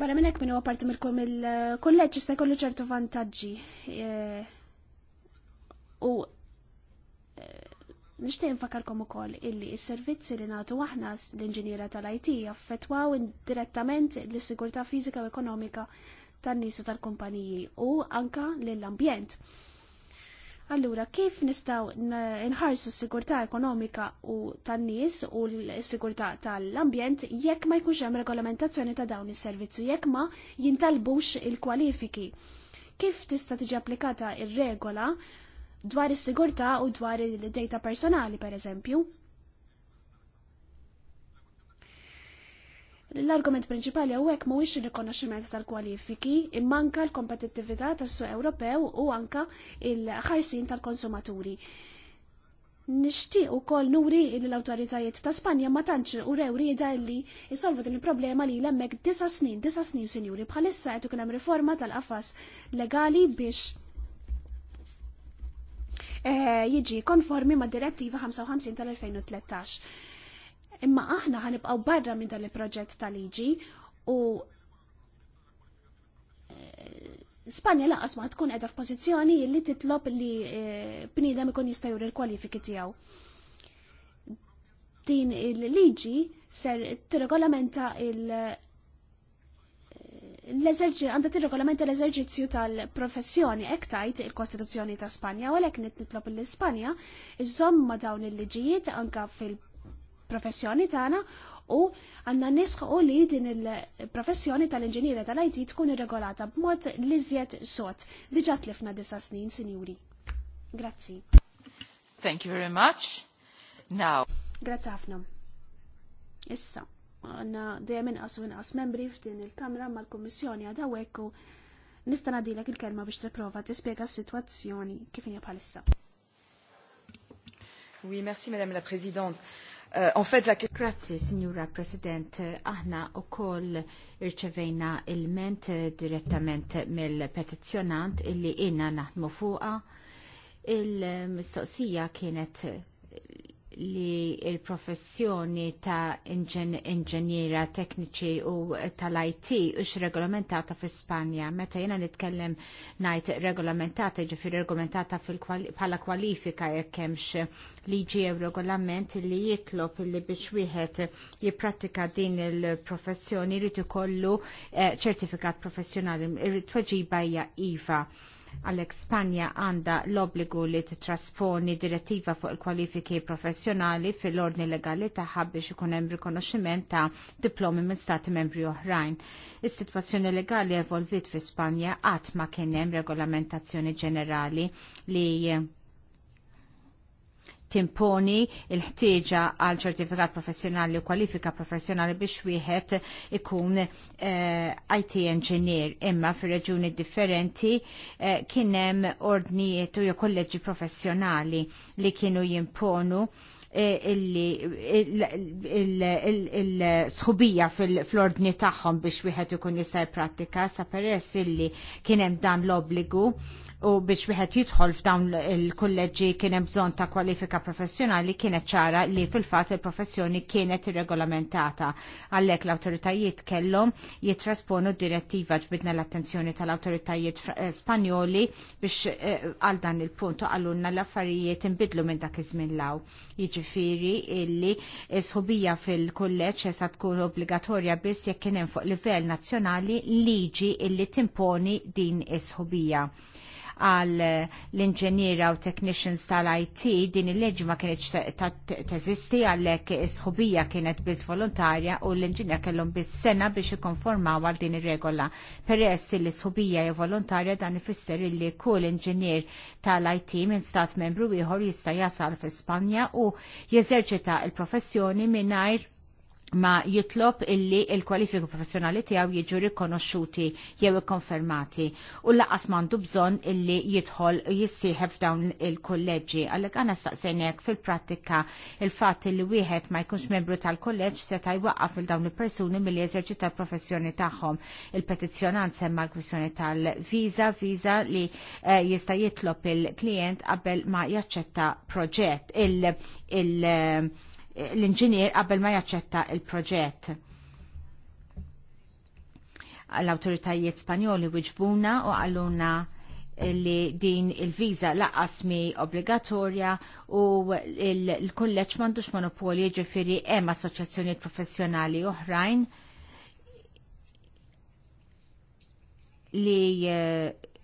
Barra minn hekk minn huwa parti mill kolleġġ jista' jkollu ċertu vantaġġi. Eh, u eh, Nishtiq infakarkom ukoll illi s-servizzi li nagħtu aħna l-inġiniera tal-IT jaffettwaw direttament lis-sigurtà fiżika u ekonomika tan-nies tal-kumpaniji u anka lill-ambjent. Allura, kif nistaw nħarsu s-sigurtà ekonomika u tan-nies u s-sigurtà tal-ambjent jekk ma jkunx hemm regolamentazzjoni ta' dawn is-servizzi jekk ma jintalbux il-kwalifiki? Kif tista' tiġi applikata ir-regola il dwar is-sigurtà u dwar il-data personali per eżempju. L-argument prinċipali hawnhekk mhuwiex ir-rikonoxximent tal-kwalifiki, imma anke l-kompetittività tas-suq Ewropew u anke l-ħarsin tal-konsumaturi. Nixtieq ukoll nuri li l-awtoritajiet ta' Spanja ma tantx u rew rieda li jisolvu din il-problema li l emmek disa' snin, disa' snin sinjuri bħalissa qed ikun hemm riforma tal-qafas legali biex Eh, jiġi konformi ma' direttiva 55 tal-2013. Imma aħna ħanibqaw barra minn dan il-proġett tal-liġi u eh, Spanja laqas ma tkun edha f'pożizzjoni li titlob li eh, bniedem ikun jista' juri l-kwalifiki tiegħu. Din il-liġi ser tirregolamenta il- l-eżerġi għandha tirregolamenta l-eżerġizzju tal-professjoni hekk tajt il-Kostituzzjoni ta' Spanja u għalhekk nitlob l ispanja iżomma dawn il-liġijiet anka fil-professjoni tagħna u għanna nisħu li din il-professjoni tal-inġiniera tal-IT tkun irregolata b'mod li zjed sot. Diġa tlifna disa snin, sinjuri. Grazzi. Thank you very much. Now. Grazzi ħafna. Issa għanna dejjem inqas u inqas membri f'din il-Kamra mal-Kummissjoni għadha wekku nista' ngħidilek il-kelma biex t-prova t-spiega s situazzjoni kifin hija Oui, merci Madame la Présidente. Uh, en fait, la... Grazie, Signora President. Aħna u koll irċevejna il-ment direttament mill-petizjonant illi inna naħdmu fuqa. Il-mistoqsija kienet li l professjoni ta' inġeniera tekniċi u tal-IT ux regolamentata fi Spanja. Meta jena nitkellem najt regolamentata, ġifir regolamentata bħala kwalifika jekk hemmx liġi jew regolament li jitlob li biex wieħed jipprattika din il-professjoni jrid ikollu eh, ċertifikat professjonali. rritu ġibajja iva Għalhekk Spanja għandha l-obbligu li titrasponi direttiva fuq il-kwalifiki professjonali fil-ordni legali tagħha biex ikun hemm rikonoxximent ta' diplomi minn stati membri oħrajn. Is-sitwazzjoni legali evolvit fi Spanja qatt ma kien hemm regolamentazzjoni ġenerali li timponi il-ħtieġa għal ċertifikat professjonali u kwalifika professjonali biex wieħed ikun uh, eh, IT engineer imma fir reġuni differenti uh, kien hemm ordnijiet u kolleġi professjonali li kienu jimponu Eh, il-sħubija fil-ordni tagħhom biex wieħed ikun jista' jprattika sa peress illi kien hemm dan l-obbligu u biex wieħed jidħol f'dawn il-kulleġġi kien hemm bżonn ta' kwalifika professjonali kienet ċara li fil-fatt il-professjoni kienet irregolamentata għalhekk l-awtoritajiet kellhom jitrasponu d-direttiva ġbidna l-attenzjoni tal-awtoritajiet eh, Spanjoli biex eh, għal dan il-punt għallunna l-affarijiet imbidlu minn dak iż-żmien law. Jiġi jiġifieri jiġifieri illi sħubija fil-kulleġġ se tkun obbligatorja biss jekk kien hemm fuq livell nazzjonali liġi illi timponi din is-sħubija għal l-inġeniera u technicians tal-IT din il-leġi ma kienet teżisti għalhekk is-sħubija kienet biss volontarja u l-inġinier kellhom biss sena biex ikkonformaw għal din ir-regola. Peress li sħubija jew volontarja dan ifisser illi kull inġinier tal-IT minn stat membru ieħor jista' jasal fi Spanja u jeżerċita l professjoni mingħajr ma jitlob illi il-kwalifiku professjonali tiegħu jiġu rikonoxxuti jew ikkonfermati u laqas m'għandu bżonn illi jidħol jissieħeb f'dawn il-kolleġġi. Għalhekk għana staqsejnek fil-prattika il-fatt li wieħed ma jkunx membru tal-kolleġġ seta' jwaqqaf il dawn il-persuni milli jeżerċita l-professjoni tagħhom. Il-petizzjonant semma l-kwissjoni tal-viża, viża li eh, jista' jitlob il-klient qabel ma jaċċetta proġett il-, il, il l-inġinier qabel ma jaċċetta il-proġett. L-autoritajiet Spanjoli wiġbuna u għalluna li din il-viza laqqas mi obbligatorja u l-kulleċ mandux monopoli ġifiri hemm assoċjazzjonijiet professjonali oħrajn li eh,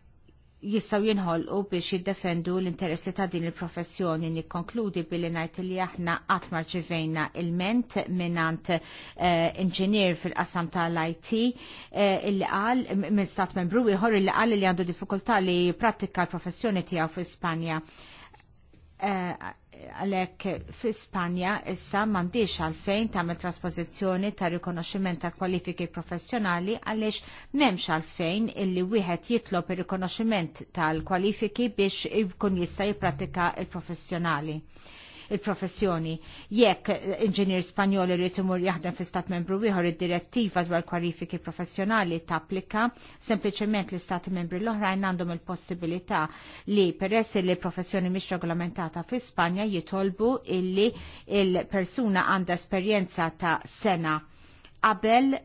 jistaw jinħolqu biex jiddefendu l-interessi ta' din il-professjoni nikkonkludi billi najt li aħna qatt marċivejna il-ment minant eh, inġinier fil-qasam tal-IT uh, eh, illi qal minn stat membru ieħor illi għal li għandu diffikultà li pratika l-professjoni tiegħu fi Spanja. Eh, għalhekk fi Spanja issa m'għandix għalfejn tagħmel trasposizjoni ta' rikonoxximent ta' kwalifiki professjonali għaliex m'hemmx għalfejn illi wieħed jitlob ir-rikonoxximent tal-kwalifiki biex ikun jista' jipprattika il-professjonali. il professjonali il-professjoni. Jekk inġinier Spanjol irrid imur jaħdem fi stat membru ieħor id-direttiva dwar kwalifiki professjonali tapplika, sempliċement l-istati membri l-oħrajn għandhom il-possibilità li peress li professjoni mhix regolamentata fi Spanja jitolbu illi il-persuna għandha esperjenza ta' sena qabel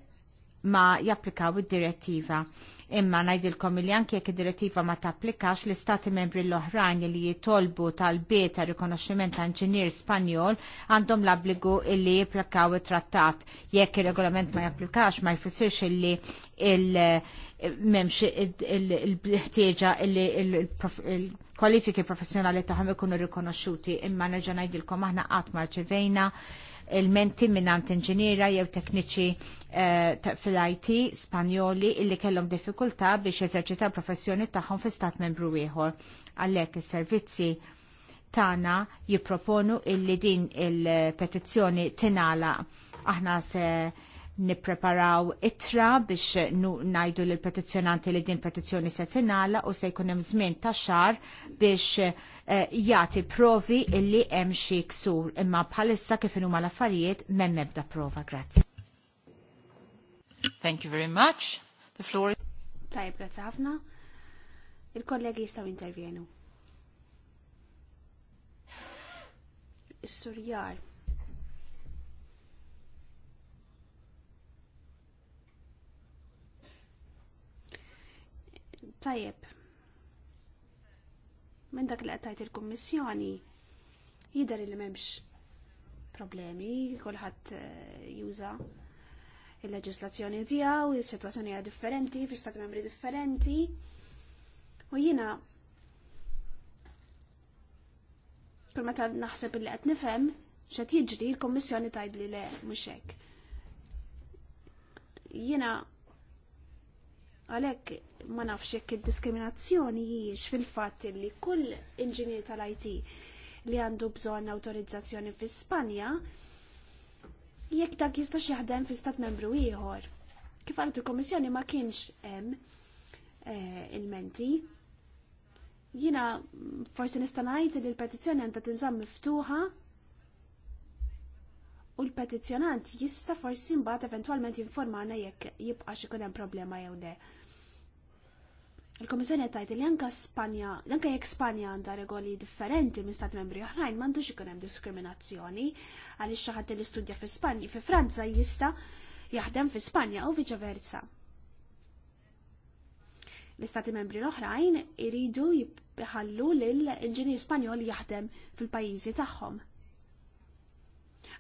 ma japplikaw id-direttiva Imma ngħidilkom li anke jekk id-direttiva ma tapplikax l-istati membri l-oħrajn li jitolbu tal-biet ta' rikonoxximent ta' inġinier Spanjol għandhom l-obbligu li jipplikaw it-trattat. Jekk ir-regolament ma japplikax ma jfissirx il- memx il-ħtieġa il kwalifiki professjonali tagħhom ikunu rikonoxxuti imma nerġa' ngħidilkom aħna qatt marċivejna il-menti minnant inġiniera jew tekniċi uh, eh, fil-IT spanjoli illi kellhom diffikultà biex eżerċita professjoni tagħhom fi stat membru ieħor. Għalhekk is-servizzi tagħna jipproponu illi din il-petizzjoni tingħalaq aħna se nippreparaw itra biex najdu l petizzjonanti li din petizzjoni se tinala u se jkun hemm żmien ta' xar biex eh, jagħti provi illi hemm xi ksur imma bħalissa kif huma l-affarijiet m'hemm ebda prova. Grazzi. Thank you very much. The floor Tajb, grazzi ħafna. Il-kollegi jistgħu intervjenu. Is-surjar. Tajjeb. Minn dak li qed il-Kummissjoni jidher li m'hemmx problemi, kulħadd eh, juża il-leġislazzjoni tiegħu, is-sitwazzjoni hija differenti, fi stati membri differenti. U jiena kull meta naħseb li qed nifhem x'qed jiġri l-Kummissjoni tgħidli li le mhux hekk. Jiena Għalhekk ma nafx jekk id-diskriminazzjoni hijiex fil-fatt li kull inġinier tal-IT li għandu bżonn awtorizzazzjoni fi Spanja jekk dak jista' jaħdem fi stat membru ieħor. Kif għandu il-Kommissjoni ma kienx hemm eh, il-menti jina forsi nista' ngħid li l-petizzjoni għandha tinżamm miftuħa u l-petizzjonant jista' forsi mbagħad eventwalment jinformana jekk jibqa' xi hemm problema jew le. Il-Komissjoni qed li anke Spanja, anke jekk Spanja għandha regoli differenti minn stat membri oħrajn m'għandux ikun hemm diskriminazzjoni għaliex xi ħadd li studja fi Spanja fi Franza jista' jaħdem fi Spanja u versa. L-istati membri l-oħrajn iridu jibħallu lill-inġinier Spanjol jaħdem fil-pajjiżi tagħhom.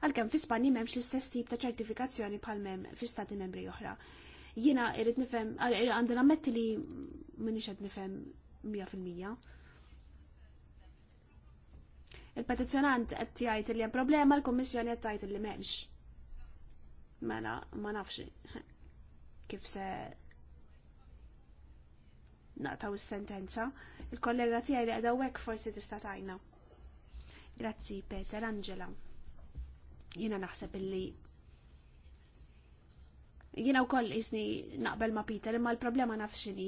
Għalkemm fi Spanja m'hemmx l-istess tip ta' ċertifikazzjoni bħal mem fi stati membri oħra. Jiena irrit nifhem għandi nammetti li m'inhiex qed nifhem 100%. Il-petizzjonant qed jgħid li hemm problema, l-Kummissjoni qed tgħid li m'hemmx. Mela ma nafx <laughs> kif se naqtaw is-sentenza. Il-kollega tiegħi li qiegħda hekk forsi tista' tajna. Grazzi Peter Angela. Jiena naħseb illi Jina u koll jisni naqbel ma Peter, imma l-problema nafxini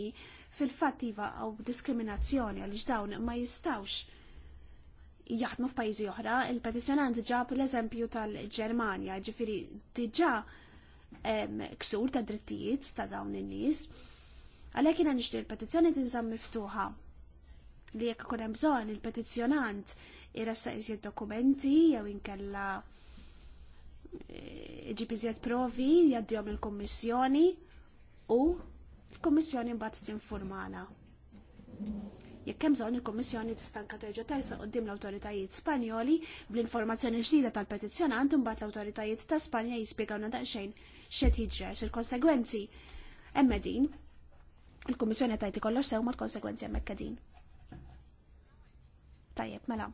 fil-fattiva għaw diskriminazzjoni għal dawn ma jistawx jaħdmu f'pajjiżi oħra, il-petizjonant ġab l-eżempju tal-Ġermanja, ġifiri diġa ksur ta' drittijiet ta' dawn in-nies. Għalhekk jiena nixtieq il-petizzjoni tinżamm miftuħa li jekk kunem hemm bżonn il-petizzjonant irassa iżjed dokumenti jew inkella iżjed provi jaddijom il-kommissjoni u il-kommissjoni mbagħad tinformana. Jekk hemm bżonn il-Kummissjoni tistanka terġa' tersa qudiem l-awtoritajiet Spanjoli bl-informazzjoni ġdida tal-petizzjonant imbagħad l-awtoritajiet ta' Spanja jispjegawna daqsxejn x'qed jiġrex il-konsegwenzi. Hemm din, il-Kummissjoni tajt kollox sew mal-konsegwenzi hemmhekk din. Tajjeb, mela.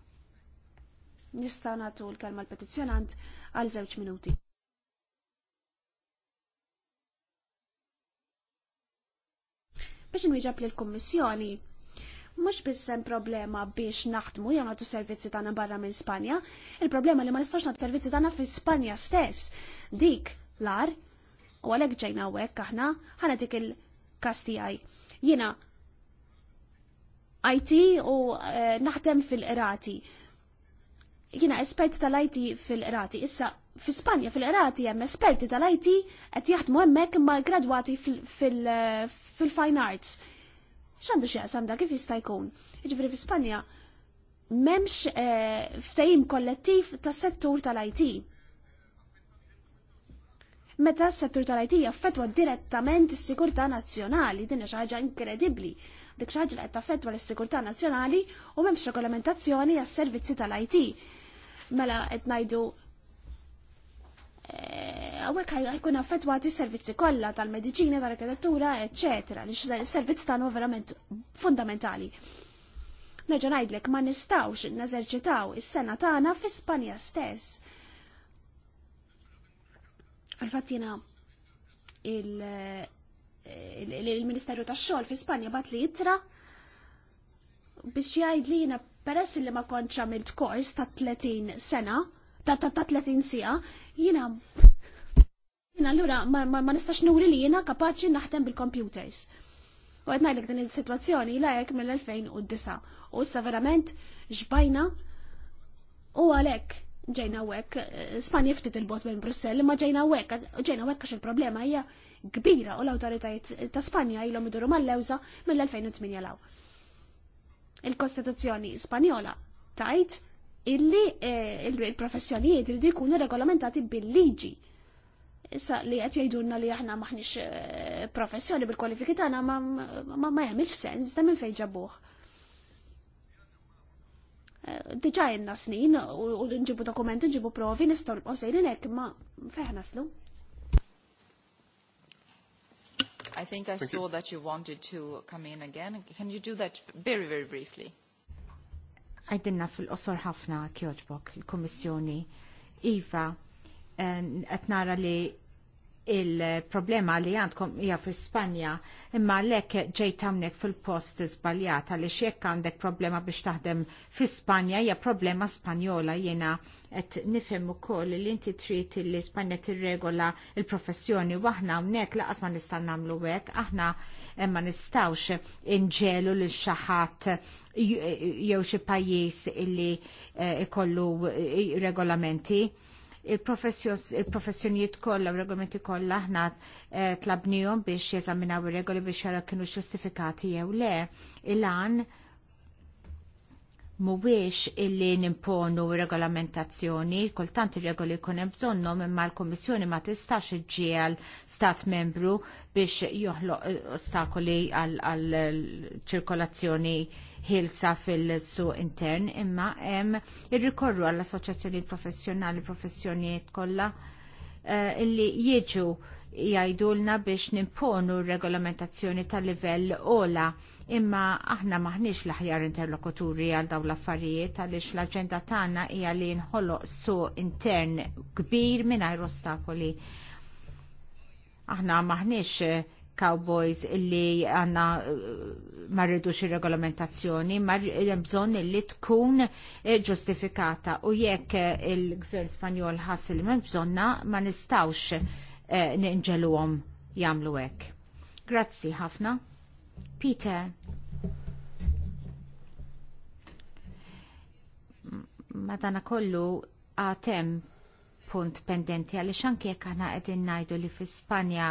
Nista' nagħtu l-kelma l-petizzjonant għal żewġ minuti. Biex nwieġab lill kummissjoni mux bissem problema biex naħdmu jew nagħtu servizzi tagħna barra minn Spanja, il-problema li ma nistax nagħtu servizzi tagħna fi Spanja stess. Dik lar, u għalhekk ġejna hawnhekk aħna ħana dik il-kastijaj. Jiena IT u eh, naħdem fil-qrati jina esperti tal-IT fil-Irati. Issa, fi Spanja fil-Irati hemm esperti tal-IT qed jaħdmu hemmhekk ma graduati fil-fine arts. X'għandu xi qasam dak kif jista' jkun? Jiġifieri fi Spanja m'hemmx eh, ftehim kollettiv tas-settur tal-IT. Meta s-settur tal-IT jaffetwa direttament is-sigurtà nazzjonali, din xi ħaġa inkredibbli dik xi ħaġa qed taffettwa l-sigurtà nazzjonali u m'hemmx regolamentazzjoni għas-servizzi tal-IT mela qed ngħidu għawek eh, għajkun affettwati s-servizzi kollha tal-medicina, tal-arkitettura, eċetera. li s-servizz tagħna verament fundamentali. Nerġa' ngħidlek ma nistgħux neżerċitaw is-sena tagħna fi Spanja stess. fil jiena il-Ministeru tax-xogħol fi Spanja bat li jitra biex jgħid li jiena Peress li ma konċ għamilt kors ta' 30 sena, ta' ta' 30 sija, jina jina allura ma nistax nuri li jina kapaċi naħdem bil-computers. U għed najlek din il-situazzjoni lajek mill-2009. U sa verament ġbajna u għalek ġejna wek, Spanja ftit il-bot minn Brussell, ma ġejna wek, ġejna wek għax il-problema hija kbira u l-autoritajiet ta' Spanja ilhom iduru mal-lewża mill-2008 law. Il-Kostituzzjoni Spanjola tajt illi eh, il-professjonijiet rridu jkunu regolamentati bil-liġi. Issa li qed jgħidulna li aħna maħniex eh, professjoni bil-kwalifiki tagħna ma jagħmilx sens ta' minn fejn ġabuh. Eh, diġà jenna snin u nġibu dokumenti, nġibu provi, nistgħu nibqgħu sejrin hekk ma fejn naslu. I think I Thank saw you. that you wanted to come in again. Can you do that very, very briefly? Għajdinna fil-qosor ħafna kjoġbok, il-Kommissjoni. Iva, eh, qed nara li il-problema li għandkom hija fi Spanja imma lek ġejt hawnhekk fil-post żbaljata li jekk għandek problema biex taħdem fi Spanja hija problema Spanjola jiena qed nifhem ukoll li inti trid li Spanja tirregola il-professjoni u aħna hawnhekk laqas ma nista' nagħmlu hekk aħna ma nistgħux inġelu lil xi ħadd jew xi pajjiż illi eh, ikollu eh, regolamenti il-professjonijiet kollha u regolamenti kollha aħna eh, tlabnihom biex jeżaminaw ir-regoli biex jara kienu ġustifikati jew le. Il-għan mhuwiex illi nimponu regolamentazzjoni, kultant ir-regoli jkun hemm bżonnhom imma l-Kummissjoni ma tistax iġġiel stat membru biex joħloq eh, ostakoli għal eh, ċirkolazzjoni ħilsa fil-suq intern imma hemm irrikorru għall-assoċjazzjoni professjonali professjonijiet kollha eh, illi jiġu jgħidulna biex nimponu regolamentazzjoni tal-livell ola imma aħna maħniex l-aħjar interlokuturi għal dawn l-affarijiet għaliex l-aġenda tagħna hija li nħoloq suq intern kbir mingħajr ostakoli aħna maħniex cowboys illi għanna marridu xie regolamentazzjoni, ma bżonn illi tkun eh, ġustifikata u jekk eh, il-gvern Spanjol ħassil ma bżonna ma nistawx ninġelu eh, ninġeluhom jagħmlu hekk. Grazzi ħafna. Peter. Madana kollu għatem punt pendenti għaliex anke jekk aħna qegħdin ngħidu li fi Spanja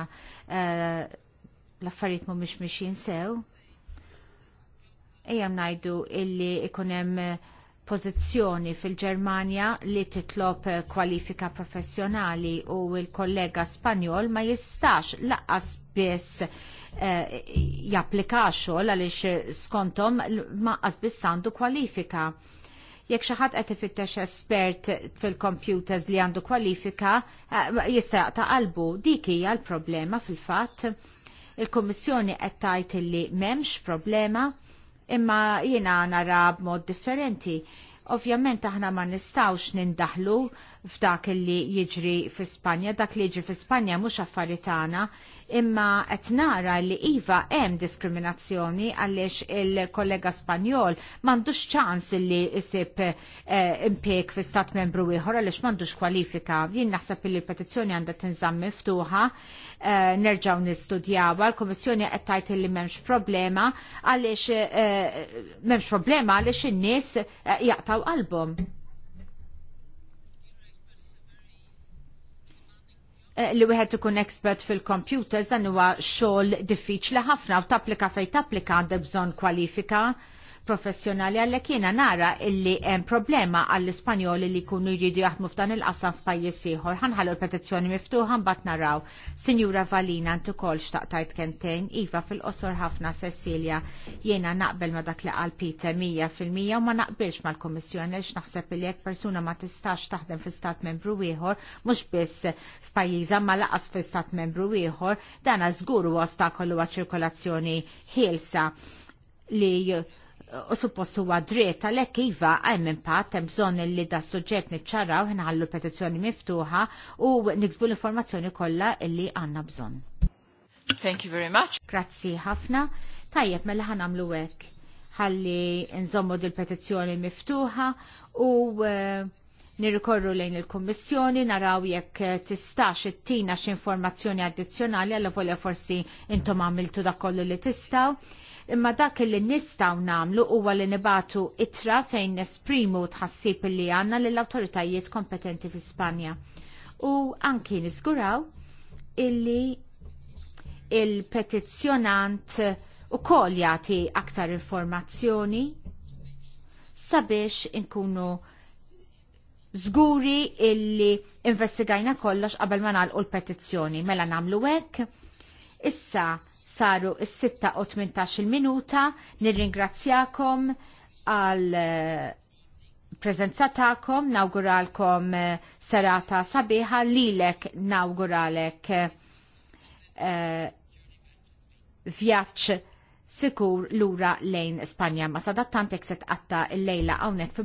l-affarijiet mhumiex mixin sew. Ejjem ngħidu illi ikun hemm eh, pożizzjoni fil-Ġermanja li titlob eh, kwalifika professjonali u l-kollega Spanjol ma jistax laqqas biss eh, japplika xogħol għaliex eh, skontom biss għandu kwalifika. Jekk xi ħadd qed ifittex espert fil-computers li għandu kwalifika, jista' ta' qalbu dik hija l-problema fil-fatt Il-Kummissjoni qed tgħid illi m'hemmx problema imma jiena nara b'mod differenti. Ovvjament aħna ma nistawx nindaħlu f'dak li jiġri fi Spanja, dak li jiġri fi Spanja mhux affarijiet tagħna, imma qed nara li iva hemm diskriminazzjoni għaliex il-kollega Spanjol m'għandux ċans li jsib eh, impjeg fl-istat membru ieħor għaliex m'għandux kwalifika. Jien naħseb li l-petizzjoni għandha tinżamm miftuħa Eh, nerġaw nistudjawa. L-Komissjoni qed li m'hemmx problema għaliex eh, m'hemmx problema għaliex in-nies eh, jaqtaw qalbhom. li wieħed ikun expert fil-computers dan huwa xogħol diffiċli ħafna u tapplika fejn tapplika għandek bżonn kwalifika professjonali għallek jena nara illi hemm problema għall-Ispanjoli li jkunu jridu jaħdmu f'dan il-qasam f'pajjiż ieħor. Ħanħallu l-petizzjoni miftuħa mbagħad naraw. Sinjura Valina int ukoll xtaqtajt kentejn, iva fil-qosor ħafna Cecilia. Jiena naqbel ma dak li qal Peter mija fil-mija u ma naqbilx mal-Kummissjoni għax naħseb li jekk persuna ma tistax taħdem fi stat membru ieħor mhux biss f'pajjiżha ma laqas fi stat membru ieħor, dana żgur huwa ostakolu għaċ ċirkolazzjoni ħielsa li u suppost huwa dritt għalhekk iva hemm impatt hemm bżonn li da suġġett niċċaraw ħinħallu petizzjoni miftuħa u niksbu l-informazzjoni kollha illi għandna bżonn. Thank you very much. Grazzi ħafna. Tajjeb mela ħan nagħmlu hekk ħalli nżommu dil petizzjoni miftuħa u eh, nirrikorru lejn il-Kommissjoni naraw jekk eh, tistax ittina x'informazzjoni addizzjonali għal vola forsi intom għamiltu da kollu li tistaw imma dak li nistaw namlu huwa li nibatu itra fejn nesprimu tħassib li għanna l-autoritajiet kompetenti fi Spanja. U anki nizguraw illi il-petizjonant u kol jati aktar informazzjoni sabiex inkunu zguri illi investigajna kollox qabel ma nagħlqu l-petizzjoni. Mela nagħmlu hekk. Issa saru s-6 u 18 minuta, nirringrazzjakom għal eh, prezenza ta'kom, nawguralkom eh, serata sabiħa, lilek nawguralek uh, vjaċ sikur lura lejn Spanja. Ma sadattant ekset għatta il-lejla għawnek fi